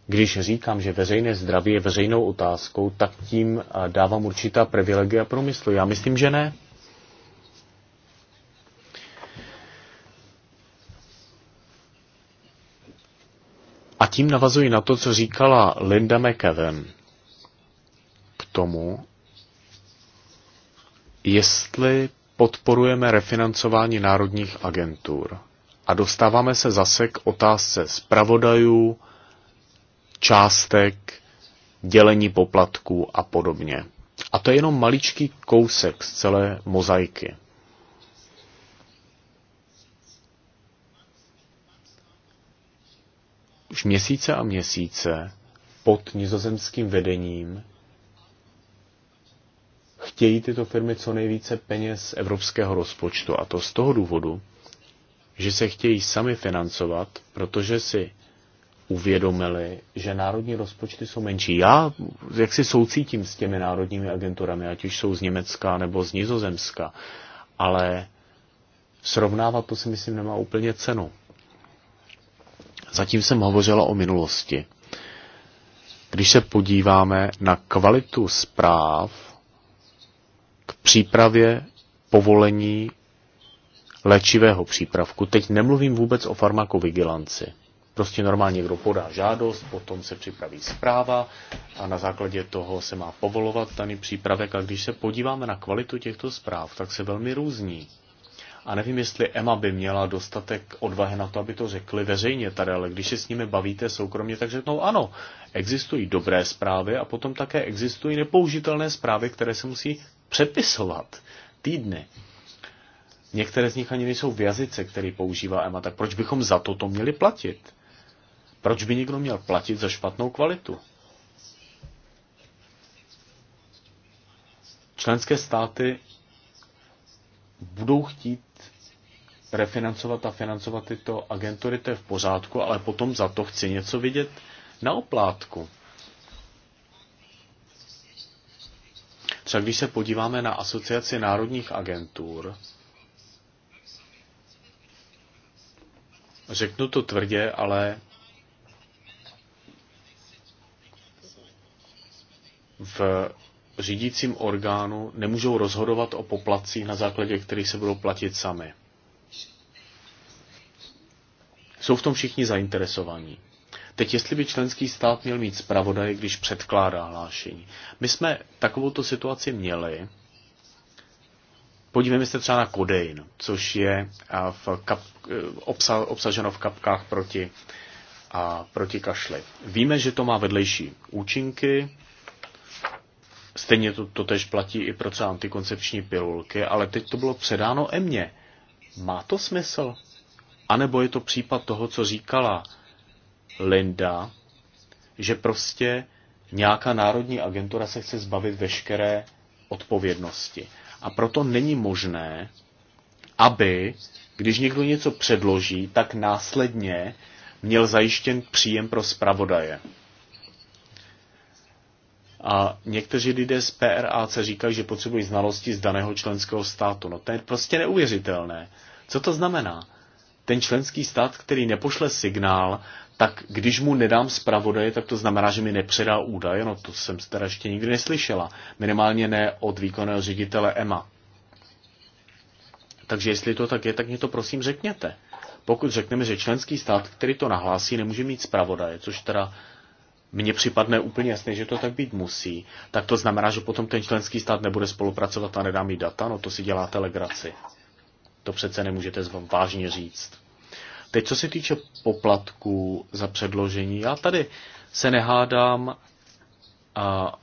když říkám, že veřejné zdraví je veřejnou otázkou, tak tím eh, dávám určitá privilegia průmyslu. Já myslím, že ne. A tím navazuji na to, co říkala Linda McEwen k tomu, jestli podporujeme refinancování národních agentur. A dostáváme se zase k otázce zpravodajů, částek, dělení poplatků a podobně. A to je jenom maličký kousek z celé mozaiky. Už měsíce a měsíce pod nizozemským vedením chtějí tyto firmy co nejvíce peněz z evropského rozpočtu. A to z toho důvodu, že se chtějí sami financovat, protože si uvědomili, že národní rozpočty jsou menší. Já jak si soucítím s těmi národními agenturami, ať už jsou z Německa nebo z Nizozemska, ale srovnávat to si myslím nemá úplně cenu. Zatím jsem hovořila o minulosti. Když se podíváme na kvalitu zpráv k přípravě povolení léčivého přípravku, teď nemluvím vůbec o farmakovigilanci, Prostě normálně někdo podá žádost, potom se připraví zpráva a na základě toho se má povolovat daný přípravek. A když se podíváme na kvalitu těchto zpráv, tak se velmi různí. A nevím, jestli Emma by měla dostatek odvahy na to, aby to řekli veřejně tady, ale když se s nimi bavíte soukromně, tak řeknou ano, existují dobré zprávy a potom také existují nepoužitelné zprávy, které se musí přepisovat týdny. Některé z nich ani nejsou v jazyce, který používá EMA, tak proč bychom za to to měli platit? Proč by někdo měl platit za špatnou kvalitu? Členské státy budou chtít refinancovat a financovat tyto agentury, to je v pořádku, ale potom za to chci něco vidět na oplátku. Třeba když se podíváme na asociaci národních agentur, řeknu to tvrdě, ale v řídícím orgánu nemůžou rozhodovat o poplacích, na základě kterých se budou platit sami. Jsou v tom všichni zainteresovaní. Teď, jestli by členský stát měl mít zpravodaj, když předkládá hlášení. My jsme takovouto situaci měli. Podívejme se třeba na kodein, což je v kap, obsa, obsaženo v kapkách proti, a proti kašli. Víme, že to má vedlejší účinky, Stejně to, to tež platí i pro třeba antikoncepční pilulky, ale teď to bylo předáno Emě. Má to smysl? A nebo je to případ toho, co říkala Linda, že prostě nějaká národní agentura se chce zbavit veškeré odpovědnosti. A proto není možné, aby, když někdo něco předloží, tak následně měl zajištěn příjem pro zpravodaje. A někteří lidé z PRAC říkají, že potřebují znalosti z daného členského státu. No to je prostě neuvěřitelné. Co to znamená? Ten členský stát, který nepošle signál, tak když mu nedám zpravodaje, tak to znamená, že mi nepředá údaje. No to jsem teda ještě nikdy neslyšela. Minimálně ne od výkonného ředitele EMA. Takže jestli to tak je, tak mě to prosím řekněte. Pokud řekneme, že členský stát, který to nahlásí, nemůže mít zpravodaje, což teda mně připadne úplně jasné, že to tak být musí, tak to znamená, že potom ten členský stát nebude spolupracovat a nedá mi data, no to si dělá telegraci. To přece nemůžete vážně říct. Teď, co se týče poplatků za předložení, já tady se nehádám a,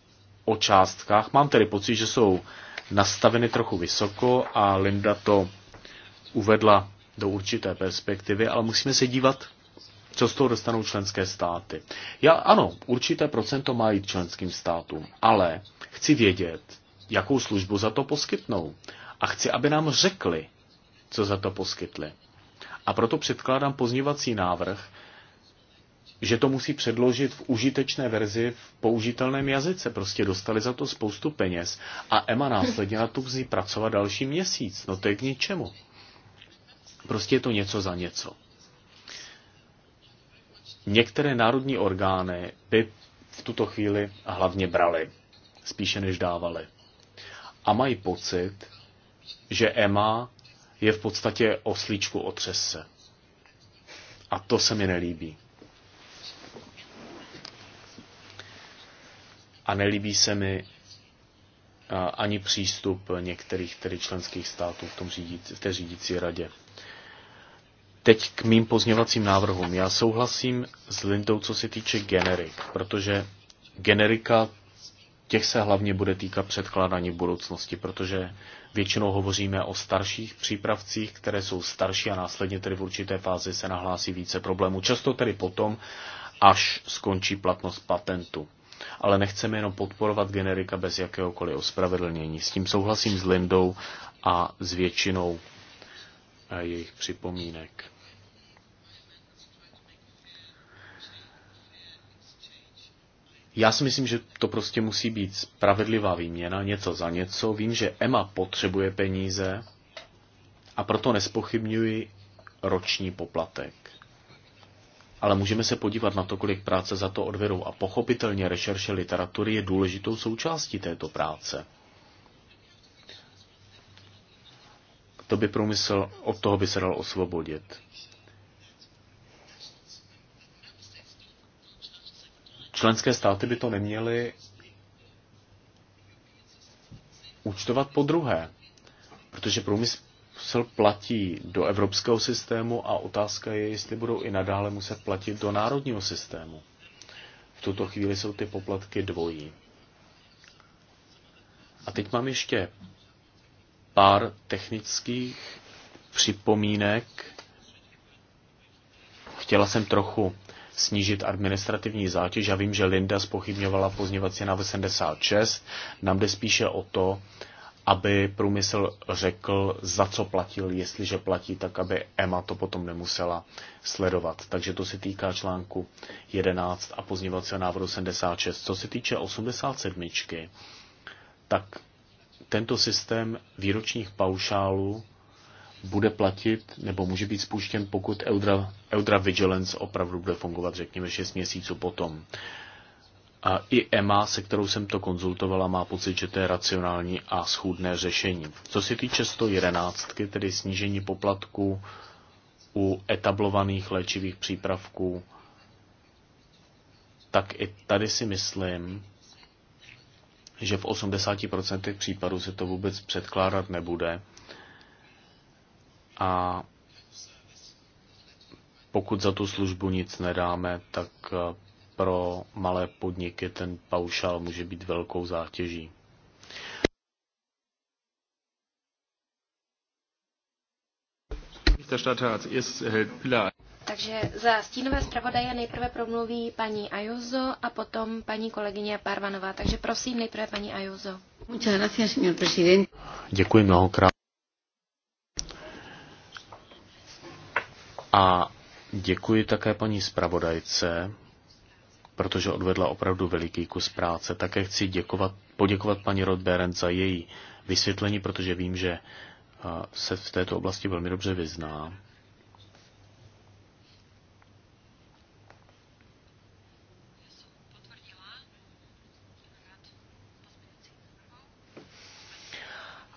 o částkách. Mám tedy pocit, že jsou nastaveny trochu vysoko a Linda to uvedla do určité perspektivy, ale musíme se dívat co z toho dostanou členské státy. Já ano, určité procento má jít členským státům, ale chci vědět, jakou službu za to poskytnou. A chci, aby nám řekli, co za to poskytli. A proto předkládám pozněvací návrh, že to musí předložit v užitečné verzi v použitelném jazyce. Prostě dostali za to spoustu peněz a Emma následně na to vzí pracovat další měsíc. No to je k ničemu. Prostě je to něco za něco některé národní orgány by v tuto chvíli hlavně brali, spíše než dávali. A mají pocit, že EMA je v podstatě oslíčku třese, A to se mi nelíbí. A nelíbí se mi ani přístup některých tedy členských států v, tom řídící, v té řídící radě. Teď k mým pozněvacím návrhům. Já souhlasím s Lindou, co se týče generik, protože generika těch se hlavně bude týkat předkládání budoucnosti, protože většinou hovoříme o starších přípravcích, které jsou starší a následně tedy v určité fázi se nahlásí více problémů. Často tedy potom, až skončí platnost patentu. Ale nechceme jenom podporovat generika bez jakéhokoliv ospravedlnění. S tím souhlasím s Lindou a s většinou eh, jejich připomínek. Já si myslím, že to prostě musí být spravedlivá výměna, něco za něco. Vím, že EMA potřebuje peníze a proto nespochybňuji roční poplatek. Ale můžeme se podívat na to, kolik práce za to odvedou a pochopitelně rešerše literatury je důležitou součástí této práce. To by průmysl, od toho by se dal osvobodit. Členské státy by to neměly účtovat po druhé, protože průmysl platí do evropského systému a otázka je, jestli budou i nadále muset platit do národního systému. V tuto chvíli jsou ty poplatky dvojí. A teď mám ještě pár technických připomínek. Chtěla jsem trochu snížit administrativní zátěž. Já vím, že Linda spochybňovala pozněvací na 76. Nám jde spíše o to, aby průmysl řekl, za co platil, jestliže platí, tak aby EMA to potom nemusela sledovat. Takže to se týká článku 11 a pozněvacího návrhu 76. Co se týče 87, tak tento systém výročních paušálů bude platit nebo může být spuštěn, pokud Eudra, Eldra Vigilance opravdu bude fungovat, řekněme, 6 měsíců potom. A i EMA, se kterou jsem to konzultovala, má pocit, že to je racionální a schůdné řešení. Co se týče 111, tedy snížení poplatku u etablovaných léčivých přípravků, tak i tady si myslím, že v 80% případů se to vůbec předkládat nebude a pokud za tu službu nic nedáme, tak eh, pro malé podniky ten paušál může být velkou zátěží. Takže za stínové zpravodaje nejprve promluví paní Ajuzo a potom paní kolegyně Parvanová. Takže prosím nejprve paní Ajuzo. Děkuji mnohokrát. A děkuji také paní zpravodajce, protože odvedla opravdu veliký kus práce. Také chci děkovat, poděkovat paní Rodberen za její vysvětlení, protože vím, že se v této oblasti velmi dobře vyzná.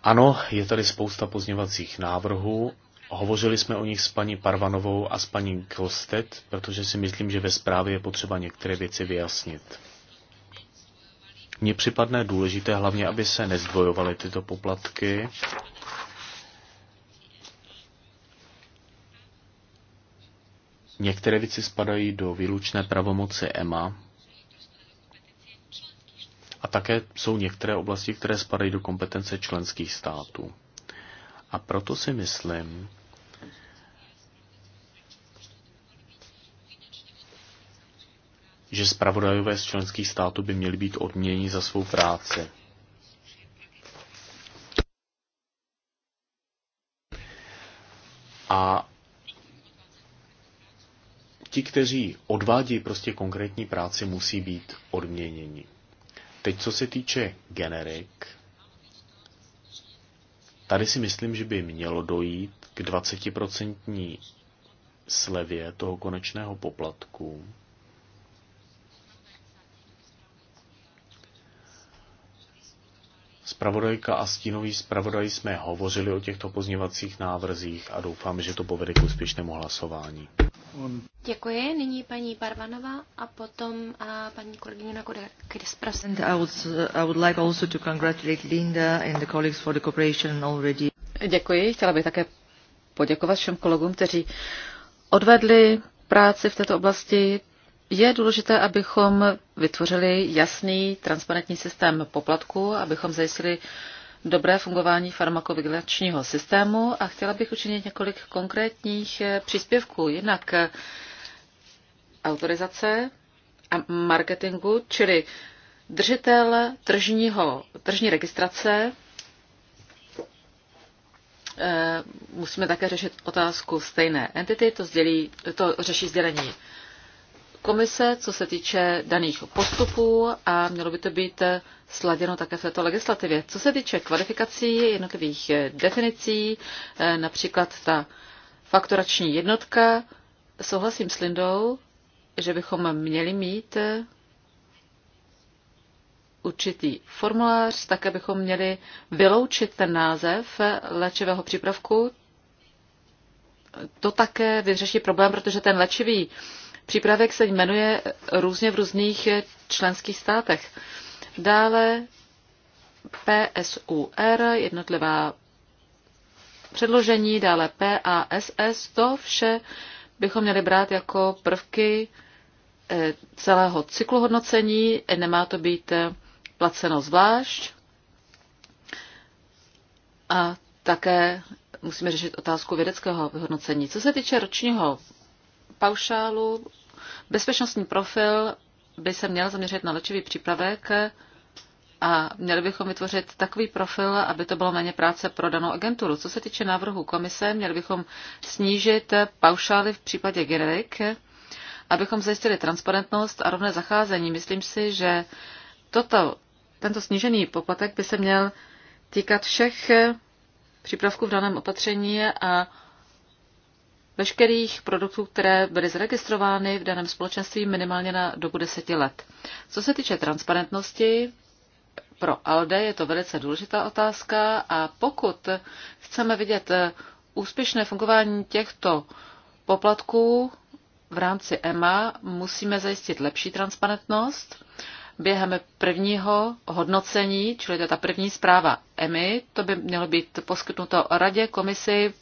Ano, je tady spousta pozněvacích návrhů Hovořili jsme o nich s paní Parvanovou a s paní Kostet, protože si myslím, že ve zprávě je potřeba některé věci vyjasnit. Mně připadne důležité hlavně, aby se nezdvojovaly tyto poplatky. Některé věci spadají do výlučné pravomoci EMA a také jsou některé oblasti, které spadají do kompetence členských států. A proto si myslím, že zpravodajové z členských států by měli být odměněni za svou práci. A ti, kteří odvádějí prostě konkrétní práci, musí být odměněni. Teď, co se týče generik, tady si myslím, že by mělo dojít k 20% slevě toho konečného poplatku. Spravodajka a stínový zpravodaj jsme hovořili o těchto pozněvacích návrzích a doufám, že to povede k úspěšnému hlasování. Děkuji. Nyní paní Barvanova a potom a paní kolegyně Nakoda. I would like also to congratulate Linda and the colleagues for the cooperation already. Děkuji. Chtěla bych také poděkovat všem kolegům, kteří odvedli práci v této oblasti. Je důležité, abychom vytvořili jasný, transparentní systém poplatku, abychom zajistili dobré fungování farmakovigilačního systému a chtěla bych učinit několik konkrétních eh, příspěvků. Jinak eh, autorizace a marketingu, čili držitel tržního, tržní registrace. Eh, musíme také řešit otázku stejné entity, to, sdělí, to řeší sdělení komise, co se týče daných postupů a mělo by to být sladěno také v této legislativě. Co se týče kvalifikací jednotlivých definicí, eh, například ta fakturační jednotka, souhlasím s Lindou, že bychom měli mít eh, určitý formulář, také bychom měli vyloučit ten název eh, léčivého přípravku. To také vyřeší problém, protože ten léčivý přípravek se jmenuje různě v různých členských státech. Dále PSUR, jednotlivá předložení, dále PASS, to vše bychom měli brát jako prvky eh, celého cyklu hodnocení, nemá to být eh, placeno zvlášť. A také musíme řešit otázku vědeckého vyhodnocení. Co se týče ročního paušálu. Bezpečnostní profil by se měl zaměřit na léčivý přípravek a měli bychom vytvořit takový profil, aby to bylo méně práce pro danou agenturu. Co se týče návrhu komise, měli bychom snížit paušály v případě generik, abychom zajistili transparentnost a rovné zacházení. Myslím si, že toto, tento snížený poplatek by se měl týkat všech přípravků v daném opatření a veškerých produktů, které byly zaregistrovány v daném společenství minimálně na dobu deseti let. Co se týče transparentnosti, pro ALDE je to velice důležitá otázka a pokud chceme vidět úspěšné fungování těchto poplatků v rámci EMA, musíme zajistit lepší transparentnost během prvního hodnocení, čili to je ta první zpráva EMI, to by mělo být poskytnuto radě, komisi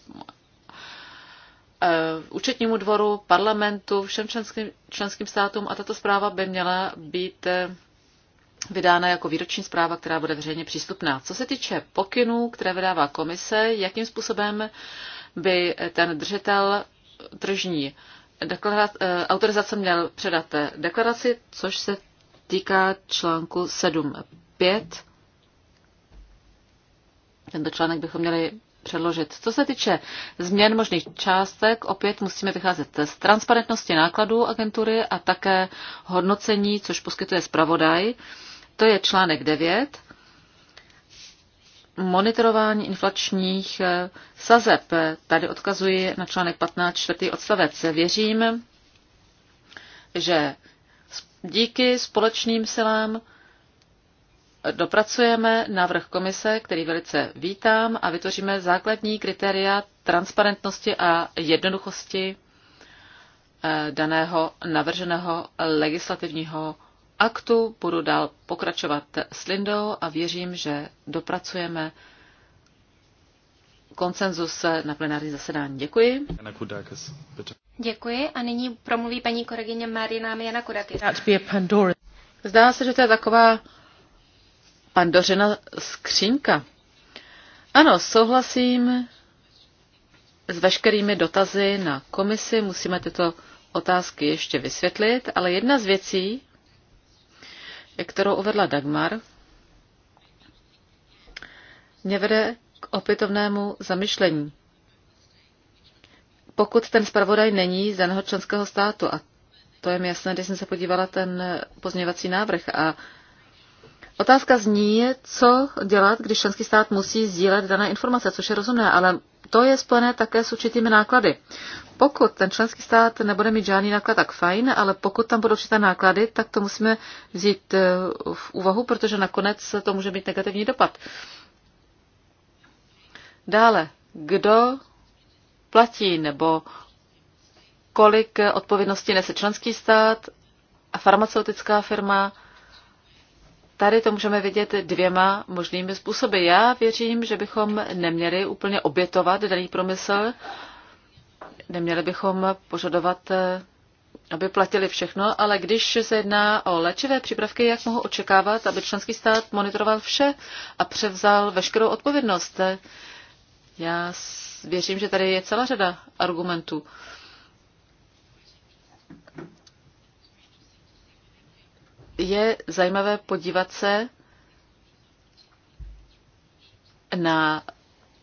Eh, účetnímu dvoru, parlamentu, všem členským, členským státům a tato zpráva by měla být eh, vydána jako výroční zpráva, která bude veřejně přístupná. Co se týče pokynů, které vydává komise, jakým způsobem by ten držitel tržní deklarat, eh, autorizace měl předat deklaraci, což se týká článku 7.5. Tento článek bychom měli předložit. Co se týče změn možných částek, opět musíme vycházet z transparentnosti nákladů agentury a také hodnocení, což poskytuje zpravodaj. To je článek 9. Monitorování inflačních eh, sazeb. Tady odkazuji na článek 15, čtvrtý odstavec. Věřím, že díky společným silám dopracujeme návrh komise, který velice vítám a vytvoříme základní kritéria transparentnosti a jednoduchosti eh, daného navrženého legislativního aktu. Budu dál pokračovat s Lindou a věřím, že dopracujeme konsenzus na plenární zasedání. Děkuji. Děkuji a nyní promluví paní kolegyně Marina Jana Kudakis. Zdá se, že to je taková Pandořena skřínka. Ano, souhlasím s veškerými dotazy na komisi. Musíme tyto otázky ještě vysvětlit, ale jedna z věcí, kterou uvedla Dagmar, mě vede k opětovnému zamyšlení. Pokud ten zpravodaj není z daného členského státu, a to je mi jasné, když jsem se podívala ten pozměvací návrh, a Otázka zní, co dělat, když členský stát musí sdílet dané informace, což je rozumné, ale to je spojené také s určitými náklady. Pokud ten členský stát nebude mít žádný náklad, tak fajn, ale pokud tam budou určité náklady, tak to musíme vzít eh, v úvahu, protože nakonec to může mít negativní dopad. Dále, kdo platí nebo kolik odpovědnosti nese členský stát a farmaceutická firma, Tady to můžeme vidět dvěma možnými způsoby. Já věřím, že bychom neměli úplně obětovat daný promysl, neměli bychom požadovat, eh, aby platili všechno, ale když se jedná o léčivé přípravky, jak mohu očekávat, aby členský stát monitoroval vše a převzal veškerou odpovědnost? Já věřím, že tady je celá řada argumentů. je zajímavé podívat se na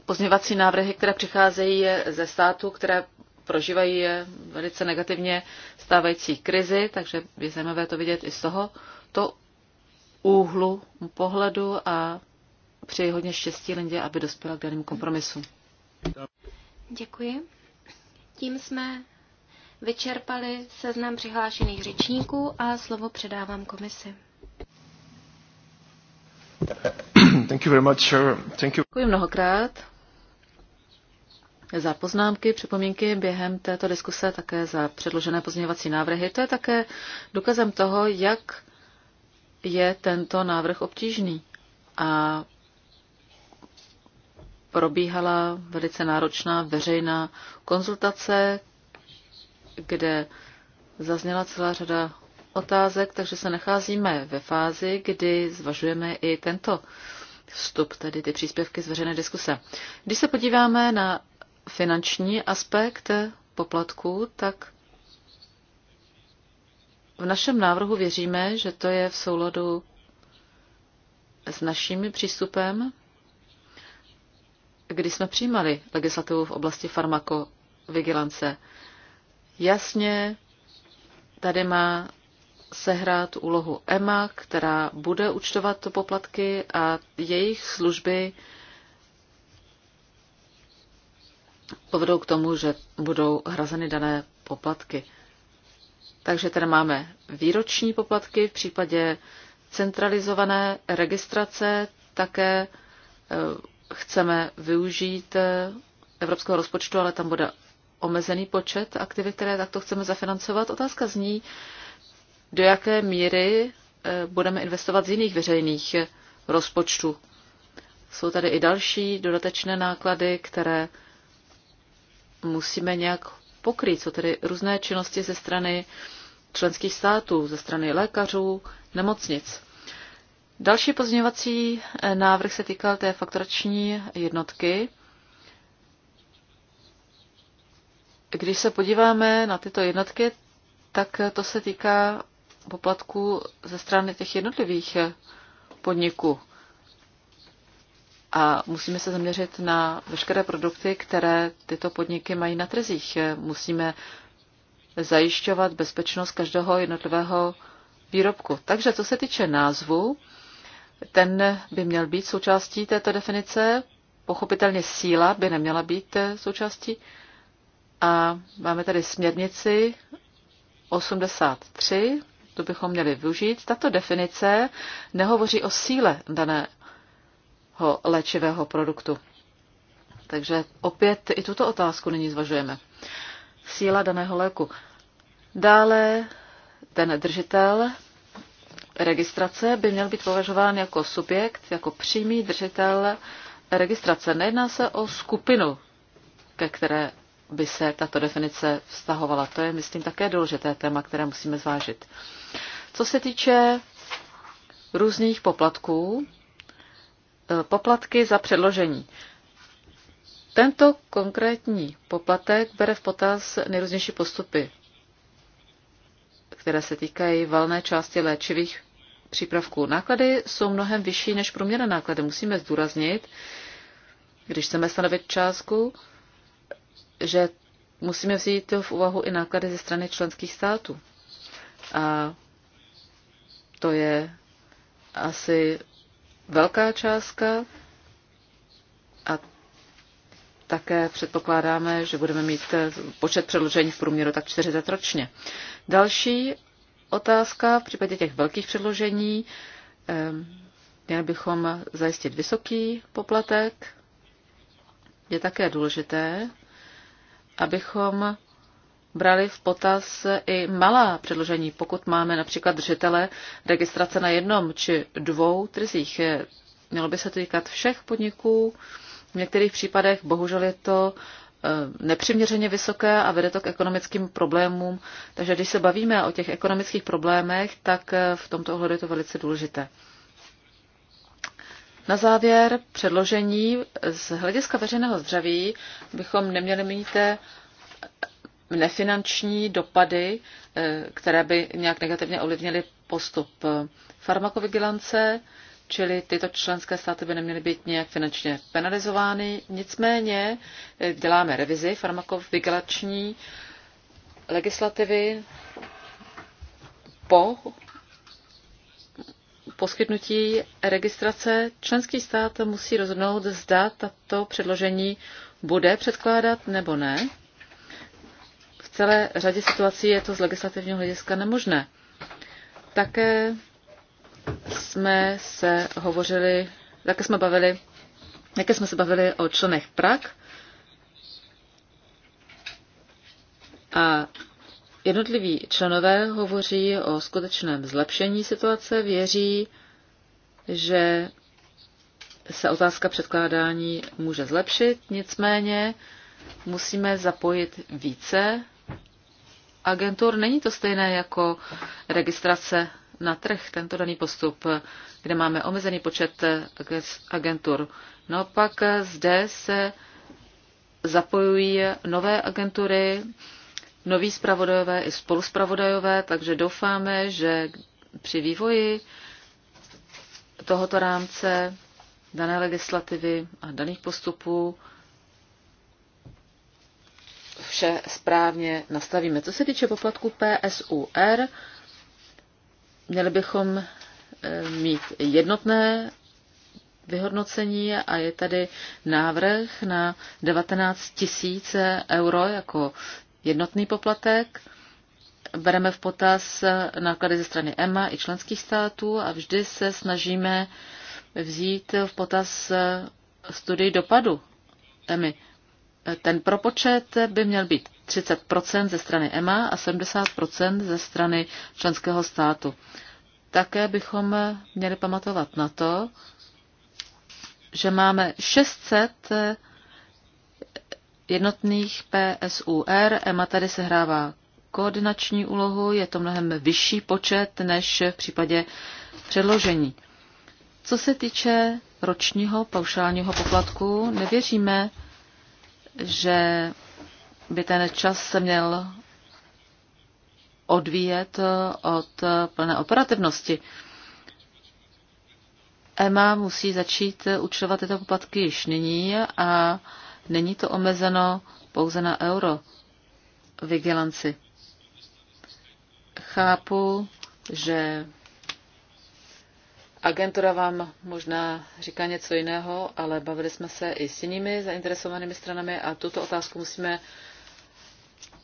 pozměvací návrhy, které přicházejí ze státu, které prožívají velice negativně stávající krizi, takže je zajímavé to vidět i z toho to úhlu pohledu a přeji hodně štěstí Lindě, aby dospěla k danému kompromisu. Děkuji. Tím jsme vyčerpali seznam přihlášených řečníků a slovo předávám komisi. Thank you very much, Thank you. Děkuji mnohokrát za poznámky, připomínky během této diskuse, také za předložené pozměňovací návrhy. To je také důkazem toho, jak je tento návrh obtížný. A probíhala velice náročná veřejná konzultace, kde zazněla celá řada otázek, takže se nacházíme ve fázi, kdy zvažujeme i tento vstup, tedy ty příspěvky z veřejné diskuse. Když se podíváme na finanční aspekt poplatků, tak v našem návrhu věříme, že to je v souladu s naším přístupem, kdy jsme přijímali legislativu v oblasti farmakovigilance. Jasně, tady má sehrát úlohu EMA, která bude účtovat poplatky a jejich služby povedou k tomu, že budou hrazeny dané poplatky. Takže tady máme výroční poplatky v případě centralizované registrace, také eh, chceme využít eh, evropského rozpočtu, ale tam bude omezený počet aktivit, které takto chceme zafinancovat. Otázka zní, do jaké míry eh, budeme investovat z jiných veřejných eh, rozpočtů. Jsou tady i další dodatečné náklady, které musíme nějak pokrýt. Jsou tedy různé činnosti ze strany členských států, ze strany lékařů, nemocnic. Další pozměňovací eh, návrh se týkal té fakturační jednotky. Když se podíváme na tyto jednotky, tak to se týká poplatků ze strany těch jednotlivých podniků. A musíme se zaměřit na veškeré produkty, které tyto podniky mají na trzích. Musíme zajišťovat bezpečnost každého jednotlivého výrobku. Takže co se týče názvu, ten by měl být součástí této definice. Pochopitelně síla by neměla být součástí a máme tady směrnici 83, to bychom měli využít. Tato definice nehovoří o síle daného léčivého produktu. Takže opět i tuto otázku nyní zvažujeme. Síla daného léku. Dále ten držitel registrace by měl být považován jako subjekt, jako přímý držitel registrace. Nejedná se o skupinu, ke které by se tato definice vztahovala. To je, myslím, také důležité téma, které musíme zvážit. Co se týče různých poplatků, e, poplatky za předložení. Tento konkrétní poplatek bere v potaz nejrůznější postupy, které se týkají valné části léčivých přípravků. Náklady jsou mnohem vyšší než průměrné náklady. Musíme zdůraznit, když chceme stanovit částku, že musíme vzít v úvahu i náklady ze strany členských států. A to je asi velká částka a také předpokládáme, že budeme mít počet předložení v průměru tak 40 ročně. Další otázka v případě těch velkých předložení. Ehm, měli bychom zajistit vysoký poplatek. Je také důležité, abychom brali v potaz i malá předložení, pokud máme například držitele registrace na jednom či dvou trzích. Mělo by se to týkat všech podniků. V některých případech bohužel je to eh, nepřiměřeně vysoké a vede to k ekonomickým problémům. Takže když se bavíme o těch ekonomických problémech, tak eh, v tomto ohledu je to velice důležité. Na závěr předložení z hlediska veřejného zdraví bychom neměli mít eh, nefinanční dopady, eh, které by nějak negativně ovlivnily postup farmakovigilance, čili tyto členské státy by neměly být nějak finančně penalizovány. Nicméně eh, děláme revizi farmakovigilační legislativy po poskytnutí registrace členský stát musí rozhodnout, zda tato předložení bude předkládat nebo ne. V celé řadě situací je to z legislativního hlediska nemožné. Také jsme se hovořili, také jsme bavili, také jsme se bavili o členech Prak a Jednotliví členové hovoří o skutečném zlepšení situace, věří, že se otázka předkládání může zlepšit, nicméně musíme zapojit více agentur. Není to stejné jako registrace na trh, tento daný postup, kde máme omezený počet agentur. No pak zde se zapojují nové agentury, noví zpravodajové i spoluzpravodajové, takže doufáme, že při vývoji tohoto rámce, dané legislativy a daných postupů vše správně nastavíme. Co se týče poplatku PSUR, měli bychom eh, mít jednotné vyhodnocení a je tady návrh na 19 000 euro jako jednotný poplatek, bereme v potaz náklady ze strany EMA i členských států a vždy se snažíme vzít v potaz studii dopadu EMI. Ten propočet by měl být 30 ze strany EMA a 70 ze strany členského státu. Také bychom měli pamatovat na to, že máme 600 jednotných PSUR. EMA tady se hrává koordinační úlohu, je to mnohem vyšší počet než v případě předložení. Co se týče ročního paušálního poplatku, nevěříme, že by ten čas se měl odvíjet od plné operativnosti. EMA musí začít učovat tyto poplatky již nyní a Není to omezeno pouze na euro vigilanci. Chápu, že agentura vám možná říká něco jiného, ale bavili jsme se i s jinými zainteresovanými stranami a tuto otázku musíme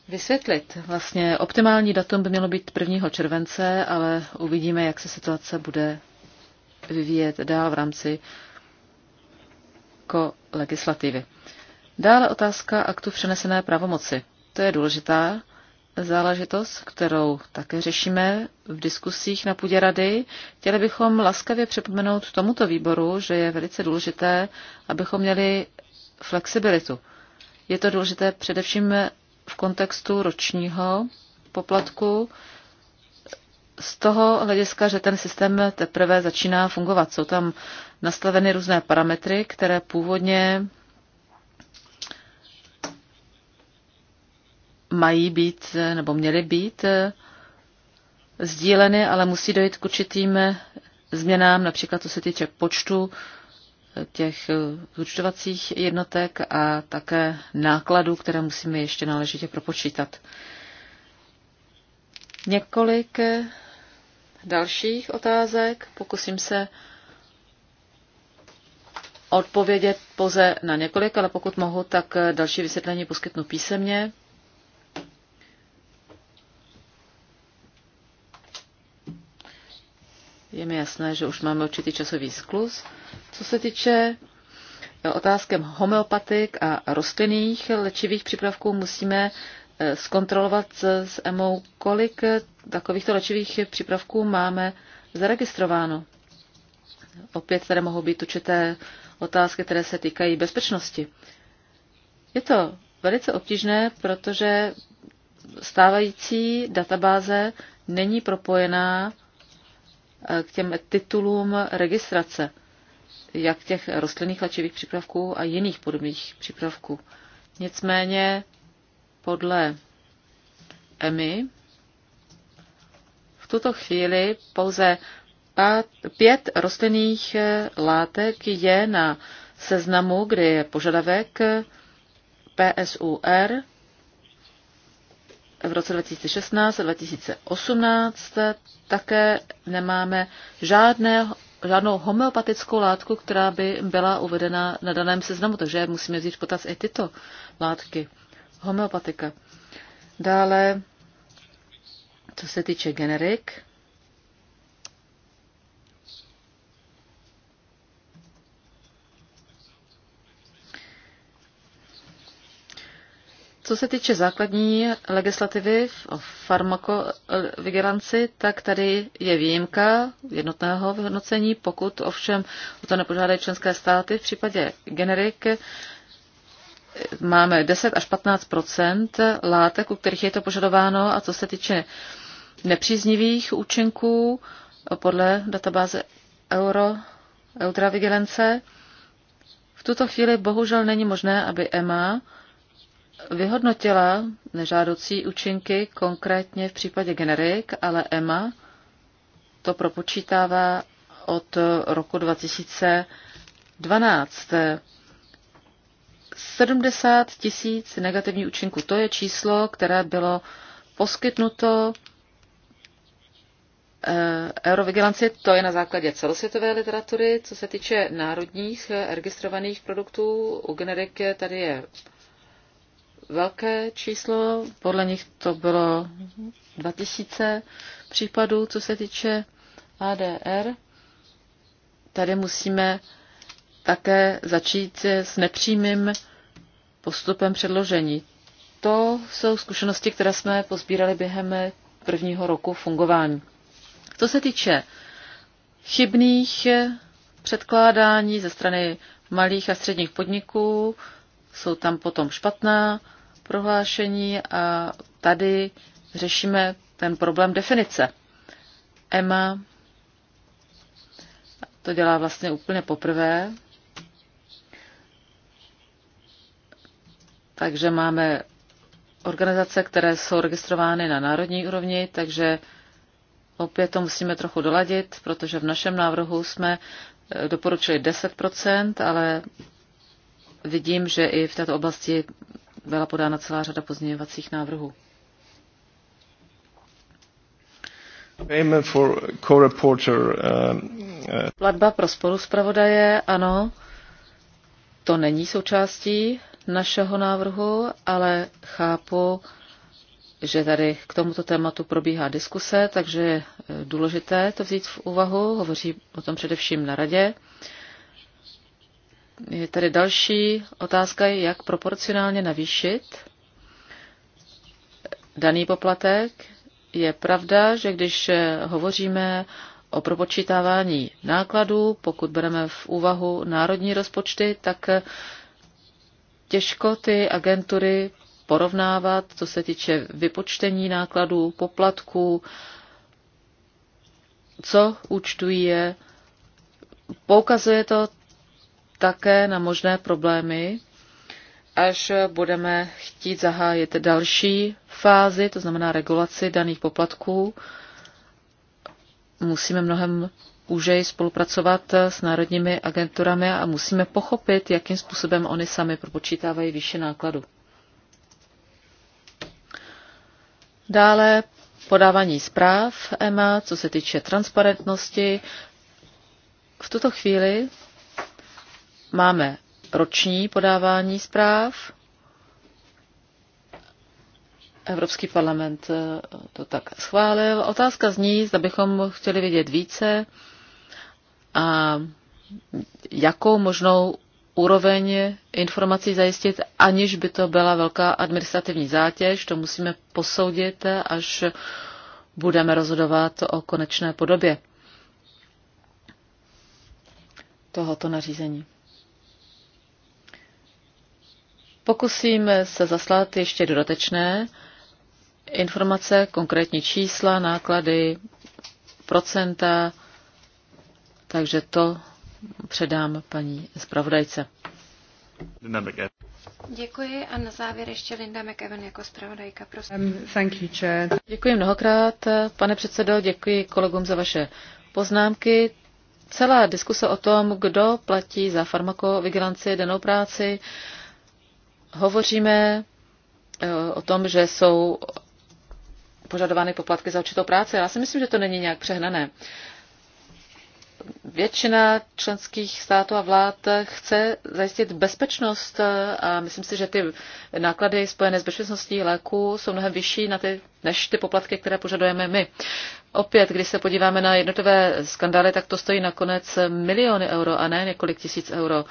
vysvětlit. Vlastně optimální datum by mělo být 1. července, ale uvidíme, jak se situace bude vyvíjet dál v rámci ko legislativy. Dále otázka aktu přenesené pravomoci. To je důležitá záležitost, kterou také řešíme v diskusích na půdě rady. Chtěli bychom laskavě připomenout tomuto výboru, že je velice důležité, abychom měli flexibilitu. Je to důležité především v kontextu ročního poplatku, z toho hlediska, že ten systém teprve začíná fungovat. Jsou tam nastaveny různé parametry, které původně mají být nebo měly být eh, sdíleny, ale musí dojít k určitým eh, změnám, například co se týče počtu eh, těch zúčtovacích jednotek a také nákladů, které musíme ještě náležitě propočítat. Několik dalších otázek. Pokusím se odpovědět pouze na několik, ale pokud mohu, tak další vysvětlení poskytnu písemně. Je mi jasné, že už máme určitý časový sklus. Co se týče eh, otázkem homeopatik a rostlinných léčivých přípravků, musíme eh, zkontrolovat s eh, EMO, kolik takovýchto léčivých přípravků máme zaregistrováno. Opět tady mohou být určité otázky, které se týkají bezpečnosti. Je to velice obtížné, protože stávající databáze není propojená Eh, k těm titulům registrace, jak těch rostlinných léčivých přípravků a jiných podobných přípravků. Nicméně podle EMI v tuto chvíli pouze pět rostlinných eh, látek je na seznamu, kde je požadavek PSUR v roce 2016 a 2018 také nemáme žádné, žádnou homeopatickou látku, která by byla uvedena na daném seznamu, takže musíme vzít v potaz i tyto látky. Homeopatika. Dále, co se týče generik, Co se týče základní legislativy o farmakovigilanci, tak tady je výjimka jednotného vyhodnocení, pokud ovšem o to nepožádají členské státy. V případě generik máme 10 až 15 látek, u kterých je to požadováno a co se týče nepříznivých účinků podle databáze Euro, Eutravigilance, v tuto chvíli bohužel není možné, aby EMA vyhodnotila nežádoucí účinky konkrétně v případě generik, ale EMA to propočítává od roku 2012. 70 tisíc negativních účinků. To je číslo, které bylo poskytnuto eh, Eurovigilanci, to je na základě celosvětové literatury. Co se týče národních eh, registrovaných produktů, u generik tady je velké číslo, podle nich to bylo 2000 případů, co se týče ADR. Tady musíme také začít s nepřímým postupem předložení. To jsou zkušenosti, které jsme pozbírali během prvního roku fungování. Co se týče chybných předkládání ze strany malých a středních podniků, jsou tam potom špatná prohlášení a tady řešíme ten problém definice. Emma to dělá vlastně úplně poprvé, takže máme organizace, které jsou registrovány na národní úrovni, takže opět to musíme trochu doladit, protože v našem návrhu jsme eh, doporučili 10%, ale vidím, že i v této oblasti byla podána celá řada pozměňovacích návrhů. Um, uh, Platba pro zpravodaje, ano, to není součástí našeho návrhu, ale chápu, že tady k tomuto tématu probíhá diskuse, takže je eh, důležité to vzít v úvahu. Hovoří o tom především na radě. Uh, je tady další otázka, jak proporcionálně navýšit daný poplatek. Je pravda, že když hovoříme o propočítávání nákladů, pokud bereme v úvahu národní rozpočty, tak těžko ty agentury porovnávat, co se týče vypočtení nákladů, poplatků, co účtuje. Poukazuje to také na možné problémy, až budeme chtít zahájit další fázi, to znamená regulaci daných poplatků. Musíme mnohem úžej spolupracovat s národními agenturami a musíme pochopit, jakým způsobem oni sami propočítávají výše nákladu. Dále podávání zpráv EMA, co se týče transparentnosti. V tuto chvíli Máme roční podávání zpráv. Evropský parlament eh, to tak schválil. Otázka zní, zda bychom chtěli vědět více a jakou možnou úroveň informací zajistit, aniž by to byla velká administrativní zátěž. To musíme posoudit, až budeme rozhodovat o konečné podobě tohoto nařízení. Pokusím se zaslat ještě dodatečné informace, konkrétní čísla, náklady, procenta, takže to předám paní zpravodajce. Děkuji a na závěr ještě Linda McEwen jako zpravodajka. Prosím. Um, thank you, Chair. Děkuji mnohokrát, pane předsedo, děkuji kolegům za vaše poznámky. Celá diskuse o tom, kdo platí za farmakovigilanci denou práci, uh, Hovoříme eh, o tom, že jsou požadovány poplatky za určitou práci. Já si myslím, že to není nějak přehnané. Většina členských států a vlád chce zajistit bezpečnost eh, a myslím si, že ty náklady spojené s bezpečností léku jsou mnohem vyšší na ty, než ty poplatky, které požadujeme my. Opět, když se podíváme na jednotové skandály, tak to stojí nakonec miliony euro a ne několik tisíc euro.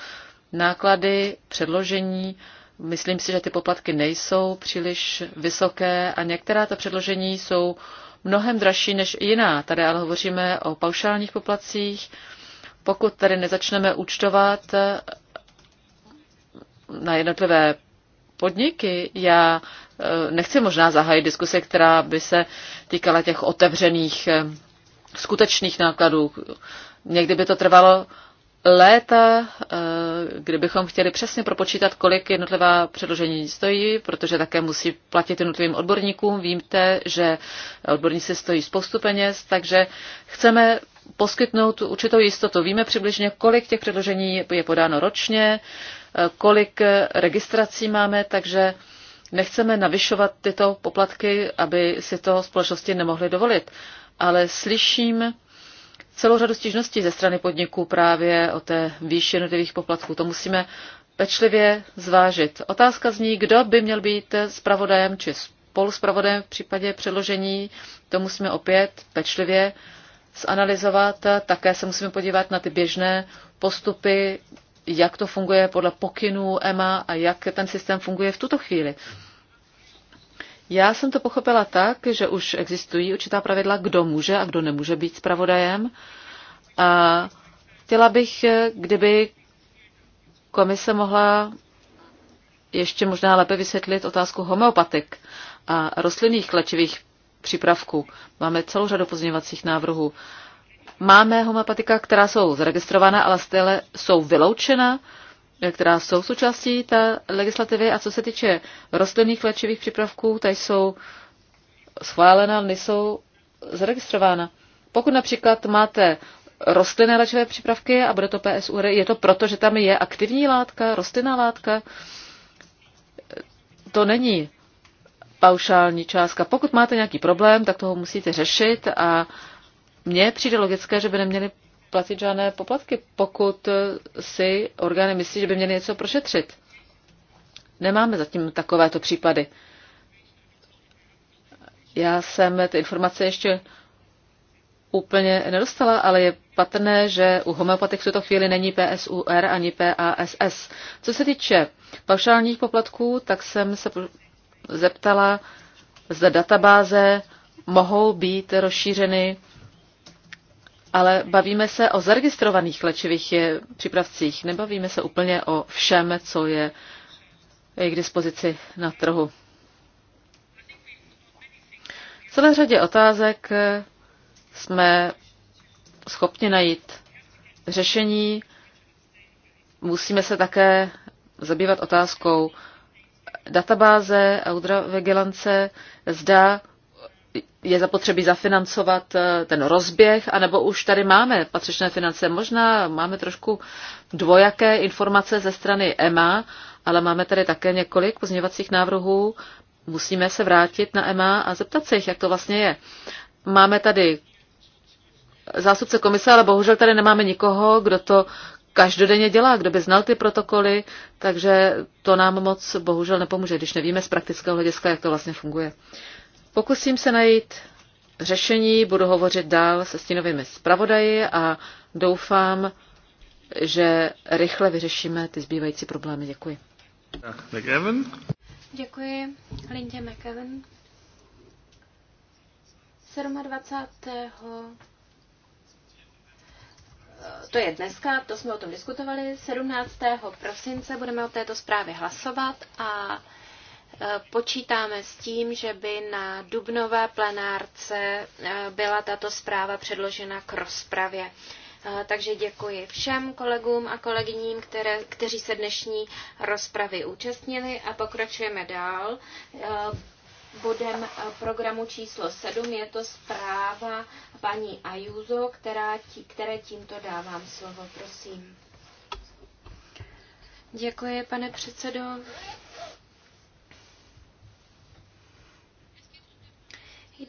Náklady, předložení, uh, Myslím si, že ty poplatky nejsou příliš vysoké a některá ta předložení jsou mnohem dražší než jiná. Tady ale hovoříme o paušálních poplacích. Pokud tady nezačneme účtovat eh, na jednotlivé podniky, já eh, nechci možná zahájit diskuse, která by se týkala těch otevřených eh, skutečných nákladů. Někdy by to trvalo léta, eh, kdybychom chtěli přesně propočítat, kolik jednotlivá předložení stojí, protože také musí platit jednotlivým odborníkům. Víte, že odborníci stojí spoustu peněz, takže chceme poskytnout určitou jistotu. Víme přibližně, kolik těch předložení je podáno ročně, eh, kolik registrací máme, takže nechceme navyšovat tyto poplatky, aby si to společnosti nemohly dovolit. Ale slyším celou řadu stížností ze strany podniků právě o té výši jednotlivých poplatků. To musíme pečlivě zvážit. Otázka zní, kdo by měl být zpravodajem či spoluzpravodajem v případě předložení. To musíme opět pečlivě zanalizovat. Také se musíme podívat na ty běžné postupy, jak to funguje podle pokynů EMA a jak ten systém funguje v tuto chvíli. Já jsem to pochopila tak, že už existují určitá pravidla, kdo může a kdo nemůže být zpravodajem. A chtěla bych, kdyby komise mohla ještě možná lépe vysvětlit otázku homeopatik a rostlinných klečivých přípravků. Máme celou řadu pozměňovacích návrhů. Máme homeopatika, která jsou zaregistrovaná, ale stále jsou vyloučena která jsou součástí té legislativy a co se týče rostlinných léčivých přípravků, ta jsou schválena, nejsou zaregistrována. Pokud například máte rostlinné léčivé přípravky a bude to PSUR, je to proto, že tam je aktivní látka, rostlinná látka. To není paušální částka. Pokud máte nějaký problém, tak toho musíte řešit a mně přijde logické, že by neměli platit žádné poplatky, pokud si orgány myslí, že by měly něco prošetřit. Nemáme zatím takovéto případy. Já jsem ty informace ještě úplně nedostala, ale je patrné, že u homeopatik v tuto chvíli není PSUR ani PASS. Co se týče paušálních poplatků, tak jsem se zeptala, zda databáze mohou být rozšířeny ale bavíme se o zaregistrovaných léčivých přípravcích. Nebavíme se úplně o všem, co je k dispozici na trhu. V celé řadě otázek jsme schopni najít řešení. Musíme se také zabývat otázkou databáze a vigilance. Zda je zapotřebí zafinancovat eh, ten rozběh, anebo už tady máme patřičné finance. Možná máme trošku dvojaké informace ze strany EMA, ale máme tady také několik pozměvacích návrhů. Musíme se vrátit na EMA a zeptat se jich, jak to vlastně je. Máme tady zástupce komise, ale bohužel tady nemáme nikoho, kdo to každodenně dělá, kdo by znal ty protokoly, takže to nám moc bohužel nepomůže, když nevíme z praktického hlediska, jak to vlastně funguje. Pokusím se najít řešení, budu hovořit dál se stínovými zpravodaji a doufám, že rychle vyřešíme ty zbývající problémy. Děkuji. McEwen. Děkuji. Lindě McEwen. 27. To je dneska, to jsme o tom diskutovali. 17. prosince budeme o této zprávě hlasovat a Eh, počítáme s tím, že by na dubnové plenárce eh, byla tato zpráva předložena k rozpravě. Eh, takže děkuji všem kolegům a kolegyním, které, kteří se dnešní rozpravy účastnili a pokračujeme dál bodem programu číslo 7. Je to zpráva paní Ajuzo, která tí, které tímto dávám slovo. Prosím. Děkuji, pane předsedo.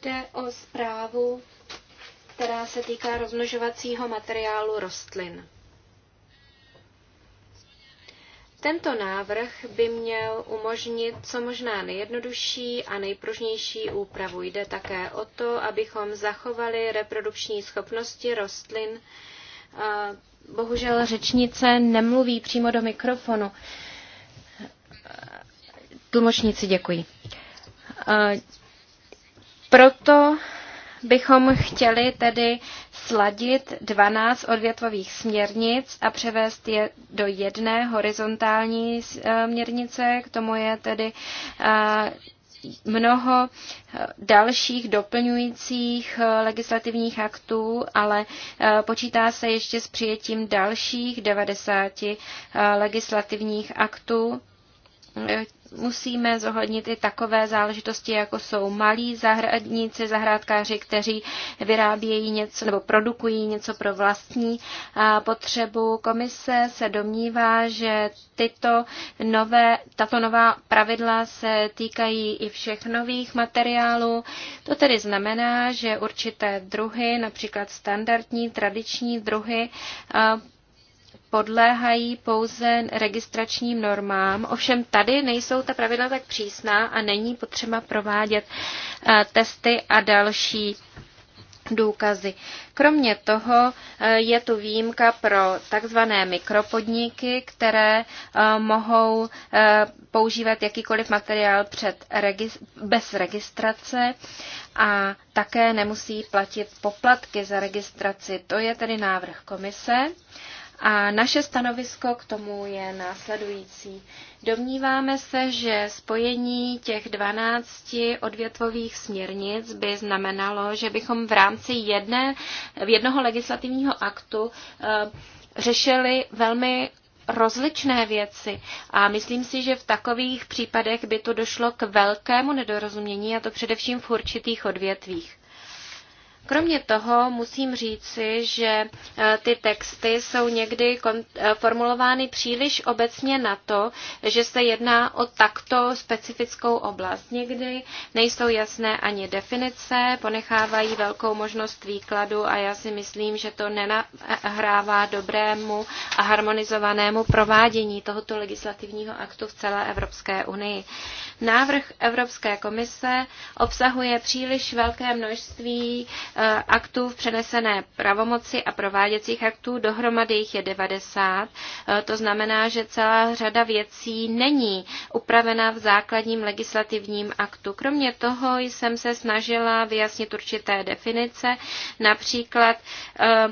Jde o zprávu, která se týká rozmnožovacího materiálu rostlin. Tento návrh by měl umožnit co možná nejjednodušší a nejpružnější úpravu. Jde také o to, abychom zachovali reprodukční schopnosti rostlin. Bohužel řečnice nemluví přímo do mikrofonu. Tlumočníci děkuji. Proto bychom chtěli tedy sladit 12 odvětvových směrnic a převést je do jedné horizontální směrnice. Eh, K tomu je tedy eh, mnoho eh, dalších doplňujících legislativních aktů, ale počítá se ještě s přijetím dalších 90 legislativních aktů musíme zohlednit i takové záležitosti, jako jsou malí zahradníci, zahrádkáři, kteří vyrábějí něco nebo produkují něco pro vlastní potřebu. Komise se domnívá, že tyto nové, tato nová pravidla se týkají i všech nových materiálů. To tedy znamená, že určité druhy, například standardní, tradiční druhy, podléhají pouze registračním normám. Ovšem tady nejsou ta pravidla tak přísná a není potřeba provádět eh, testy a další důkazy. Kromě toho eh, je tu výjimka pro takzvané mikropodniky, které eh, mohou používat jakýkoliv materiál před, bez registrace a také nemusí platit poplatky za registraci. To je tedy návrh komise. A naše stanovisko k tomu je následující. Domníváme se, že spojení těch 12 odvětvových směrnic by znamenalo, že bychom v rámci jedné, jednoho legislativního aktu eh, řešili velmi rozličné věci a myslím si, že v takových případech by to došlo k velkému nedorozumění a to především v určitých odvětvích. Kromě toho musím říci, že eh, ty texty jsou někdy eh, formulovány příliš obecně na to, že se jedná o takto specifickou oblast. Někdy nejsou jasné ani definice, ponechávají velkou možnost výkladu a já si myslím, že to nenahrává dobrému a harmonizovanému provádění tohoto legislativního aktu v celé Evropské unii. Návrh Evropské komise obsahuje příliš velké množství Eh, aktů v přenesené pravomoci a prováděcích aktů, dohromady jich je 90. Eh, to znamená, že celá řada věcí není upravena v základním legislativním aktu. Kromě toho jsem se snažila vyjasnit určité definice, například eh,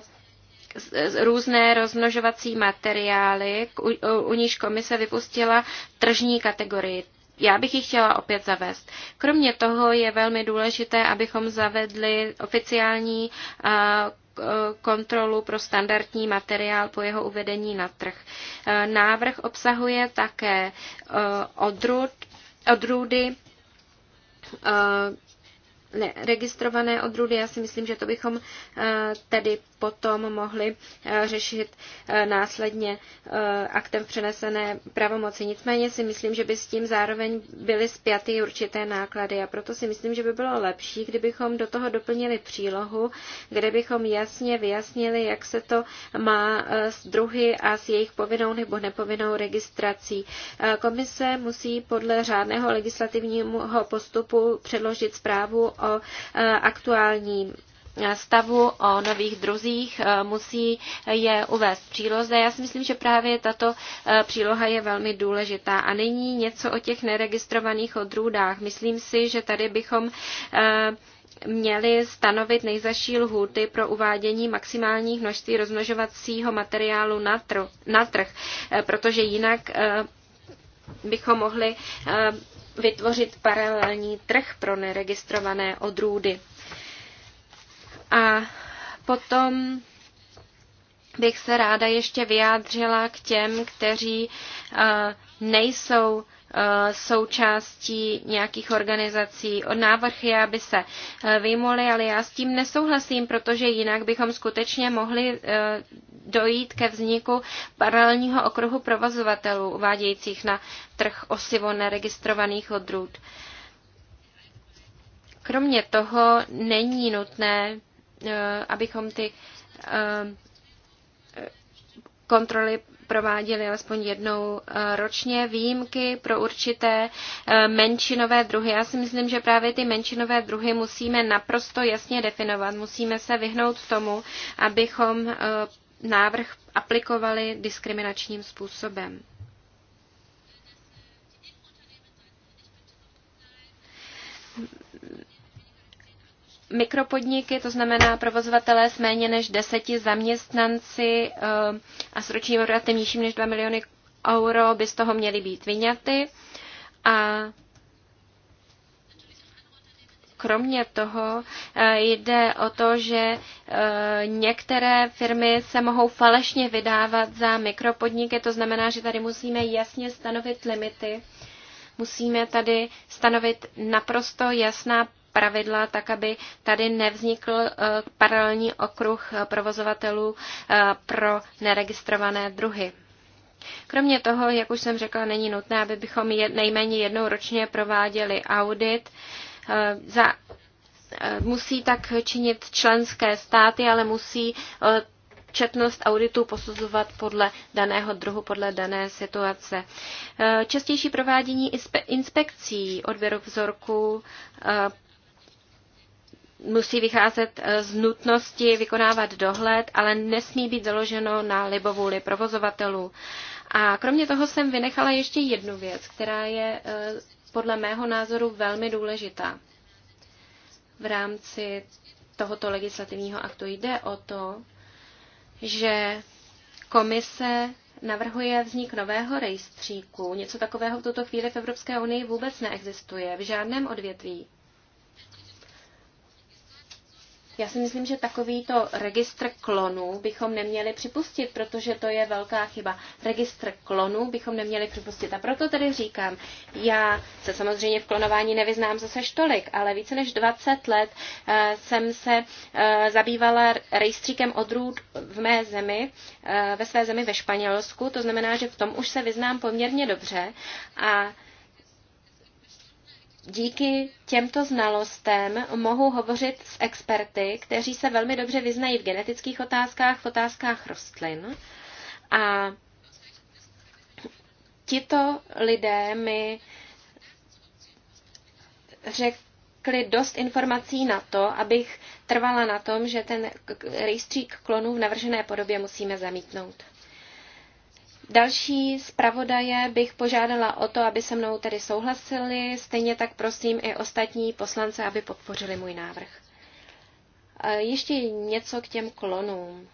různé rozmnožovací materiály, u, u, u níž komise vypustila tržní kategorii já bych ji chtěla opět zavést. Kromě toho je velmi důležité, abychom zavedli oficiální eh, kontrolu pro standardní materiál po jeho uvedení na trh. Eh, návrh obsahuje také eh, odrůd, odrůdy, ne, registrované odrůdy. Já si myslím, že to bychom tedy potom mohli eh, řešit eh, následně eh, aktem přenesené pravomoci. Nicméně si myslím, že by s tím zároveň byly spjaty určité náklady a proto si myslím, že by bylo lepší, kdybychom do toho doplnili přílohu, kde bychom jasně vyjasnili, jak se to má s druhy a s jejich povinnou nebo nepovinnou registrací. Komise musí podle řádného legislativního postupu předložit zprávu o aktuálním stavu, o nových druzích, eh, musí je uvést příloze. Já si myslím, že právě tato eh, příloha je velmi důležitá. A nyní něco o těch neregistrovaných odrůdách. Myslím si, že tady bychom eh, měli stanovit nejzaší lhůty pro uvádění maximálních množství rozmnožovacího materiálu na, tr- na trh, protože jinak bychom mohli vytvořit paralelní trh pro neregistrované odrůdy. A potom bych se ráda ještě vyjádřila k těm, kteří eh, nejsou eh, součástí nějakých organizací. Od návrh je, aby se eh, vymoli, ale já s tím nesouhlasím, protože jinak bychom skutečně mohli dojít ke vzniku paralelního okruhu provozovatelů uvádějících na trh osivo neregistrovaných odrůd. Kromě toho není nutné Eh, abychom ty eh, kontroly prováděli alespoň jednou eh, ročně výjimky pro určité menšinové druhy. Já si myslím, že právě ty menšinové druhy musíme naprosto jasně definovat. Musíme se vyhnout tomu, abychom návrh aplikovali diskriminačním způsobem. mikropodniky, to znamená provozovatelé s méně než deseti zaměstnanci eh, a s ročním obratem nižším než 2 miliony euro by z toho měly být vyňaty. A kromě toho eh, jde o to, že eh, některé firmy se mohou falešně vydávat za mikropodniky, to znamená, že tady musíme jasně stanovit limity musíme tady stanovit naprosto jasná pravidla tak, aby tady nevznikl eh, paralelní okruh eh, provozovatelů eh, pro neregistrované druhy. Kromě toho, jak už jsem řekla, není nutné, aby bychom nejméně jednou ročně prováděli audit. Za, musí tak činit členské státy, ale musí četnost auditů posuzovat podle daného druhu, podle dané situace. Častější provádění inspekcí odběru vzorků musí vycházet eh, z nutnosti vykonávat dohled, ale nesmí být založeno na libovůli provozovatelů. A kromě toho jsem vynechala ještě jednu věc, která je eh, podle mého názoru velmi důležitá v rámci tohoto legislativního aktu. Jde o to, že komise navrhuje vznik nového rejstříku. Něco takového v tuto chvíli v Evropské unii vůbec neexistuje, v žádném odvětví. Já si myslím, že takovýto registr klonů bychom neměli připustit, protože to je velká chyba. Registr klonů bychom neměli připustit. A proto tedy říkám, já se samozřejmě v klonování nevyznám zase tolik, ale více než 20 let eh, jsem se eh, zabývala rejstříkem odrůd v mé zemi, eh, ve své zemi ve Španělsku. To znamená, že v tom už se vyznám poměrně dobře. A díky těmto znalostem mohu hovořit s experty, kteří se velmi dobře vyznají v genetických otázkách, v otázkách rostlin. A tito lidé mi řekli dost informací na to, abych trvala na tom, že ten rejstřík klonů v navržené podobě musíme zamítnout. Další zpravodaje bych požádala o to, aby se mnou tedy souhlasili, stejně tak prosím i ostatní poslance, aby podpořili můj návrh. Ještě něco k těm klonům.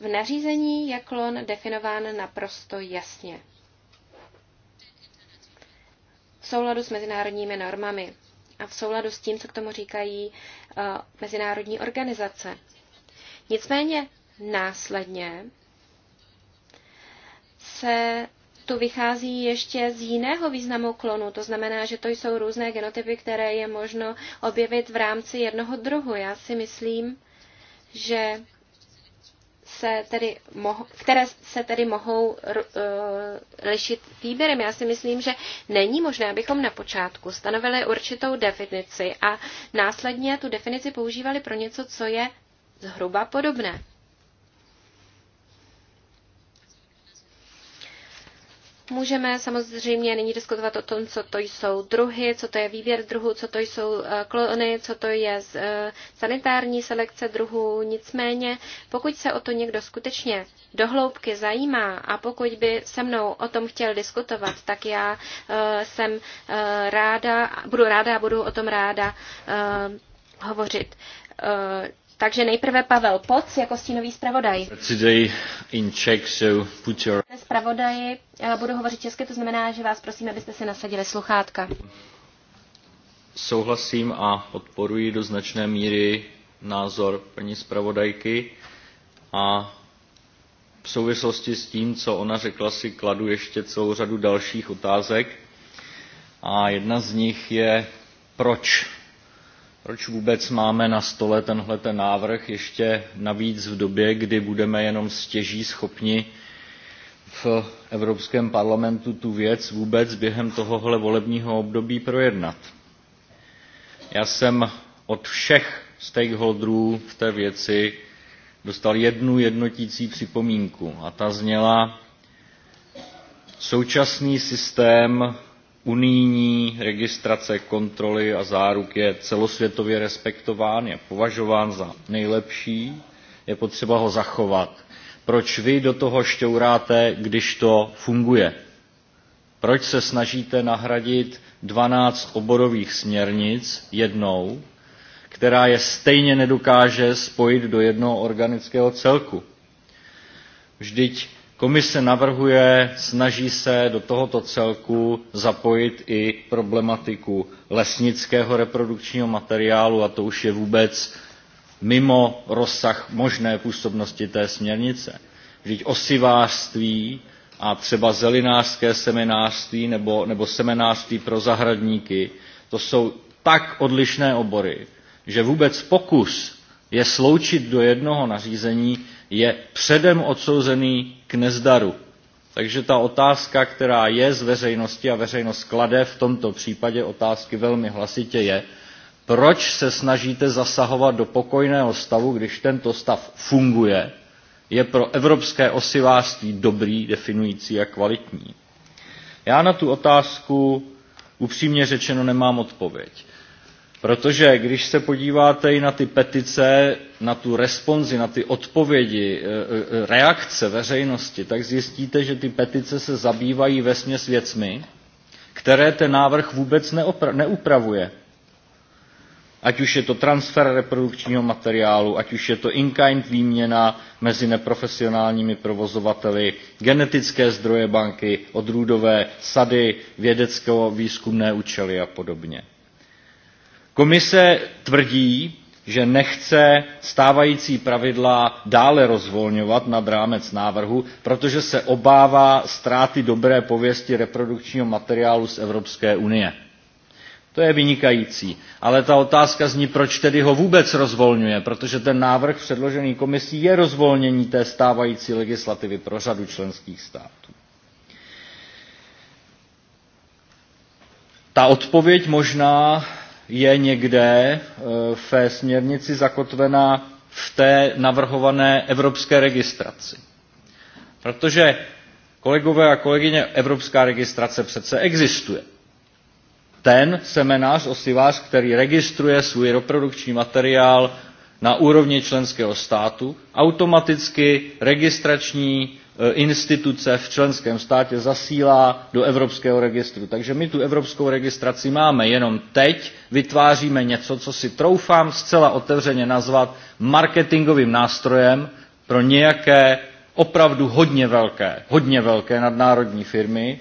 V nařízení je klon definován naprosto jasně. V souladu s mezinárodními normami a v souladu s tím, co k tomu říkají eh, mezinárodní organizace. Nicméně následně se tu vychází ještě z jiného významu klonu. To znamená, že to jsou různé genotypy, které je možno objevit v rámci jednoho druhu. Já si myslím, že se tedy mohou, které se tedy mohou uh, lišit výběrem. Já si myslím, že není možné, abychom na počátku stanovili určitou definici a následně tu definici používali pro něco, co je zhruba podobné. Můžeme samozřejmě nyní diskutovat o tom, co to jsou druhy, co to je výběr druhů, co to jsou eh, klony, co to je eh, sanitární selekce druhů. Nicméně, pokud se o to někdo skutečně dohloubky zajímá a pokud by se mnou o tom chtěl diskutovat, tak já eh, jsem ráda, budu ráda a budu o tom ráda hovořit takže nejprve Pavel Poc jako stínový zpravodaj. Today so your... Eh, budu hovořit česky, to znamená, že vás prosím, abyste si nasadili sluchátka. Souhlasím a podporuji do značné míry názor paní zpravodajky a v souvislosti s tím, co ona řekla, si kladu ještě celou řadu dalších otázek. A jedna z nich je, proč proč vůbec máme na stole tenhle ten návrh ještě navíc v době, kdy budeme jenom stěží schopni v Evropském parlamentu tu věc vůbec během tohohle volebního období projednat. Já jsem od všech stakeholderů v té věci dostal jednu jednotící připomínku a ta zněla současný systém unijní registrace kontroly a záruk je celosvětově respektován je považován za nejlepší je potřeba ho zachovat. proč vy do toho šťouráte když to funguje? proč se snažíte nahradit 12 oborových směrnic jednou která je stejně nedokáže spojit do jednoho organického celku? vždyť Komise navrhuje, snaží se do tohoto celku zapojit i problematiku lesnického reprodukčního materiálu a to už je vůbec mimo rozsah možné působnosti té směrnice. Vždyť osivářství a třeba zelinářské seminářství nebo, nebo seminářství pro zahradníky, to jsou tak odlišné obory, že vůbec pokus je sloučit do jednoho nařízení, je předem odsouzený k nezdaru. Takže ta otázka, která je z veřejnosti a veřejnost klade v tomto případě otázky velmi hlasitě je, proč se snažíte zasahovat do pokojného stavu, když tento stav funguje, je pro evropské osivářství dobrý, definující a kvalitní. Já na tu otázku upřímně řečeno nemám odpověď. Protože když se podíváte i na ty petice, na tu responzi, na ty odpovědi, e, e, e, reakce veřejnosti, tak zjistíte, že ty petice se zabývají ve směs věcmi, které ten návrh vůbec neupravuje. Ať už je to transfer reprodukčního materiálu, ať už je to in-kind výměna mezi neprofesionálními provozovateli, genetické zdroje banky, odrůdové sady, vědecko-výzkumné účely a podobně. Komise tvrdí, že nechce stávající pravidla dále rozvolňovat nad rámec návrhu, protože se obává ztráty dobré pověsti reprodukčního materiálu z Evropské unie. To je vynikající. Ale ta otázka zní, proč tedy ho vůbec rozvolňuje, protože ten návrh předložený komisí je rozvolnění té stávající legislativy pro řadu členských států. Ta odpověď možná je někde ve směrnici zakotvená v té navrhované evropské registraci. Protože, kolegové a kolegyně, evropská registrace přece existuje. Ten semenář, osivář, který registruje svůj reprodukční materiál na úrovni členského státu, automaticky registrační E, instituce v členském státě zasílá do Evropského registru. Takže my tu Evropskou registraci máme, jenom teď vytváříme něco, co si troufám zcela otevřeně nazvat marketingovým nástrojem pro nějaké opravdu hodně velké, hodně velké nadnárodní firmy,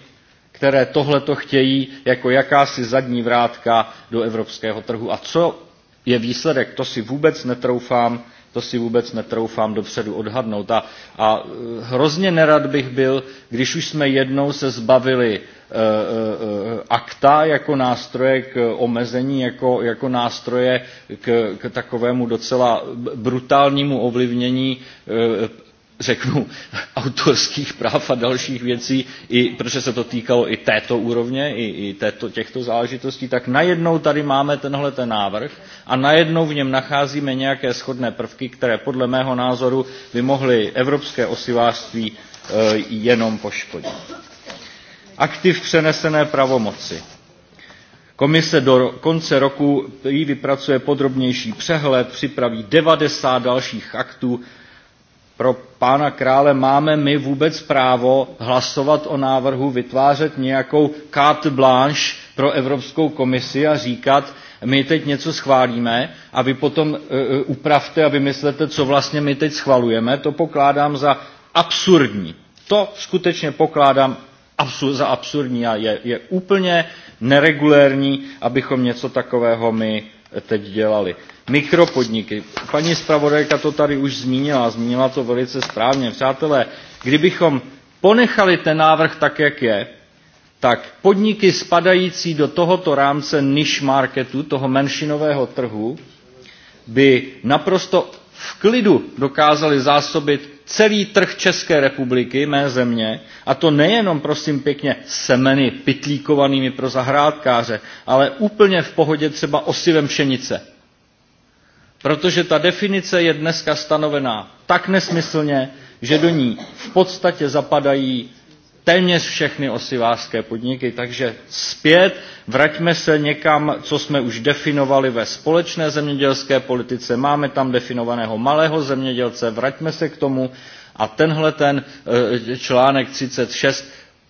které tohleto chtějí jako jakási zadní vrátka do evropského trhu. A co je výsledek, to si vůbec netroufám to si vůbec netroufám dopředu odhadnout. A, a e, hrozně nerad bych byl, když už jsme jednou se zbavili e, e, akta jako nástroje k omezení, jako, jako nástroje k, k takovému docela brutálnímu ovlivnění řeknu, <laughs> autorských práv a dalších věcí, i, protože se to týkalo i této úrovně, i, i této, těchto záležitostí, tak najednou tady máme tenhle ten návrh a najednou v něm nacházíme nějaké schodné prvky, které podle mého názoru by mohly evropské osivářství e, jenom poškodit. Aktiv přenesené pravomoci. Komise do konce roku jí vypracuje podrobnější přehled, připraví 90 dalších aktů, pro pána krále máme my vůbec právo hlasovat o návrhu, vytvářet nějakou carte blanche pro Evropskou komisi a říkat, my teď něco schválíme a vy potom uh, upravte a vymyslete, co vlastně my teď schvalujeme, to pokládám za absurdní. To skutečně pokládám absur- za absurdní a je, je úplně neregulérní, abychom něco takového my teď dělali mikropodniky. Paní zpravodajka to tady už zmínila, a zmínila to velice správně. Přátelé, kdybychom ponechali ten návrh tak, jak je, tak podniky spadající do tohoto rámce niche marketu, toho menšinového trhu, by naprosto v klidu dokázali zásobit celý trh České republiky, mé země, a to nejenom, prosím pěkně, semeny pytlíkovanými pro zahrádkáře, ale úplně v pohodě třeba osivem pšenice protože ta definice je dneska stanovená tak nesmyslně, že do ní v podstatě zapadají téměř všechny osivářské podniky. Takže zpět, vraťme se někam, co jsme už definovali ve společné zemědělské politice. Máme tam definovaného malého zemědělce, vraťme se k tomu. A tenhle ten eh, článek 36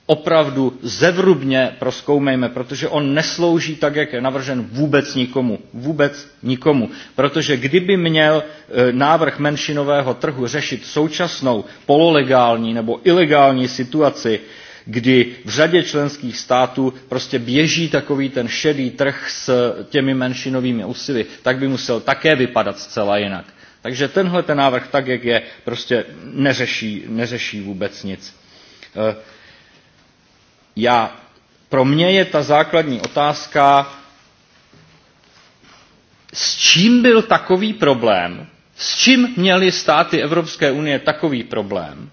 opravdu zevrubně proskoumejme, protože on neslouží tak, jak je navržen vůbec nikomu. Vůbec nikomu. Protože kdyby měl e, návrh menšinového trhu řešit současnou pololegální nebo ilegální situaci, kdy v řadě členských států prostě běží takový ten šedý trh s těmi menšinovými úsilí, tak by musel také vypadat zcela jinak. Takže tenhle ten návrh, tak jak je, prostě neřeší, neřeší vůbec nic. E, já, pro mě je ta základní otázka, s čím byl takový problém, s čím měly státy Evropské unie takový problém,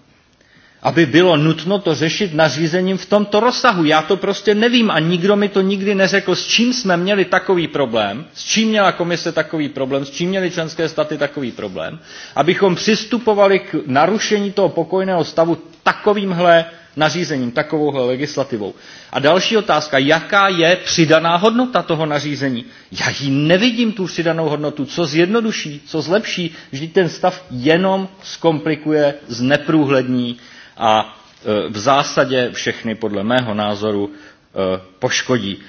aby bylo nutno to řešit nařízením v tomto rozsahu. Já to prostě nevím a nikdo mi to nikdy neřekl, s čím jsme měli takový problém, s čím měla komise takový problém, s čím měly členské státy takový problém, abychom přistupovali k narušení toho pokojného stavu takovýmhle nařízením, takovouhle legislativou. A další otázka, jaká je přidaná hodnota toho nařízení? Já ji nevidím, tu přidanou hodnotu. Co zjednoduší, co zlepší? Vždyť ten stav jenom zkomplikuje, zneprůhlední a e, v zásadě všechny podle mého názoru e, poškodí.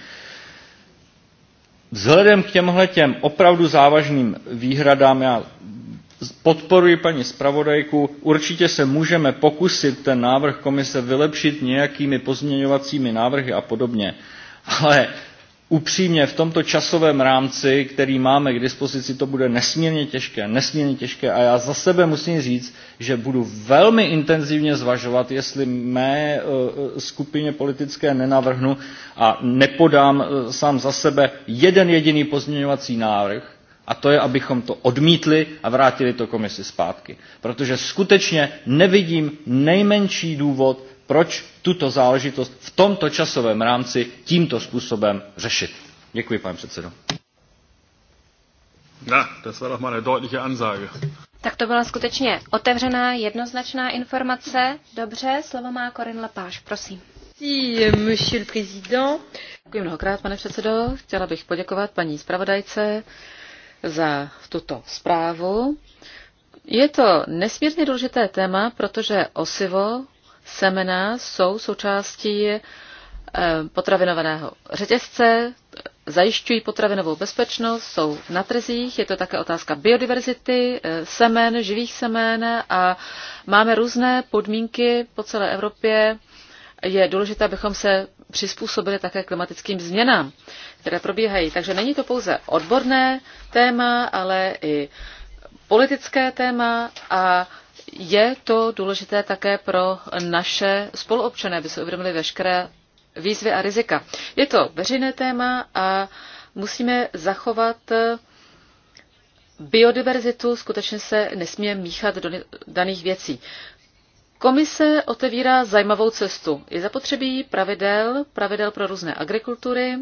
Vzhledem k těmhle těm opravdu závažným výhradám, já podporuji paní zpravodajku určitě se můžeme pokusit ten návrh komise vylepšit nějakými pozměňovacími návrhy a podobně ale upřímně v tomto časovém rámci který máme k dispozici to bude nesmírně těžké nesmírně těžké a já za sebe musím říct že budu velmi intenzivně zvažovat jestli mé e, e, skupině politické nenavrhnu a nepodám e, sám za sebe jeden jediný pozměňovací návrh a to je, abychom to odmítli a vrátili to komisi zpátky. Protože skutečně nevidím nejmenší důvod, proč tuto záležitost v tomto časovém rámci tímto způsobem řešit. Děkuji, pane předsedo. Na, das war doch mal eine deutliche Ansage. Tak to byla skutečně otevřená, jednoznačná informace. Dobře, slovo má Corinne Lepáš, prosím. Děkuji mnohokrát, pane předsedo. Chtěla bych poděkovat paní zpravodajce za tuto zprávu. Je to nesmírně důležité téma, protože osivo, semena jsou součástí eh, potravinovaného řetězce, zajišťují potravinovou bezpečnost, jsou na trzích, je to také otázka biodiverzity, eh, semen, živých semen a máme různé podmínky po celé Evropě. Je důležité, abychom se přizpůsobili také klimatickým změnám, které probíhají. Takže není to pouze odborné téma, ale i politické téma a je to důležité také pro naše spoluobčané, aby se uvědomili veškeré výzvy a rizika. Je to veřejné téma a musíme zachovat biodiverzitu, skutečně se nesmí míchat do daných věcí. Komise otevírá zajímavou cestu. Je zapotřebí pravidel, pravidel pro různé agrikultury,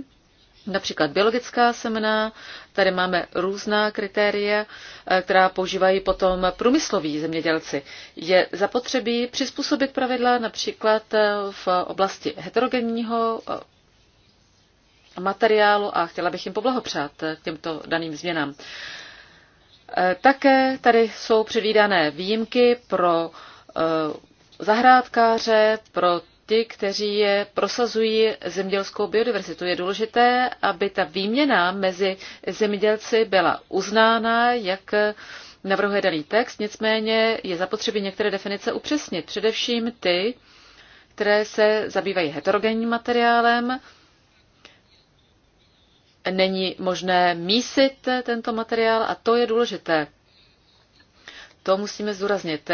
například biologická semena, tady máme různá kritéria, eh, která používají potom průmysloví zemědělci. Je zapotřebí přizpůsobit pravidla například eh, v oblasti heterogenního eh, materiálu a chtěla bych jim poblahopřát k těmto daným změnám. Také tady jsou předvídané výjimky pro zahrádkáře, pro ty, kteří je prosazují zemědělskou biodiverzitu. Je důležité, aby ta výměna mezi zemědělci byla uznána, jak navrhuje daný text, nicméně je zapotřebí některé definice upřesnit, především ty, které se zabývají heterogenním materiálem. Není možné mísit tento materiál a to je důležité. To musíme zdůraznit.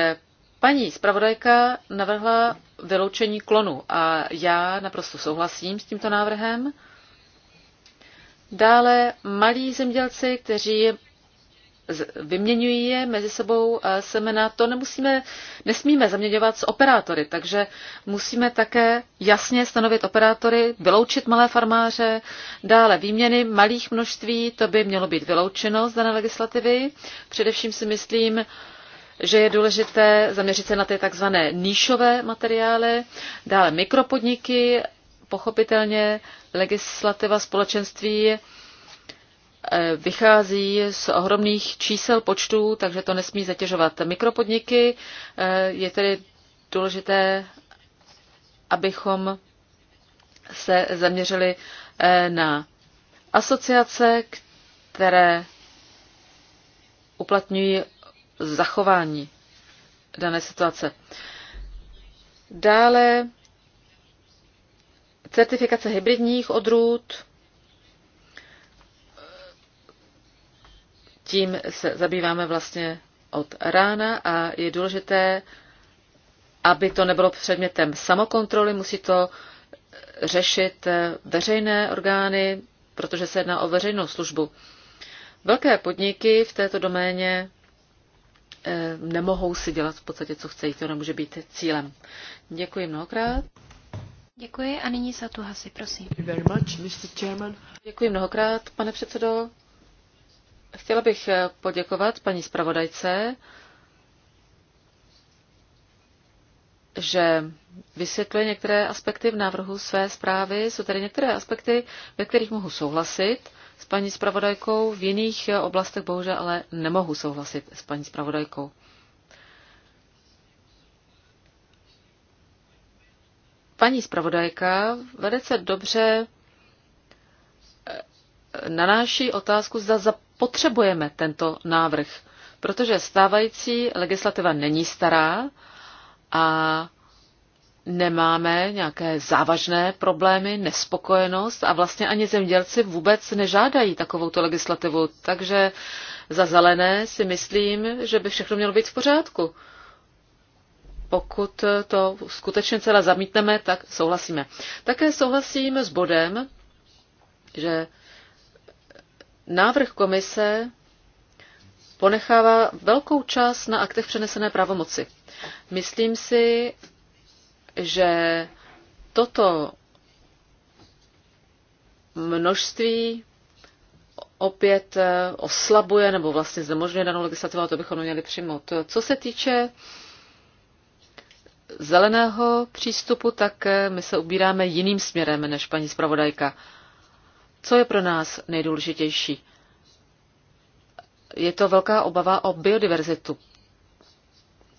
Paní zpravodajka navrhla vyloučení klonu a já naprosto souhlasím s tímto návrhem. Dále malí zemědělci, kteří vyměňují je mezi sebou eh, semena, to nemusíme, nesmíme zaměňovat s operátory, takže musíme také jasně stanovit operátory, vyloučit malé farmáře, dále výměny malých množství, to by mělo být vyloučeno z dané legislativy. Především si myslím, že je důležité zaměřit se na ty takzvané níšové materiály, dále mikropodniky, pochopitelně legislativa společenství eh, vychází z ohromných čísel počtů, takže to nesmí zatěžovat mikropodniky. Eh, je tedy důležité, abychom se zaměřili eh, na asociace, které uplatňují zachování dané situace. Dále certifikace hybridních odrůd. Tím se zabýváme vlastně od rána a je důležité, aby to nebylo předmětem samokontroly, musí to řešit veřejné orgány, protože se jedná o veřejnou službu. Velké podniky v této doméně Eh, nemohou si dělat v podstatě, co chcejí. To nemůže být cílem. Děkuji mnohokrát. Děkuji a nyní tu Hasi, prosím. Very much, Mr. Chairman. Děkuji mnohokrát, pane předsedo. Chtěla bych eh, poděkovat paní zpravodajce, že vysvětluje některé aspekty v návrhu své zprávy. Jsou tady některé aspekty, ve kterých mohu souhlasit, s paní zpravodajkou, v jiných eh, oblastech bohužel ale nemohu souhlasit s paní zpravodajkou. Paní zpravodajka velice dobře eh, nanáší otázku, zda zapotřebujeme tento návrh, protože stávající legislativa není stará a nemáme nějaké závažné problémy, nespokojenost a vlastně ani zemědělci vůbec nežádají takovouto legislativu. Takže za zelené si myslím, že by všechno mělo být v pořádku. Pokud to skutečně celé zamítneme, tak souhlasíme. Také souhlasím s bodem, že návrh komise ponechává velkou část na aktech přenesené pravomoci. Myslím si, že toto množství opět eh, oslabuje nebo vlastně znemožňuje danou legislativu a to bychom měli přijmout. Co se týče zeleného přístupu, tak eh, my se ubíráme jiným směrem než paní zpravodajka. Co je pro nás nejdůležitější? Je to velká obava o biodiverzitu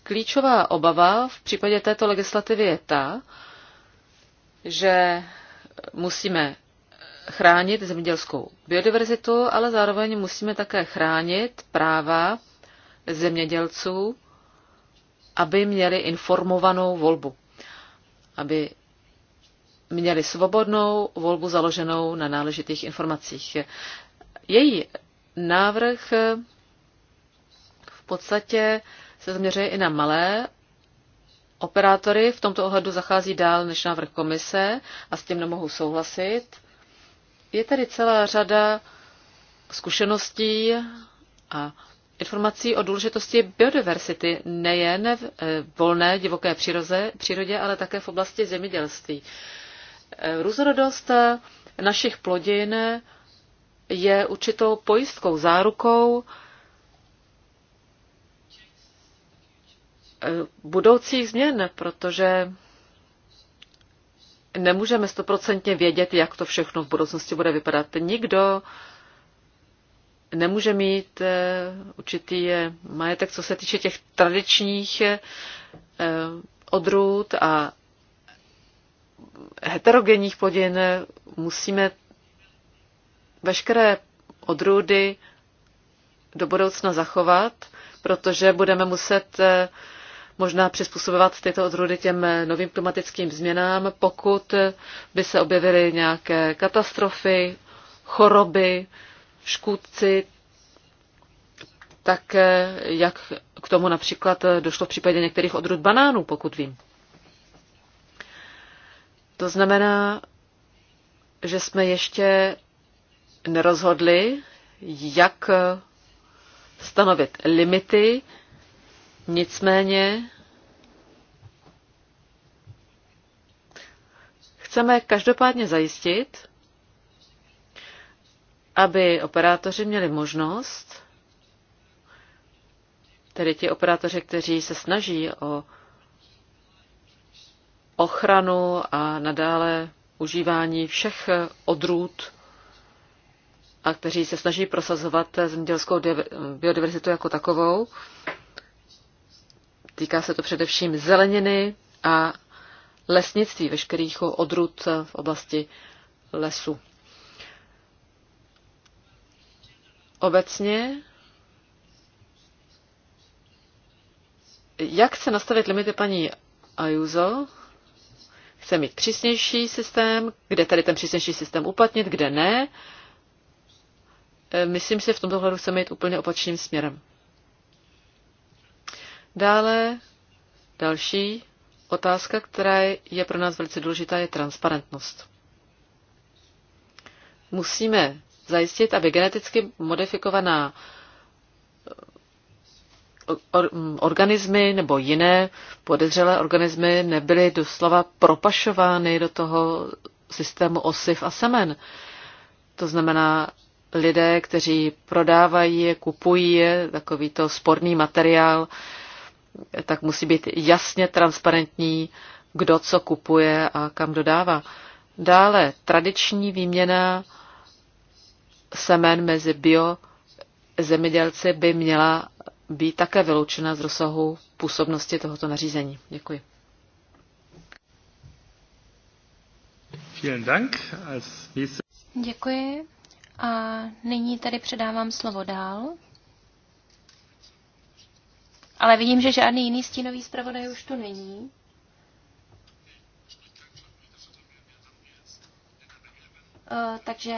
klíčová obava v případě této legislativy je ta, že musíme chránit zemědělskou biodiverzitu, ale zároveň musíme také chránit práva zemědělců, aby měli informovanou volbu, aby měli svobodnou volbu založenou na náležitých informacích. Její návrh v podstatě se zaměřuje i na malé operátory. V tomto ohledu zachází dál než návrh komise a s tím nemohu souhlasit. Je tady celá řada zkušeností a informací o důležitosti biodiverzity nejen v eh, volné divoké příroze, přírodě, ale také v oblasti zemědělství. Eh, různorodost eh, našich plodin je určitou pojistkou, zárukou Eh, budoucích změn, protože nemůžeme stoprocentně vědět, jak to všechno v budoucnosti bude vypadat. Nikdo nemůže mít eh, určitý eh, majetek, co se týče těch tradičních odrůd a heterogenních plodin. Musíme veškeré odrůdy do budoucna zachovat, protože budeme muset možná přizpůsobovat tyto odrůdy těm novým klimatickým změnám, pokud by se objevily nějaké katastrofy, choroby, škůdci, tak eh, jak k tomu například došlo v případě některých odrůd banánů, pokud vím. To znamená, že jsme ještě nerozhodli, jak stanovit limity, Nicméně chceme každopádně zajistit, aby operátoři měli možnost, tedy ti operátoři, kteří se snaží o ochranu a nadále užívání všech odrůd a kteří se snaží prosazovat zemědělskou biodiverzitu jako takovou, Týká se to především zeleniny a lesnictví, veškerých odrůd v oblasti lesu. Obecně, jak chce nastavit limity paní Ayuso? Chce mít přísnější systém, kde tady ten přísnější systém uplatnit, kde ne. Myslím si, v tomto hledu chceme jít úplně opačným směrem. Dále další otázka, která je pro nás velice důležitá, je transparentnost. Musíme zajistit, aby geneticky modifikovaná eh, mm, organismy nebo jiné podezřelé organismy nebyly doslova propašovány do toho systému osiv a semen. To znamená, lidé, kteří prodávají, kupují takovýto sporný materiál, tak musí být jasně transparentní, kdo co kupuje a kam dodává. Dále tradiční výměna semen mezi bio zemědělci by měla být také vyloučena z rozsahu působnosti tohoto nařízení. Děkuji. Děkuji. A nyní tady předávám slovo dál ale vidím, že žádný jiný stínový zpravodaj už tu není. Eh, takže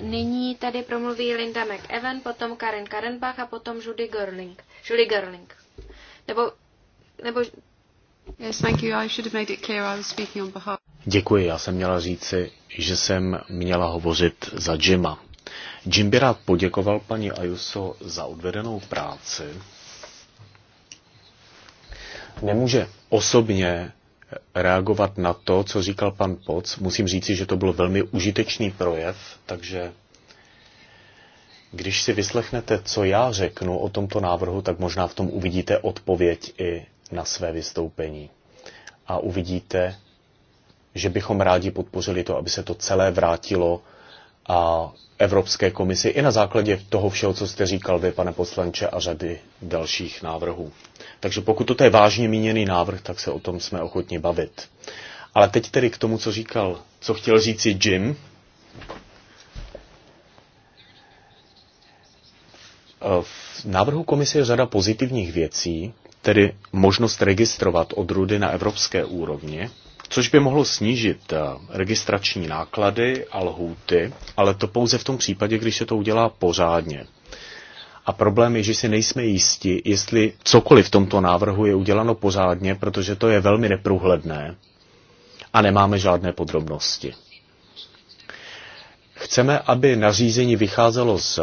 nyní tady promluví Linda McEwen, potom Karen Karenbach a potom Judy Gerling. Judy Gerling. Nebo, nebo... Yes, thank you. I should have made it clear I was speaking on behalf... Děkuji, já jsem měla říci, že jsem měla hovořit za Jima. Jim by rád poděkoval paní Ayuso za odvedenou práci nemůže osobně reagovat na to, co říkal pan Poc. Musím říci, že to byl velmi užitečný projev, takže když si vyslechnete, co já řeknu o tomto návrhu, tak možná v tom uvidíte odpověď i na své vystoupení. A uvidíte, že bychom rádi podpořili to, aby se to celé vrátilo a Evropské komisi i na základě toho všeho, co jste říkal vy, pane poslanče, a řady dalších návrhů. Takže pokud toto je vážně míněný návrh, tak se o tom jsme ochotni bavit. Ale teď tedy k tomu, co říkal, co chtěl říct si Jim. V návrhu komise je řada pozitivních věcí, tedy možnost registrovat odrůdy na evropské úrovni, což by mohlo snížit eh, registrační náklady a lhůty, ale to pouze v tom případě, když se to udělá pořádně. A problém je, že si nejsme jisti, jestli cokoliv v tomto návrhu je uděláno pořádně, protože to je velmi neprůhledné a nemáme žádné podrobnosti. Chceme, aby nařízení vycházelo z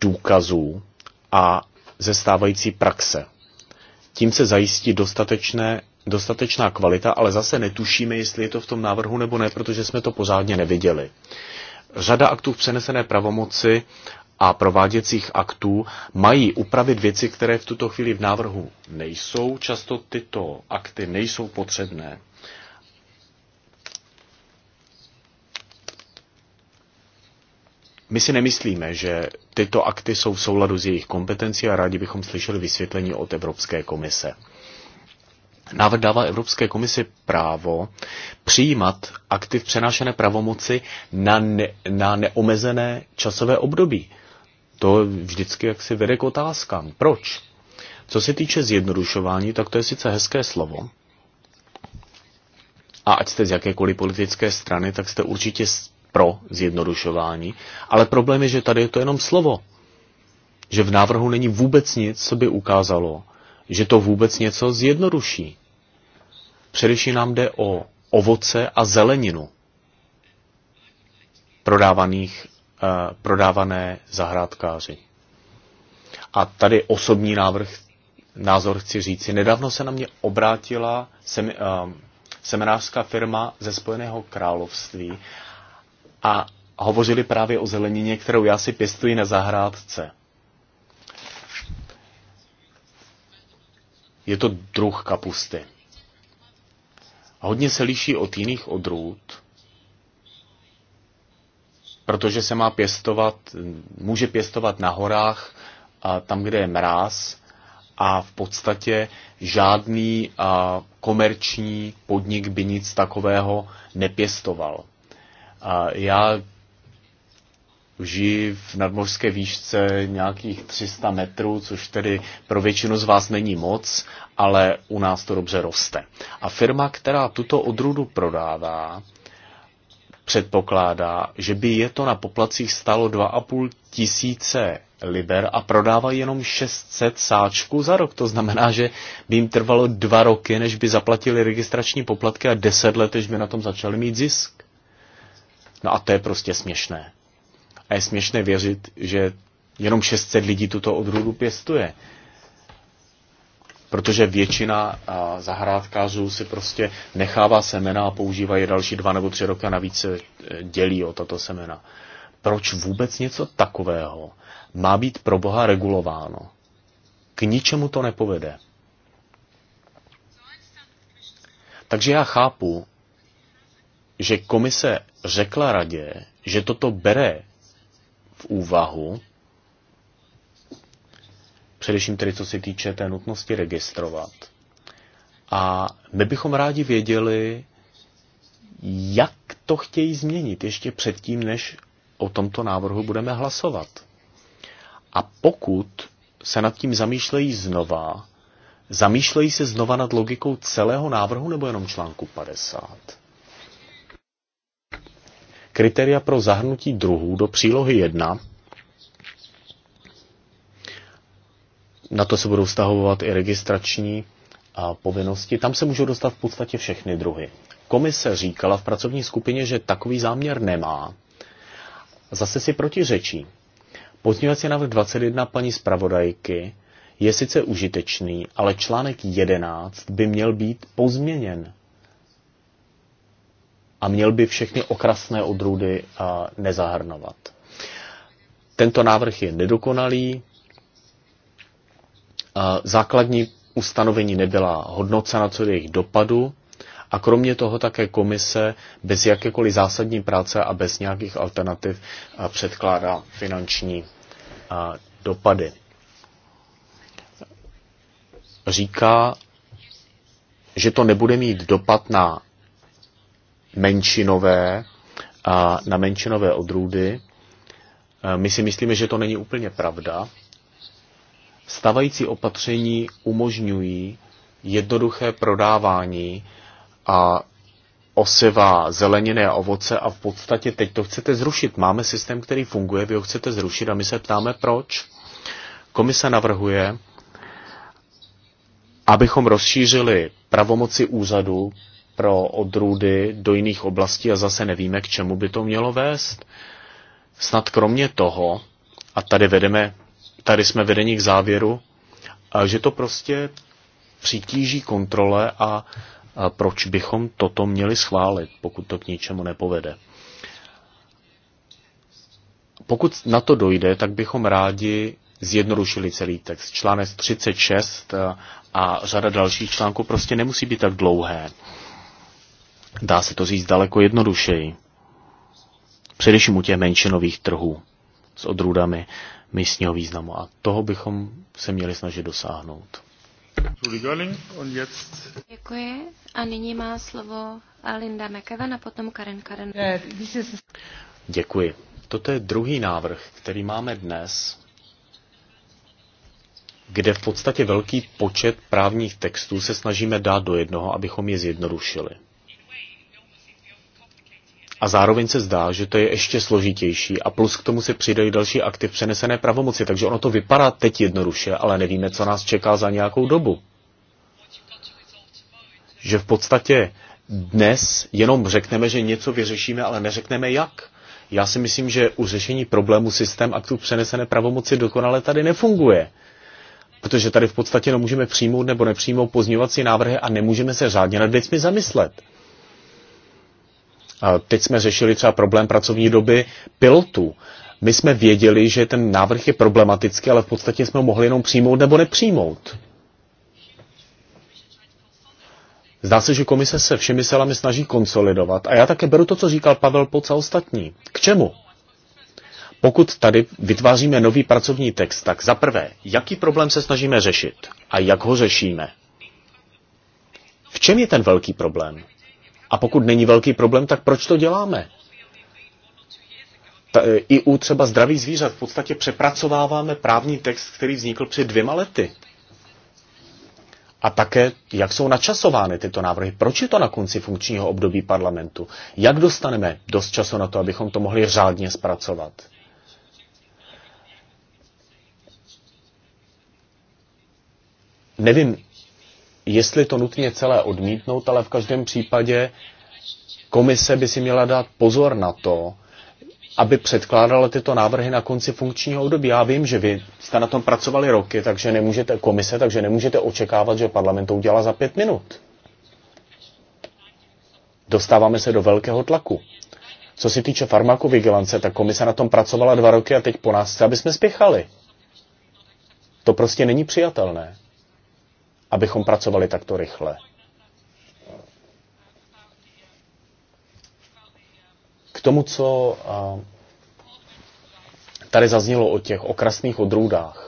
důkazů a ze stávající praxe. Tím se zajistí dostatečné, dostatečná kvalita, ale zase netušíme, jestli je to v tom návrhu nebo ne, protože jsme to pořádně neviděli. Řada aktů v přenesené pravomoci a prováděcích aktů mají upravit věci, které v tuto chvíli v návrhu nejsou. Často tyto akty nejsou potřebné. My si nemyslíme, že tyto akty jsou v souladu s jejich kompetencí a rádi bychom slyšeli vysvětlení od Evropské komise. Návrh dává Evropské komisi právo přijímat akty v přenášené pravomoci na, ne, na neomezené časové období to vždycky jaksi vede k otázkám. Proč? Co se týče zjednodušování, tak to je sice hezké slovo. A ať jste z jakékoliv politické strany, tak jste určitě pro zjednodušování. Ale problém je, že tady je to jenom slovo. Že v návrhu není vůbec nic, co by ukázalo, že to vůbec něco zjednoduší. Především nám jde o ovoce a zeleninu prodávaných Eh, prodávané zahrádkáři. A tady osobní návrh, názor chci říci. Nedávno se na mě obrátila sem, eh, seminářská firma ze Spojeného království a hovořili právě o zelenině, kterou já si pěstuji na zahrádce. Je to druh kapusty. Hodně se liší od jiných odrůd protože se má pěstovat, může pěstovat na horách, a tam, kde je mráz a v podstatě žádný a, komerční podnik by nic takového nepěstoval. A, já žiji v nadmořské výšce nějakých 300 metrů, což tedy pro většinu z vás není moc, ale u nás to dobře roste. A firma, která tuto odrůdu prodává, předpokládá, že by je to na poplacích stalo 2,5 tisíce liber a prodávají jenom 600 sáčků za rok. To znamená, že by jim trvalo dva roky, než by zaplatili registrační poplatky a deset let, než by na tom začali mít zisk. No a to je prostě směšné. A je směšné věřit, že jenom 600 lidí tuto odrůdu pěstuje protože většina zahrádkářů si prostě nechává semena a používají další dva nebo tři roky a navíc se dělí o tato semena. Proč vůbec něco takového má být pro Boha regulováno? K ničemu to nepovede. Takže já chápu, že komise řekla radě, že toto bere v úvahu, především tedy co se týče té nutnosti registrovat. A my bychom rádi věděli, jak to chtějí změnit ještě předtím, než o tomto návrhu budeme hlasovat. A pokud se nad tím zamýšlejí znova, zamýšlejí se znova nad logikou celého návrhu nebo jenom článku 50? Kritéria pro zahrnutí druhů do přílohy 1 na to se budou stahovat i registrační a povinnosti. Tam se můžou dostat v podstatě všechny druhy. Komise říkala v pracovní skupině, že takový záměr nemá. Zase si protiřečí. Pozměňovací návrh 21 paní zpravodajky je sice užitečný, ale článek 11 by měl být pozměněn a měl by všechny okrasné odrůdy nezahrnovat. Tento návrh je nedokonalý, základní ustanovení nebyla hodnocena co do jejich dopadu a kromě toho také komise bez jakékoliv zásadní práce a bez nějakých alternativ předkládá finanční dopady. Říká, že to nebude mít dopad na menšinové, na menšinové odrůdy. My si myslíme, že to není úplně pravda, Stavající opatření umožňují jednoduché prodávání a osiva, zeleniny a ovoce a v podstatě teď to chcete zrušit. Máme systém, který funguje, vy ho chcete zrušit a my se ptáme proč. Komise navrhuje, abychom rozšířili pravomoci úřadu pro odrůdy do jiných oblastí a zase nevíme, k čemu by to mělo vést. Snad kromě toho, a tady vedeme tady jsme vedeni k závěru, že to prostě přitíží kontrole a proč bychom toto měli schválit, pokud to k ničemu nepovede. Pokud na to dojde, tak bychom rádi zjednodušili celý text. Článek 36 a řada dalších článků prostě nemusí být tak dlouhé. Dá se to říct daleko jednodušeji. Především u těch menšinových trhů s odrůdami místního významu. A toho bychom se měli snažit dosáhnout. Děkuji. A nyní má slovo Linda McEwen a potom Karen Karen. Eh, Děkuji. Toto je druhý návrh, který máme dnes, kde v podstatě velký počet právních textů se snažíme dát do jednoho, abychom je zjednodušili. A zároveň se zdá, že to je ještě složitější a plus k tomu se přidají další akty v přenesené pravomoci, takže ono to vypadá teď jednoduše, ale nevíme, co nás čeká za nějakou dobu. Že v podstatě dnes jenom řekneme, že něco vyřešíme, ale neřekneme jak. Já si myslím, že u řešení problému systém aktů přenesené pravomoci dokonale tady nefunguje. Protože tady v podstatě no, můžeme přijmout nebo nepřijmout pozměňovací návrhy a nemůžeme se řádně nad věcmi zamyslet. Teď jsme řešili třeba problém pracovní doby pilotů. My jsme věděli, že ten návrh je problematický, ale v podstatě jsme ho mohli jenom přijmout nebo nepřijmout. Zdá se, že komise se všemi silami snaží konsolidovat. A já také beru to, co říkal Pavel Poc a ostatní. K čemu? Pokud tady vytváříme nový pracovní text, tak za prvé, jaký problém se snažíme řešit a jak ho řešíme? V čem je ten velký problém? A pokud není velký problém, tak proč to děláme? Ta, e, I u třeba zdravých zvířat v podstatě přepracováváme právní text, který vznikl před dvěma lety. A také, jak jsou načasovány tyto návrhy? Proč je to na konci funkčního období parlamentu? Jak dostaneme dost času na to, abychom to mohli řádně zpracovat? Nevím, jestli to nutně celé odmítnout, ale v každém případě komise by si měla dát pozor na to, aby předkládala tyto návrhy na konci funkčního období. Já vím, že vy jste na tom pracovali roky, takže nemůžete, komise, takže nemůžete očekávat, že parlament to udělá za pět minut. Dostáváme se do velkého tlaku. Co se týče farmakovigilance, tak komise na tom pracovala dva roky a teď po nás chce, aby jsme spěchali. To prostě není přijatelné abychom pracovali takto rychle. K tomu, co tady zaznělo o těch okrasných odrůdách.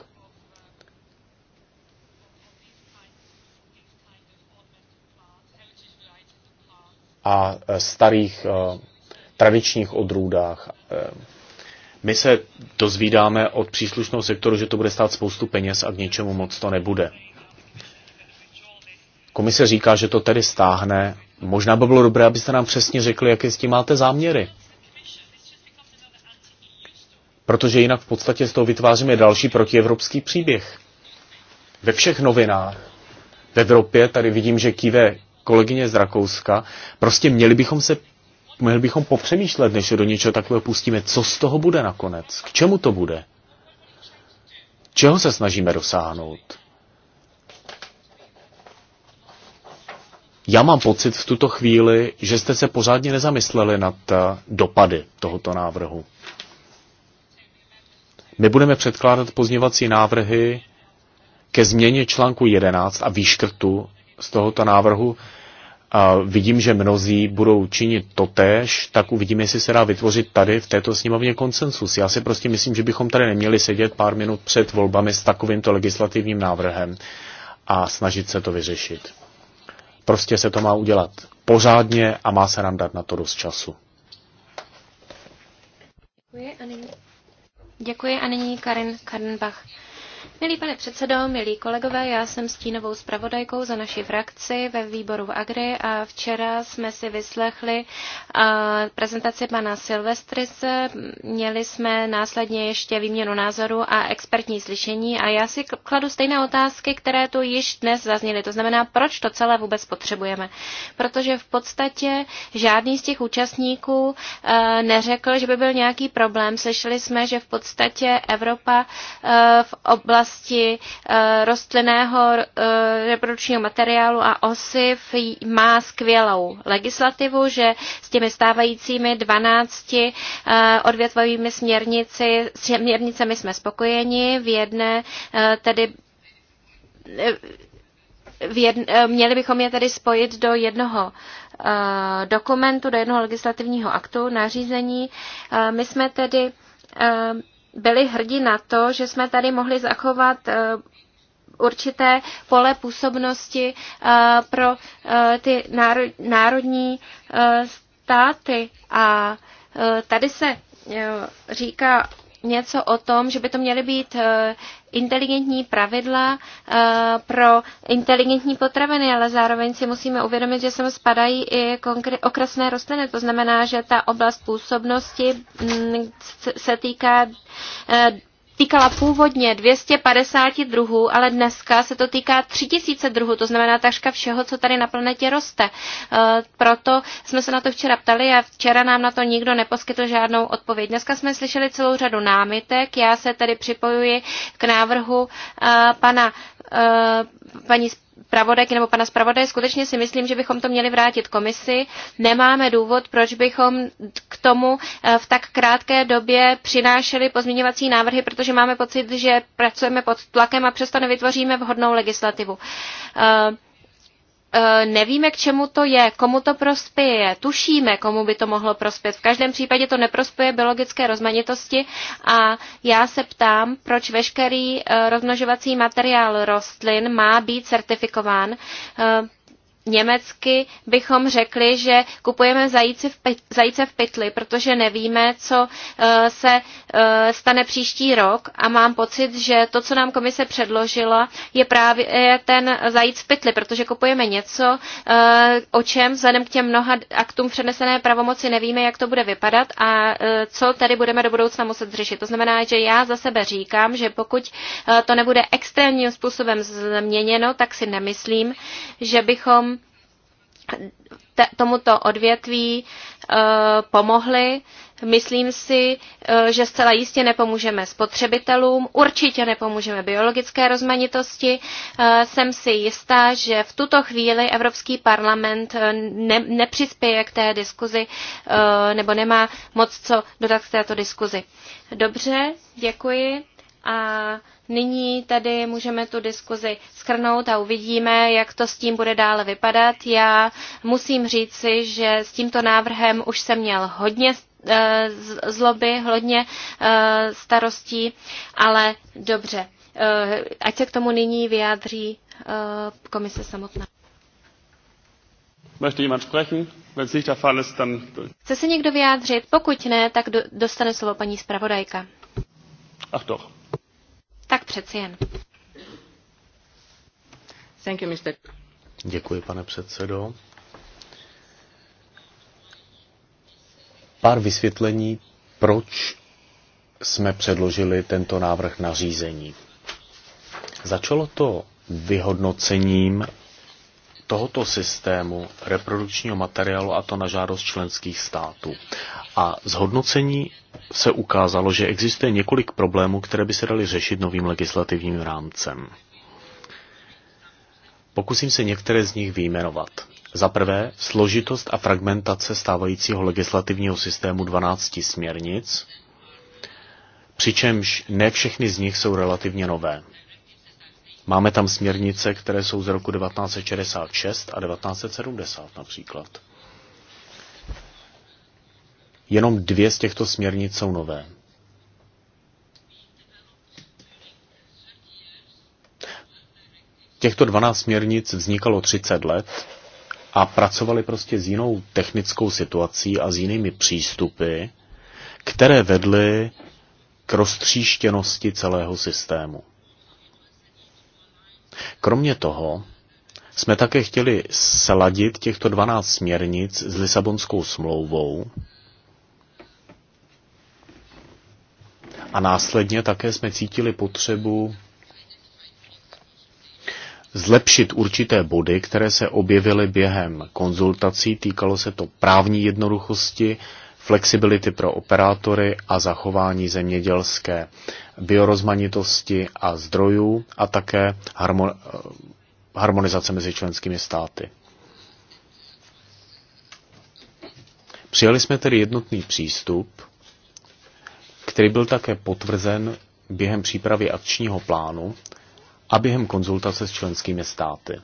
a e, starých e, tradičních odrůdách. E, My se dozvídáme od příslušného sektoru, že to bude stát spoustu peněz a k něčemu moc to nebude. Komise říká, že to tedy stáhne. Možná by bylo dobré, abyste nám přesně řekli, jaké s tím máte záměry. Protože jinak v podstatě z toho vytváříme další protievropský příběh. Ve všech novinách v Evropě, tady vidím, že kýve kolegyně z Rakouska, prostě měli bychom se měli bychom popřemýšlet, než se do něčeho takového pustíme, co z toho bude nakonec, k čemu to bude, čeho se snažíme dosáhnout. Já mám pocit v tuto chvíli, že jste se pořádně nezamysleli nad eh, dopady tohoto návrhu. My budeme předkládat pozněvací návrhy ke změně článku 11 a výškrtu z tohoto návrhu. A vidím, že mnozí budou činit totéž, tak uvidíme, jestli se dá vytvořit tady v této sněmovně konsensus. Já si prostě myslím, že bychom tady neměli sedět pár minut před volbami s takovýmto legislativním návrhem a snažit se to vyřešit. Prostě se to má udělat pořádně a má se nám dát na to dost času. Děkuji a nyní, Děkuji a nyní Karin Karnbach. Milý pane předsedo, milí kolegové, já jsem stínovou zpravodajkou za naši frakci ve výboru v Agri a včera jsme si vyslechli prezentaci pana Silvestrise. Měli jsme následně ještě výměnu názoru a expertní slyšení a já si kladu stejné otázky, které tu již dnes zazněly. To znamená, proč to celé vůbec potřebujeme. Protože v podstatě žádný z těch účastníků e, neřekl, že by byl nějaký problém. Slyšeli jsme, že v podstatě Evropa e, v oblasti oblasti eh, rostlinného eh, reprodukčního materiálu a osiv má skvělou legislativu, že s těmi stávajícími 12 eh, odvětvovými směrnici, směrnicemi jsme spokojeni. V jedné tedy v jedn, měli bychom je tedy spojit do jednoho dokumentu, do jednoho legislativního aktu, nařízení. My jsme tedy byli hrdí na to, že jsme tady mohli zachovat eh, určité pole působnosti eh, pro eh, ty národní státy. A tady se říká něco o tom, že by to měly být eh, inteligentní pravidla eh, pro inteligentní potraviny, ale zároveň si musíme uvědomit, že sem spadají i okrasné rostliny. To znamená, že ta oblast působnosti mm, se týká eh, týkala původně 250 druhů, ale dneska se to týká 3000 druhů, to znamená takřka všeho, co tady na planetě roste. E, proto jsme se na to včera ptali a včera nám na to nikdo neposkytl žádnou odpověď. Dneska jsme slyšeli celou řadu námitek, já se tedy připojuji k návrhu e, pana Eh, paní zpravodajky nebo pana zpravodaje, skutečně si myslím, že bychom to měli vrátit komisi. Nemáme důvod, proč bychom k tomu eh, v tak krátké době přinášeli pozměňovací návrhy, protože máme pocit, že pracujeme pod tlakem a přesto nevytvoříme vhodnou legislativu. Uh, Eh, nevíme, k čemu to je, komu to prospěje, tušíme, komu by to mohlo prospět. V každém případě to neprospěje biologické rozmanitosti a já se ptám, proč veškerý eh, rozmnožovací materiál rostlin má být certifikován. Eh, německy bychom řekli, že kupujeme zajíce v, pit, zajíce v pytli, protože nevíme, co eh, se eh, stane příští rok a mám pocit, že to, co nám komise předložila, je právě ten zajíc v pytli, protože kupujeme něco, eh, o čem vzhledem k těm mnoha aktům přenesené pravomoci nevíme, jak to bude vypadat a co tady budeme do budoucna muset řešit. To znamená, že já za sebe říkám, že pokud to nebude extrémním způsobem změněno, tak si nemyslím, že bychom tomuto odvětví e, pomohli. Myslím si, e, že zcela jistě nepomůžeme spotřebitelům, určitě nepomůžeme biologické rozmanitosti. E, jsem si jistá, že v tuto chvíli Evropský parlament ne, nepřispěje k té diskuzi nebo nemá moc co dodat k této diskuzi. Dobře, děkuji. A Nyní tady můžeme tu diskuzi schrnout a uvidíme, jak to s tím bude dále vypadat. Já musím říci, že s tímto návrhem už jsem měl hodně eh, zloby, hodně eh, starostí, ale dobře. Eh, ať se k tomu nyní vyjádří komise samotná. Chce se někdo vyjádřit? Pokud ne, tak dostane slovo paní zpravodajka. Ach doch tak přeci jen. Thank you, Mr. Děkuji, pane předsedo. Pár vysvětlení, proč jsme předložili tento návrh na řízení. Začalo to vyhodnocením tohoto systému reprodukčního materiálu, a to na žádost členských států. A zhodnocení se ukázalo, že existuje několik problémů, které by se daly řešit novým legislativním rámcem. Pokusím se některé z nich výjmenovat. Za prvé, složitost a fragmentace stávajícího legislativního systému 12 směrnic, přičemž ne všechny z nich jsou relativně nové. Máme tam směrnice, které jsou z roku 1966 a 1970 například. Jenom dvě z těchto směrnic jsou nové. Těchto 12 směrnic vznikalo 30 let a pracovali prostě s jinou technickou situací a s jinými přístupy, které vedly k roztříštěnosti celého systému. Kromě toho jsme také chtěli sladit těchto 12 směrnic s Lisabonskou smlouvou a následně také jsme cítili potřebu zlepšit určité body, které se objevily během konzultací. Týkalo se to právní jednoduchosti, flexibility pro operátory a zachování zemědělské biorozmanitosti a zdrojů a také harmonizace mezi členskými státy. Přijali jsme tedy jednotný přístup, který byl také potvrzen během přípravy akčního plánu a během konzultace s členskými státy.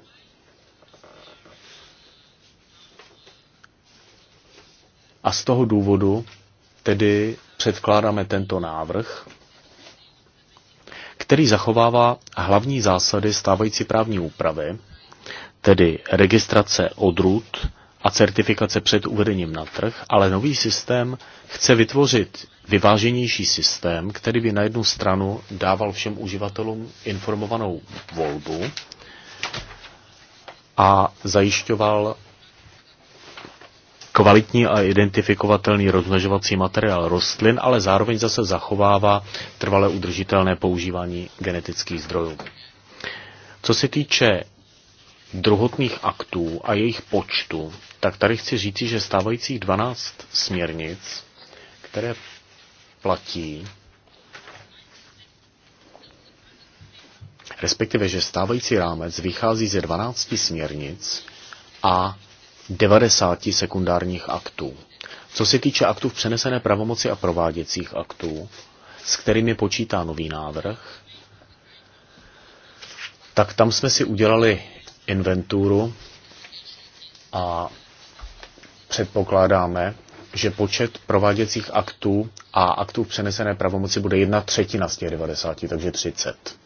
A z toho důvodu tedy předkládáme tento návrh, který zachovává hlavní zásady stávající právní úpravy, tedy registrace odrůd a certifikace před uvedením na trh, ale nový systém chce vytvořit vyváženější systém, který by na jednu stranu dával všem uživatelům informovanou volbu a zajišťoval kvalitní a identifikovatelný rozmnožovací materiál rostlin, ale zároveň zase zachovává trvale udržitelné používání genetických zdrojů. Co se týče druhotných aktů a jejich počtu, tak tady chci říci, že stávajících 12 směrnic, které platí, respektive, že stávající rámec vychází ze 12 směrnic a 90 sekundárních aktů. Co se týče aktů v přenesené pravomoci a prováděcích aktů, s kterými počítá nový návrh, tak tam jsme si udělali inventuru a předpokládáme, že počet prováděcích aktů a aktů přenesené pravomoci bude jedna třetina z těch 90, takže 30.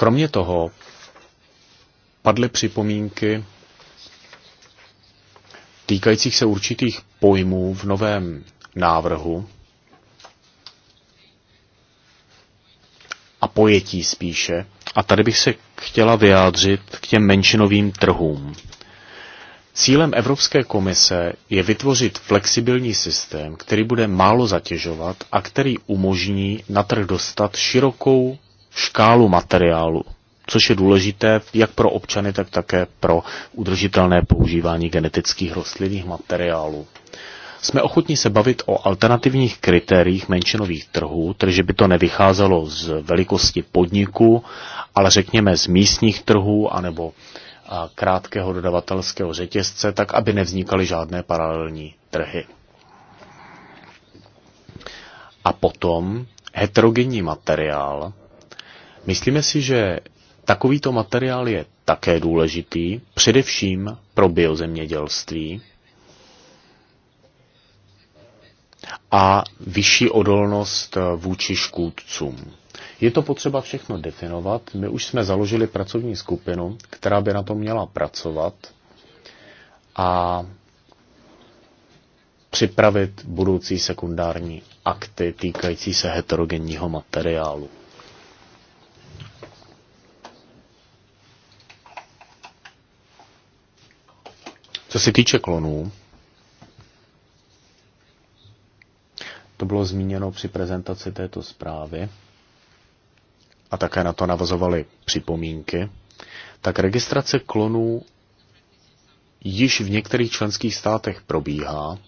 Kromě toho padly připomínky týkajících se určitých pojmů v novém návrhu a pojetí spíše. A tady bych se chtěla vyjádřit k těm menšinovým trhům. Cílem Evropské komise je vytvořit flexibilní systém, který bude málo zatěžovat a který umožní na trh dostat širokou škálu materiálu, což je důležité jak pro občany, tak také pro udržitelné používání genetických rostlinných materiálů. Jsme ochotní se bavit o alternativních kritériích menšinových trhů, takže by to nevycházelo z velikosti podniku, ale řekněme z místních trhů anebo krátkého dodavatelského řetězce, tak aby nevznikaly žádné paralelní trhy. A potom heterogenní materiál, Myslíme si, že takovýto materiál je také důležitý, především pro biozemědělství a vyšší odolnost vůči škůdcům. Je to potřeba všechno definovat. My už jsme založili pracovní skupinu, která by na to měla pracovat a připravit budoucí sekundární akty týkající se heterogenního materiálu. Co se týče klonů, to bylo zmíněno při prezentaci této zprávy a také na to navazovaly připomínky, tak registrace klonů již v některých členských státech probíhá.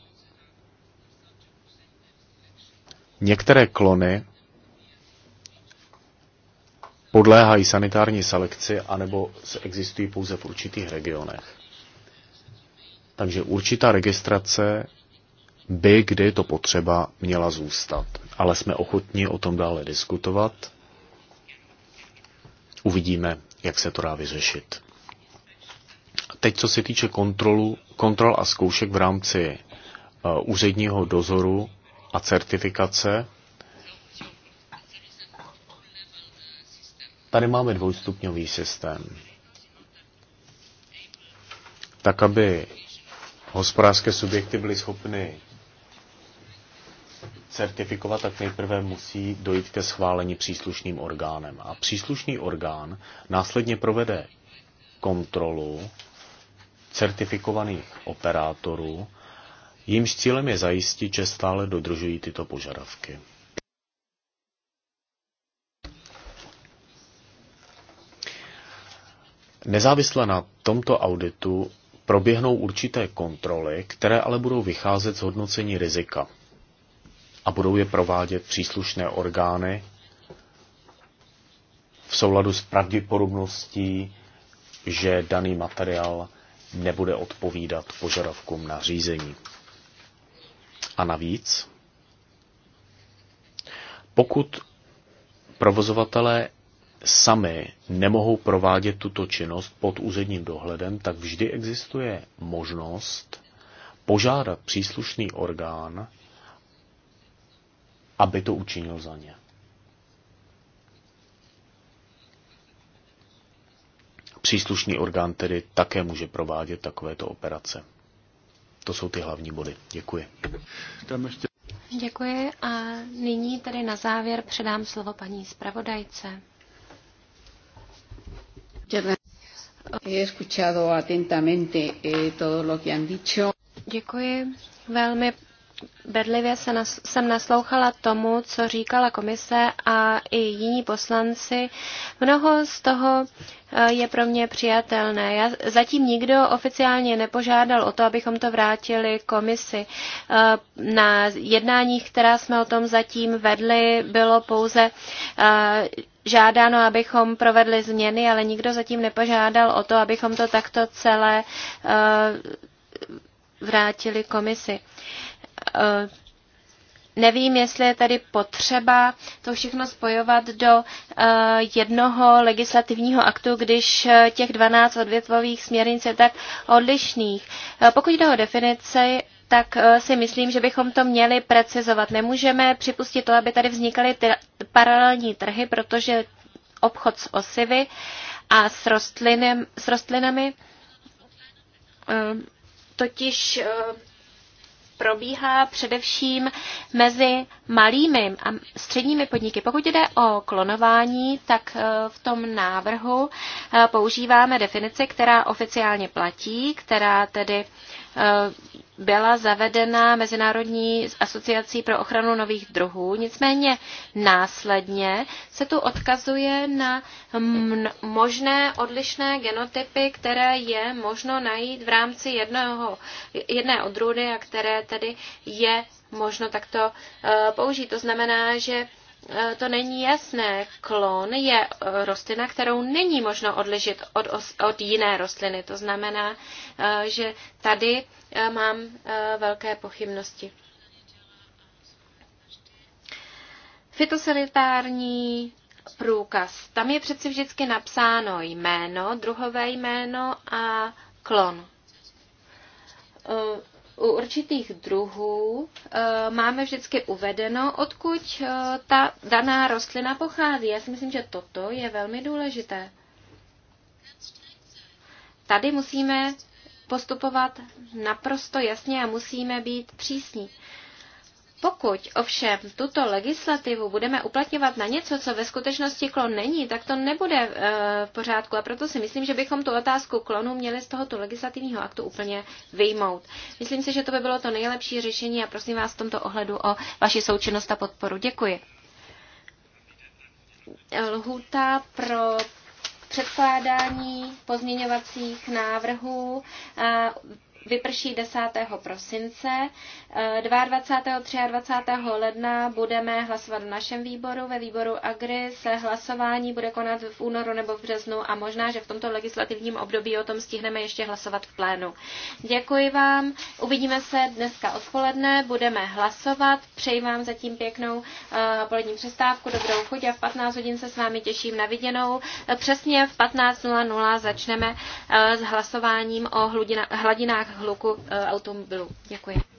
Některé klony podléhají sanitární selekci anebo existují pouze v určitých regionech. Takže určitá registrace by, kdy to potřeba, měla zůstat. Ale jsme ochotní o tom dále diskutovat. Uvidíme, jak se to dá vyřešit. Teď, co se týče kontrolu, kontrol a zkoušek v rámci uh, úředního dozoru a certifikace, tady máme dvojstupňový systém. Tak, aby hospodářské subjekty byly schopny certifikovat, tak nejprve musí dojít ke schválení příslušným orgánem. A příslušný orgán následně provede kontrolu certifikovaných operátorů, jimž cílem je zajistit, že stále dodržují tyto požadavky. Nezávisle na tomto auditu proběhnou určité kontroly, které ale budou vycházet z hodnocení rizika a budou je provádět příslušné orgány v souladu s pravděpodobností, že daný materiál nebude odpovídat požadavkům na řízení. A navíc, pokud provozovatelé sami nemohou provádět tuto činnost pod úředním dohledem, tak vždy existuje možnost požádat příslušný orgán, aby to učinil za ně. Příslušný orgán tedy také může provádět takovéto operace. To jsou ty hlavní body. Děkuji. Děkuji a nyní tedy na závěr předám slovo paní zpravodajce. He escuchado atentamente eh, todo lo que han dicho. Děkuji velmi bedlivě se nas, jsem naslouchala tomu, co říkala komise a i jiní poslanci. Mnoho z toho eh, je pro mě přijatelné. Já, zatím nikdo oficiálně nepožádal o to, abychom to vrátili komisi. Eh, na jednáních, která jsme o tom zatím vedli, bylo pouze eh, žádáno, abychom provedli změny, ale nikdo zatím nepožádal o to, abychom to takto celé vrátili komisi. Eh, nevím, jestli je tady potřeba to všechno spojovat do eh, jednoho legislativního aktu, když eh, těch 12 odvětvových směrnic je tak odlišných. Pokud jde o definici, tak si myslím, že bychom to měli precizovat. Nemůžeme připustit to, aby tady vznikaly ty paralelní trhy, protože obchod s osivy a s, rostlinem, s rostlinami totiž probíhá především mezi malými a středními podniky. Pokud jde o klonování, tak eh, v tom návrhu eh, používáme definici, která oficiálně platí, která tedy uh, Eh, byla zavedena Mezinárodní asociací pro ochranu nových druhů, nicméně následně se tu odkazuje na možné odlišné genotypy, které je možno najít v rámci jednoho, jedné odrůdy a které tedy je možno takto eh, použít. To znamená, že Eh, to není jasné. Klon je eh, rostlina, kterou není možno odlišit od, od jiné rostliny. To znamená, eh, že tady mám velké pochybnosti. Fitosanitární průkaz. Tam je přeci vždycky napsáno jméno, druhové jméno a klon u určitých druhů eh, máme vždycky uvedeno, odkud eh, ta daná rostlina pochází. Já si myslím, že toto je velmi důležité. Tady musíme postupovat naprosto jasně a musíme být přísní. Pokud ovšem tuto legislativu budeme uplatňovat na něco, co ve skutečnosti klon není, tak to nebude eh, v pořádku a proto si myslím, že bychom tu otázku klonu měli z tohoto legislativního aktu úplně vyjmout. Myslím si, že to by bylo to nejlepší řešení a prosím vás v tomto ohledu o vaši součinnost a podporu. Děkuji. Lhuta pro předkládání pozměňovacích návrhů eh, vyprší 10. prosince. 22. Eh, 23. ledna budeme hlasovat v našem výboru. Ve výboru AGRI se hlasování bude konat v únoru nebo v březnu a možná, že v tomto legislativním období o tom stihneme ještě hlasovat v plénu. Děkuji vám. Uvidíme se dneska odpoledne. Budeme hlasovat. Přeji vám zatím pěknou eh, polední přestávku, dobrou chuť a v 15 hodin se s vámi těším na viděnou. Eh, přesně v 15.00 začneme s hlasováním o hladinách hluku eh, automobilů. Děkuji.